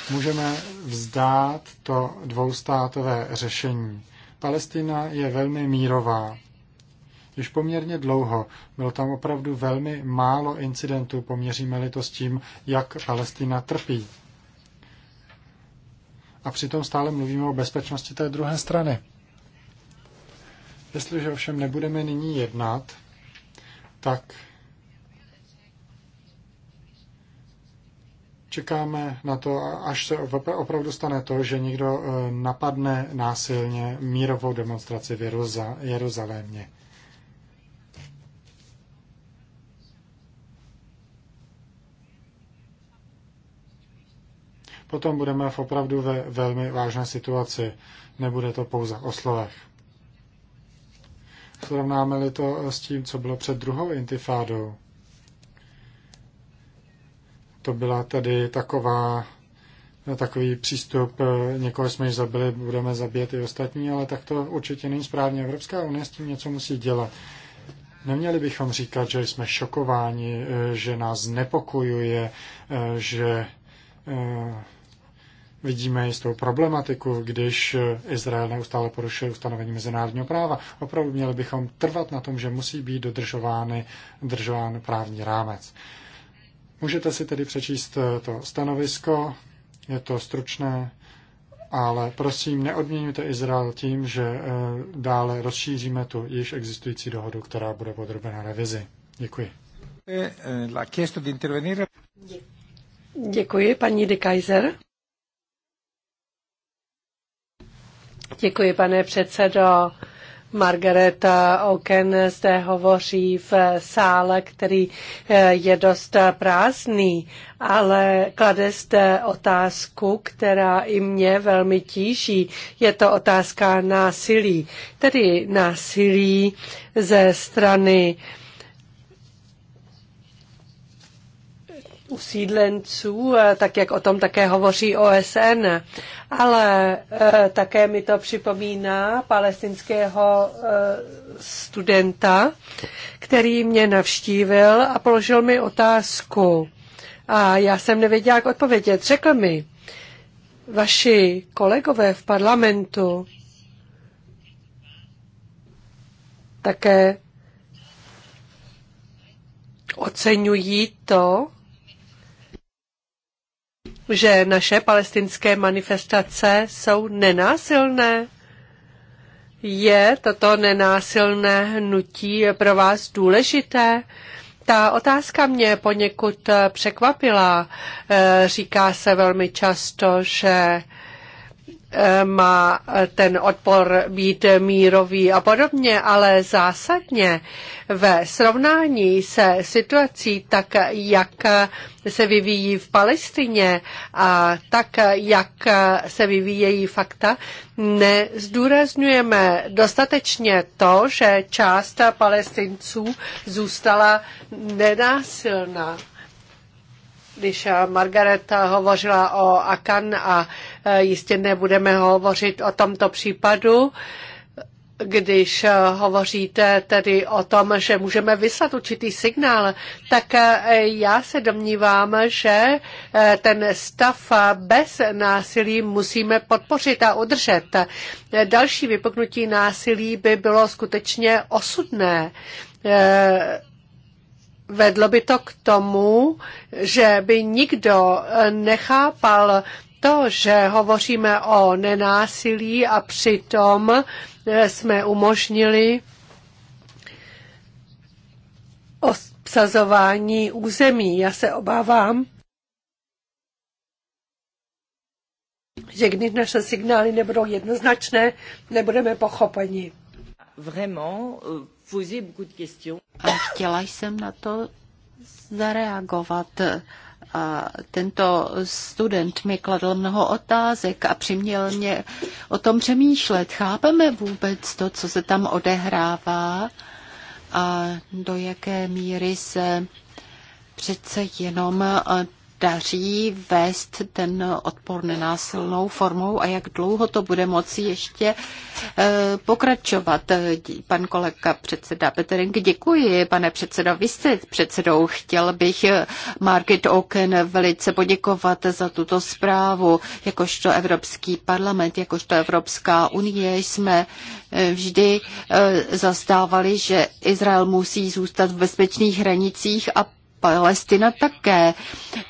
můžeme vzdát to dvoustátové řešení. Palestina je velmi mírová. Již poměrně dlouho bylo tam opravdu velmi málo incidentů, poměříme-li to s tím, jak Palestina trpí. A přitom stále mluvíme o bezpečnosti té druhé strany. Jestliže ovšem nebudeme nyní jednat, tak Čekáme na to, až se opravdu stane to, že někdo e, napadne násilně mírovou demonstraci v Jeruzalémě. potom budeme v opravdu ve velmi vážné situaci. Nebude to pouze o slovech. Srovnáme-li to s tím, co bylo před druhou intifádou, to byla tedy taková, no, takový přístup, eh, někoho jsme již zabili, budeme zabíjet i ostatní, ale tak to určitě není správně. Evropská unie s tím něco musí dělat. Neměli bychom říkat, že jsme šokováni, eh, že nás nepokojuje, eh, že vidíme jistou problematiku, když Izrael neustále porušuje ustanovení mezinárodního práva. Opravdu měli bychom trvat na tom, že musí být dodržovány, dodržován právní rámec. Můžete si tedy přečíst eh, to stanovisko, je to stručné, ale prosím, neodměňujte Izrael tím, že eh, dále rozšíříme tu již existující dohodu, která bude podrobena revizi. Děkuji. Eh, Děkuji, paní de Kaiser. Děkuji, pane předsedo. Margareta Oken zde hovoří v sále, který eh, je dost prázdný, ale klade zde otázku, která i mě velmi tíží. Je to otázka násilí, tedy násilí ze strany uh, usídlenců, eh, tak jak o tom také hovoří OSN, ale eh, také mi to připomíná palestinského eh, studenta, který mě navštívil a položil mi otázku. A já jsem nevěděla, jak odpovědět. Řekl mi, vaši kolegové v parlamentu také oceňují to, že naše palestinské manifestace jsou nenásilné? Je toto nenásilné hnutí pro vás důležité? Ta otázka mě poněkud překvapila. Eh, říká se velmi často, že má ten odpor být mírový a podobně, ale zásadně ve srovnání se situací tak, jak se vyvíjí v Palestině a tak, jak se vyvíjejí fakta, nezdůrazňujeme dostatečně to, že část palestinců zůstala nenásilná když eh, Margareta hovořila o Akan a eh, jistě nebudeme hovořit o tomto případu, když eh, hovoříte tedy o tom, že můžeme vyslat určitý signál, tak já se domnívám, že ten stav bez násilí musíme podpořit a udržet. Další vypuknutí násilí by bylo skutečně osudné Vedlo by to k tomu, že by nikdo eh, nechápal to, že hovoříme o nenásilí a přitom eh, jsme umožnili obsazování území. Já se obávám, že když naše signály nebudou jednoznačné, nebudeme pochopeni. Vraiment, euh, a chtěla jsem na to zareagovat. A tento student mi kladl mnoho otázek a přiměl mě o tom přemýšlet. Chápeme vůbec to, co se tam odehrává a do jaké míry se přece jenom daří vést ten odpor nenásilnou formou a jak dlouho to bude moci ještě eh, pokračovat. Pan kolega předseda Petering, děkuji, pane předsedo. Vy jste předsedou. Chtěl bych Market Oken velice poděkovat za tuto zprávu. Jakožto Evropský parlament, jakožto Evropská unie jsme eh, vždy eh, zastávali, že Izrael musí zůstat v bezpečných hranicích a Palestina také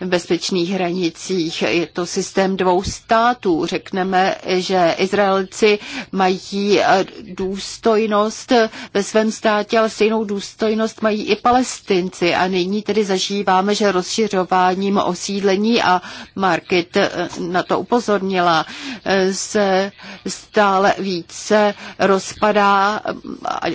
v bezpečných hranicích. Je to systém dvou států. Řekneme, že Izraelci mají eh, důstojnost ve svém státě, ale stejnou důstojnost mají i Palestinci. A nyní tedy zažíváme, že rozšiřováním osídlení a Market eh, na to upozornila, eh, se stále více rozpadá,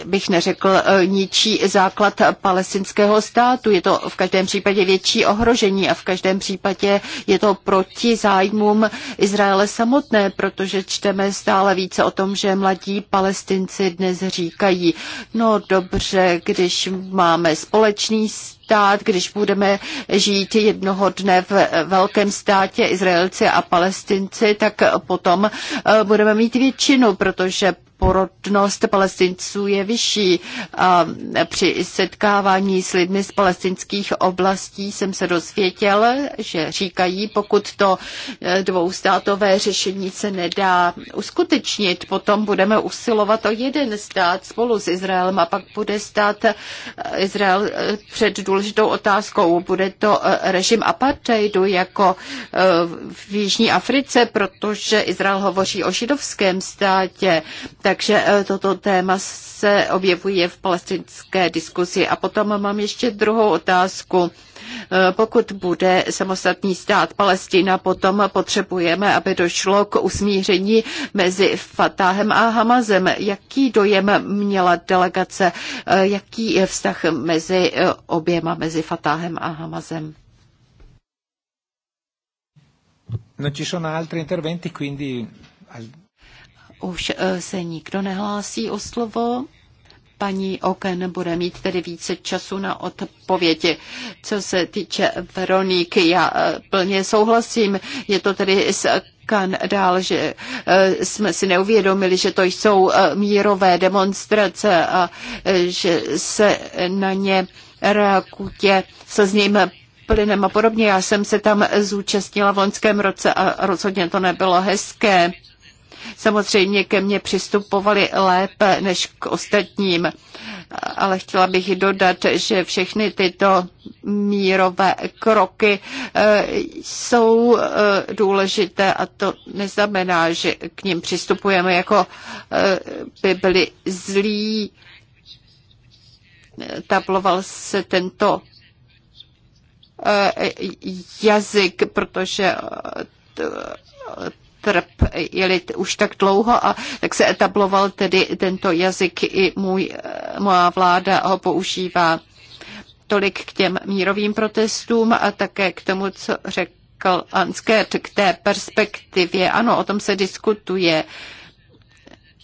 bych neřekl, ničí základ palestinského státu. Je to v každém případě větší ohrožení a v každém případě je to proti zájmům Izraele samotné, protože čteme stále více o tom, že mladí palestinci dnes říkají, no dobře, když máme společný stát, když budeme žít jednoho dne v velkém státě Izraelci a Palestinci, tak potom eh, budeme mít většinu, protože porodnost palestinců je vyšší. A při setkávání s lidmi z palestinských oblastí jsem se dozvěděl, že říkají, pokud to eh, dvoustátové řešení se nedá uskutečnit, potom budeme usilovat o jeden stát spolu s Izraelem a pak bude stát eh, Izrael eh, před důležitou otázkou. Bude to režim apartheidu jako v Jižní Africe, protože Izrael hovoří o židovském státě, tak takže eh, toto téma se objevuje v palestinské diskusi. A potom mám ještě druhou otázku. Eh, pokud bude samostatný stát Palestina, potom potřebujeme, aby došlo k usmíření mezi Fatahem a Hamazem. Jaký dojem měla delegace? Eh, jaký je vztah mezi oběma, mezi Fatahem a Hamazem? Non ci sono altri interventi, quindi už eh, se nikdo nehlásí o slovo. Paní Oken bude mít tedy více času na odpovědi. Co se týče Veroniky, já eh, plně souhlasím. Je to tedy skandál, že eh, jsme si neuvědomili, že to jsou mírové demonstrace a že se na ně reakutě se s ním plynem a podobně. Já jsem se tam zúčastnila v loňském roce a rozhodně to nebylo hezké. Samozřejmě ke mně přistupovali lépe než k ostatním, ale chtěla bych dodat, že všechny tyto mírové kroky eh, jsou eh, důležité a to neznamená, že k ním přistupujeme jako eh, by byli zlí. Tabloval se tento jazyk, protože trpěli už tak dlouho a tak se etabloval tedy tento jazyk i můj, eh, moja vláda ho používá. Tolik k těm mírovým protestům a také k tomu, co řekl Ansket, k té perspektivě. Ano, o tom se diskutuje. Uh,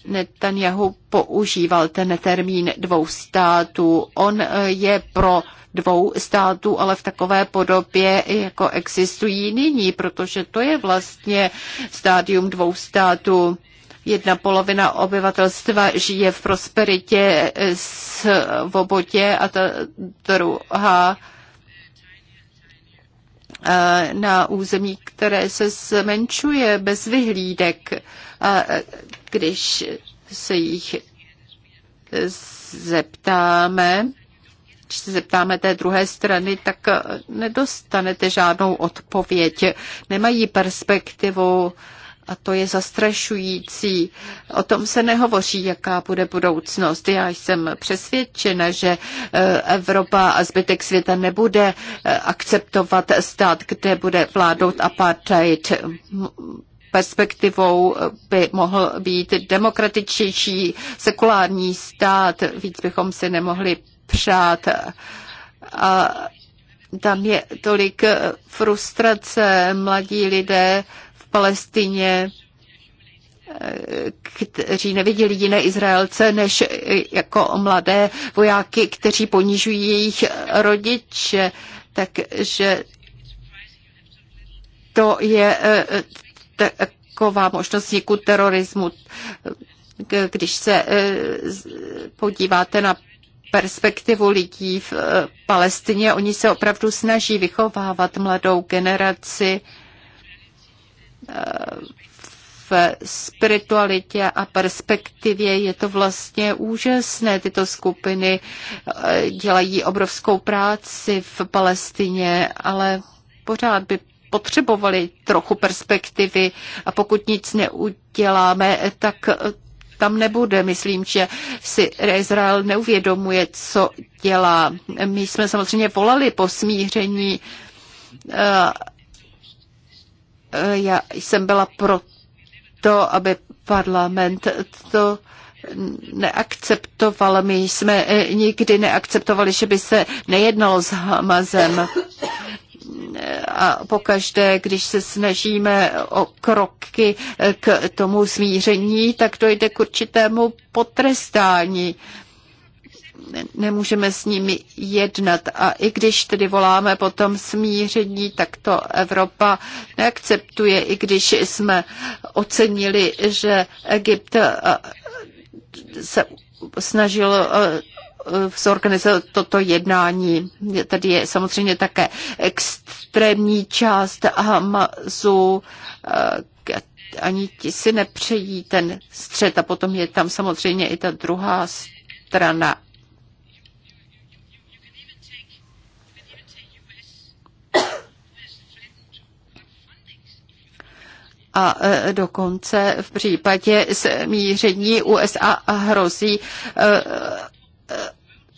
Netanyahu používal ten termín dvou států. On eh, je pro dvou států, ale v takové podobě, jako existují nyní, protože to je vlastně stádium dvou států. Jedna polovina obyvatelstva žije v prosperitě, eh, svobodě a ta druhá eh, na území, které se zmenšuje bez vyhlídek. A když se jich zeptáme, když se zeptáme té druhé strany, tak nedostanete žádnou odpověď. Nemají perspektivu a to je zastrašující. O tom se nehovoří, jaká bude budoucnost. Já jsem přesvědčena, že eh, Evropa a zbytek světa nebude eh, akceptovat stát, kde bude vládnout apartheid perspektivou by mohl být demokratičtější sekulární stát. Víc bychom si nemohli přát. A tam je tolik frustrace. Mladí lidé v Palestině kteří neviděli jiné Izraelce než jako mladé vojáky, kteří ponižují jejich rodiče. Takže to je eh, taková možnost vzniku terorismu. Když se eh, podíváte na perspektivu lidí v eh, Palestině, oni se opravdu snaží vychovávat mladou generaci eh, v spiritualitě a perspektivě. Je to vlastně úžasné. Tyto skupiny dělají obrovskou práci v Palestině, ale pořád by potřebovali trochu perspektivy a pokud nic neuděláme, tak tam nebude. Myslím, že si Izrael neuvědomuje, co dělá. My jsme samozřejmě volali po smíření. Eh, já jsem byla pro to, aby parlament to neakceptoval. My jsme eh, nikdy neakceptovali, že by se nejednalo s Hamazem a pokaždé, když se snažíme o kroky k tomu smíření, tak dojde k určitému potrestání nemůžeme s nimi jednat. A i když tedy voláme potom smíření, tak to Evropa neakceptuje, i když jsme ocenili, že Egypt eh, se snažil eh, Eh, zorganizovat toto jednání. Tady je samozřejmě také extrémní část Hamasu, eh, ani ti si nepřejí ten střed a potom je tam samozřejmě i ta druhá strana. a eh, dokonce v případě smíření USA hrozí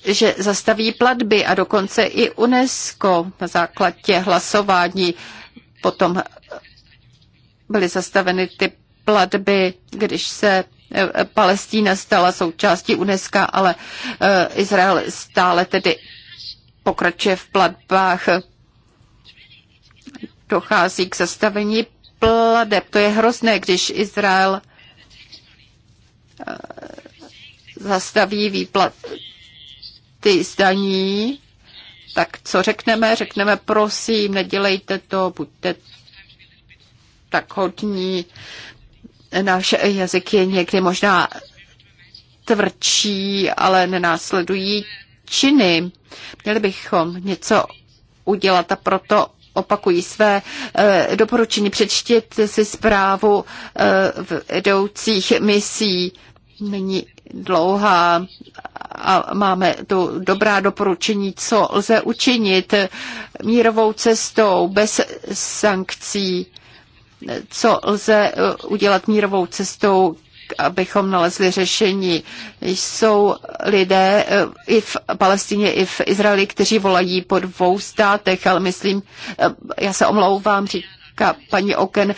že zastaví platby a dokonce i UNESCO na základě hlasování potom byly zastaveny ty platby, když se e, e, Palestína stala součástí UNESCO, ale e, Izrael stále tedy pokračuje v platbách. Dochází k zastavení pladeb. To je hrozné, když Izrael zastaví výplat, ty zdaní, tak co řekneme? Řekneme, prosím, nedělejte to, buďte tak hodní. Náš jazyk je někdy možná tvrdší, ale nenásledují činy. Měli bychom něco udělat a proto opakují své eh, doporučení. Přečtěte si zprávu eh, vedoucích misí. Není dlouhá a máme tu dobrá doporučení, co lze učinit mírovou cestou, bez sankcí, co lze eh, udělat mírovou cestou, abychom nalezli řešení. Jsou lidé eh, i v Palestině, i v Izraeli, kteří volají po dvou státech, ale myslím, eh, já se omlouvám, říká paní Oken,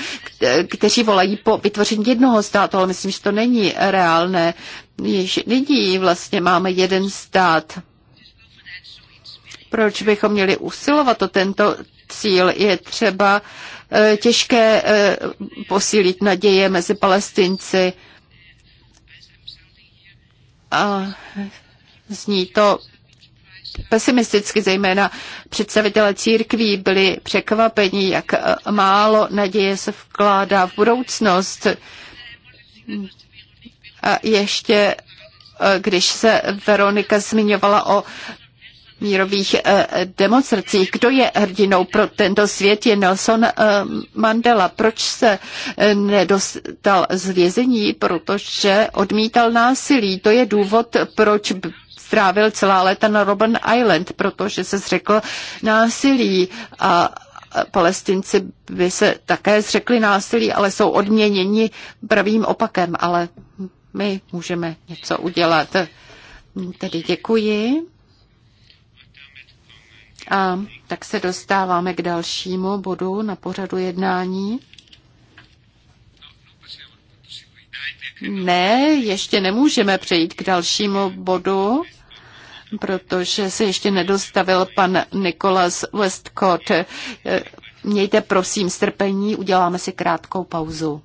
kteří volají po vytvoření jednoho státu, ale myslím, že to není reálné. Již nyní vlastně máme jeden stát. Proč bychom měli usilovat o tento cíl? Je třeba e, těžké e, posílit naděje mezi palestinci. A zní to pesimisticky, zejména představitelé církví byli překvapeni, jak málo naděje se vkládá v budoucnost ještě, e, když se Veronika zmiňovala o mírových e, demonstracích. Kdo je hrdinou pro tento svět je Nelson e, Mandela. Proč se nedostal z vězení? Protože odmítal násilí. To je důvod, proč strávil celá léta na Robben Island, protože se zřekl násilí a palestinci by se také zřekli násilí, ale jsou odměněni pravým opakem, ale my můžeme něco udělat. Tedy děkuji. A tak se dostáváme k dalšímu bodu na pořadu jednání. Ne, ještě nemůžeme přejít k dalšímu bodu, protože se ještě nedostavil pan Nikolas Westcott. Mějte prosím strpení, uděláme si krátkou pauzu.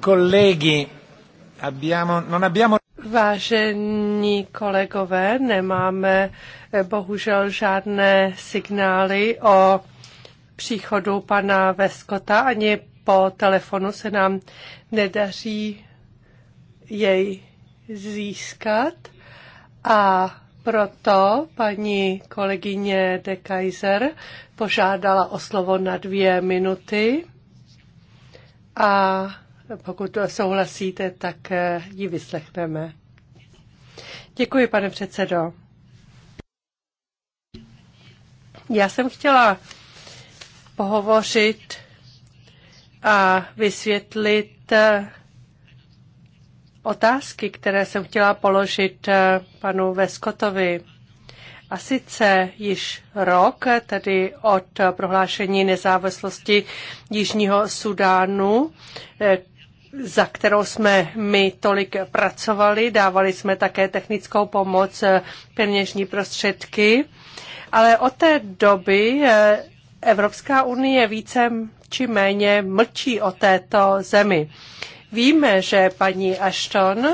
Colleghi, abbiamo, non abbiamo... Vážení kolegové, nemáme eh, bohužel žádné signály o příchodu pana Veskota, ani po telefonu se nám nedaří jej získat. A proto paní kolegyně de Kaiser požádala o slovo na dvě minuty a pokud souhlasíte, tak ji vyslechneme. Děkuji, pane předsedo. Já jsem chtěla pohovořit a vysvětlit eh, otázky, které jsem chtěla položit eh, panu Veskotovi. A sice již rok, tedy od prohlášení nezávislosti Jižního Sudánu, eh, za kterou jsme my tolik pracovali. Dávali jsme také technickou pomoc, eh, peněžní prostředky. Ale od té doby eh, Evropská unie více či méně mlčí o této zemi. Víme, že paní Ashton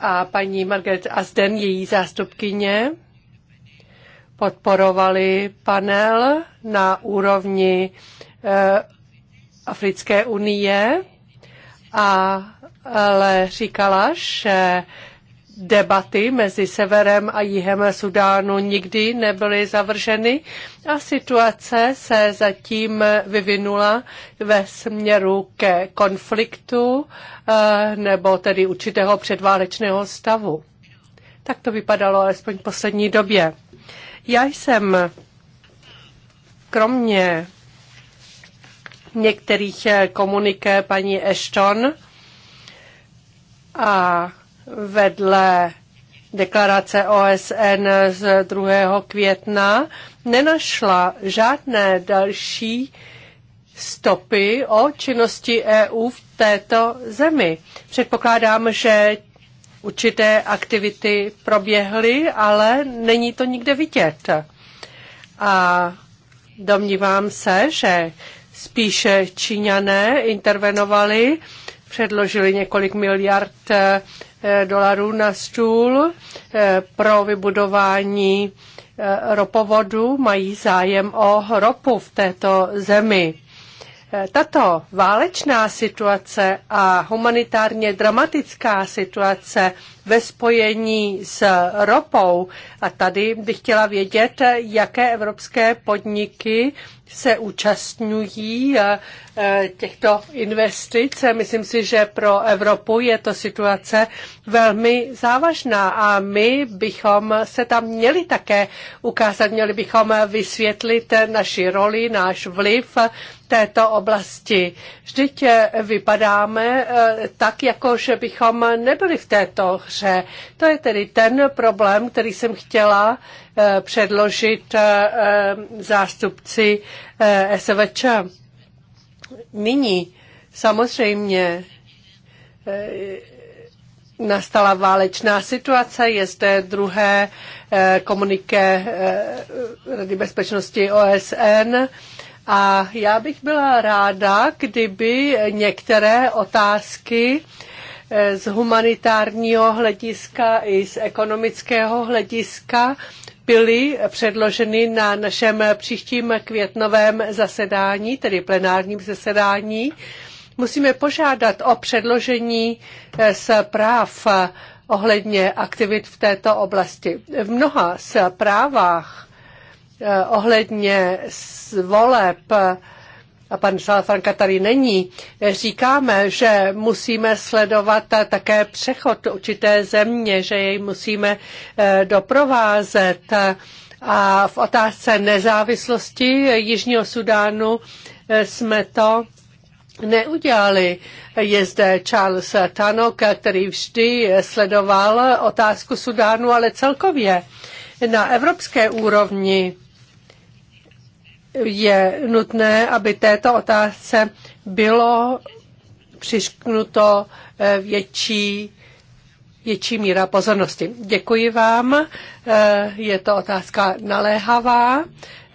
a paní Margaret Asden, její zástupkyně, podporovali panel na úrovni eh, Africké unie, ale říkala, že debaty mezi severem a jihem Sudánu nikdy nebyly zavrženy a situace se zatím vyvinula ve směru ke konfliktu eh, nebo tedy určitého předválečného stavu. Tak to vypadalo alespoň v poslední době. Já jsem kromě některých eh, komuniké paní Ashton a vedle deklarace OSN z 2. května nenašla žádné další stopy o činnosti EU v této zemi. Předpokládám, že určité aktivity proběhly, ale není to nikde vidět. A domnívám se, že spíše Číňané intervenovali předložili několik miliard eh, dolarů na stůl eh, pro vybudování eh, ropovodu, mají zájem o ropu v této zemi. Tato válečná situace a humanitárně dramatická situace ve spojení s ropou. A tady bych chtěla vědět, jaké evropské podniky se účastňují eh, eh, těchto investic. Myslím si, že pro Evropu je to situace velmi závažná a my bychom se tam měli také ukázat, měli bychom vysvětlit naši roli, náš vliv této oblasti. Vždyť eh, vypadáme tak, jako že bychom nebyli v této hře. To je tedy ten problém, který jsem chtěla Eh, předložit eh, eh, zástupci SVČ. Nyní samozřejmě nastala válečná situace, je zde druhé komuniké Rady bezpečnosti OSN a já bych byla ráda, kdyby některé otázky z humanitárního hlediska i z ekonomického hlediska byly předloženy na našem příštím květnovém zasedání, tedy plenárním zasedání. Musíme požádat o předložení eh, zpráv eh, ohledně aktivit v této oblasti. V mnoha zprávách eh, ohledně voleb a pan Salafranka tady není, říkáme, že musíme sledovat také přechod určité země, že jej musíme eh, doprovázet. A v otázce nezávislosti Jižního Sudánu eh, jsme to neudělali. Je zde Charles Tanok, který vždy sledoval otázku Sudánu, ale celkově na evropské úrovni je nutné, aby této otázce bylo přišknuto eh, větší, větší míra pozornosti. Děkuji vám. Eh, je to otázka naléhavá.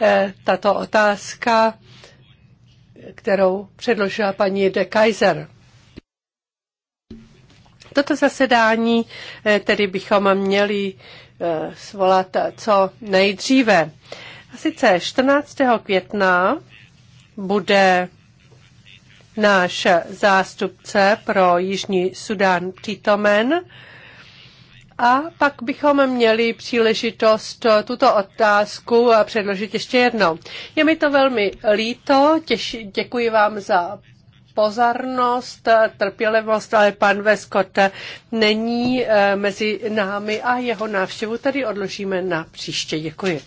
Eh, tato otázka, kterou předložila paní de Kaiser. Toto zasedání tedy bychom měli svolat co nejdříve. A sice 14. května bude náš zástupce pro Jižní Sudán přítomen. A pak bychom měli příležitost tuto otázku předložit ještě jednou. Je mi to velmi líto, těši, děkuji vám za pozornost, trpělivost, ale pan Veskot není eh, mezi námi a jeho návštěvu tady odložíme na příště. Děkuji.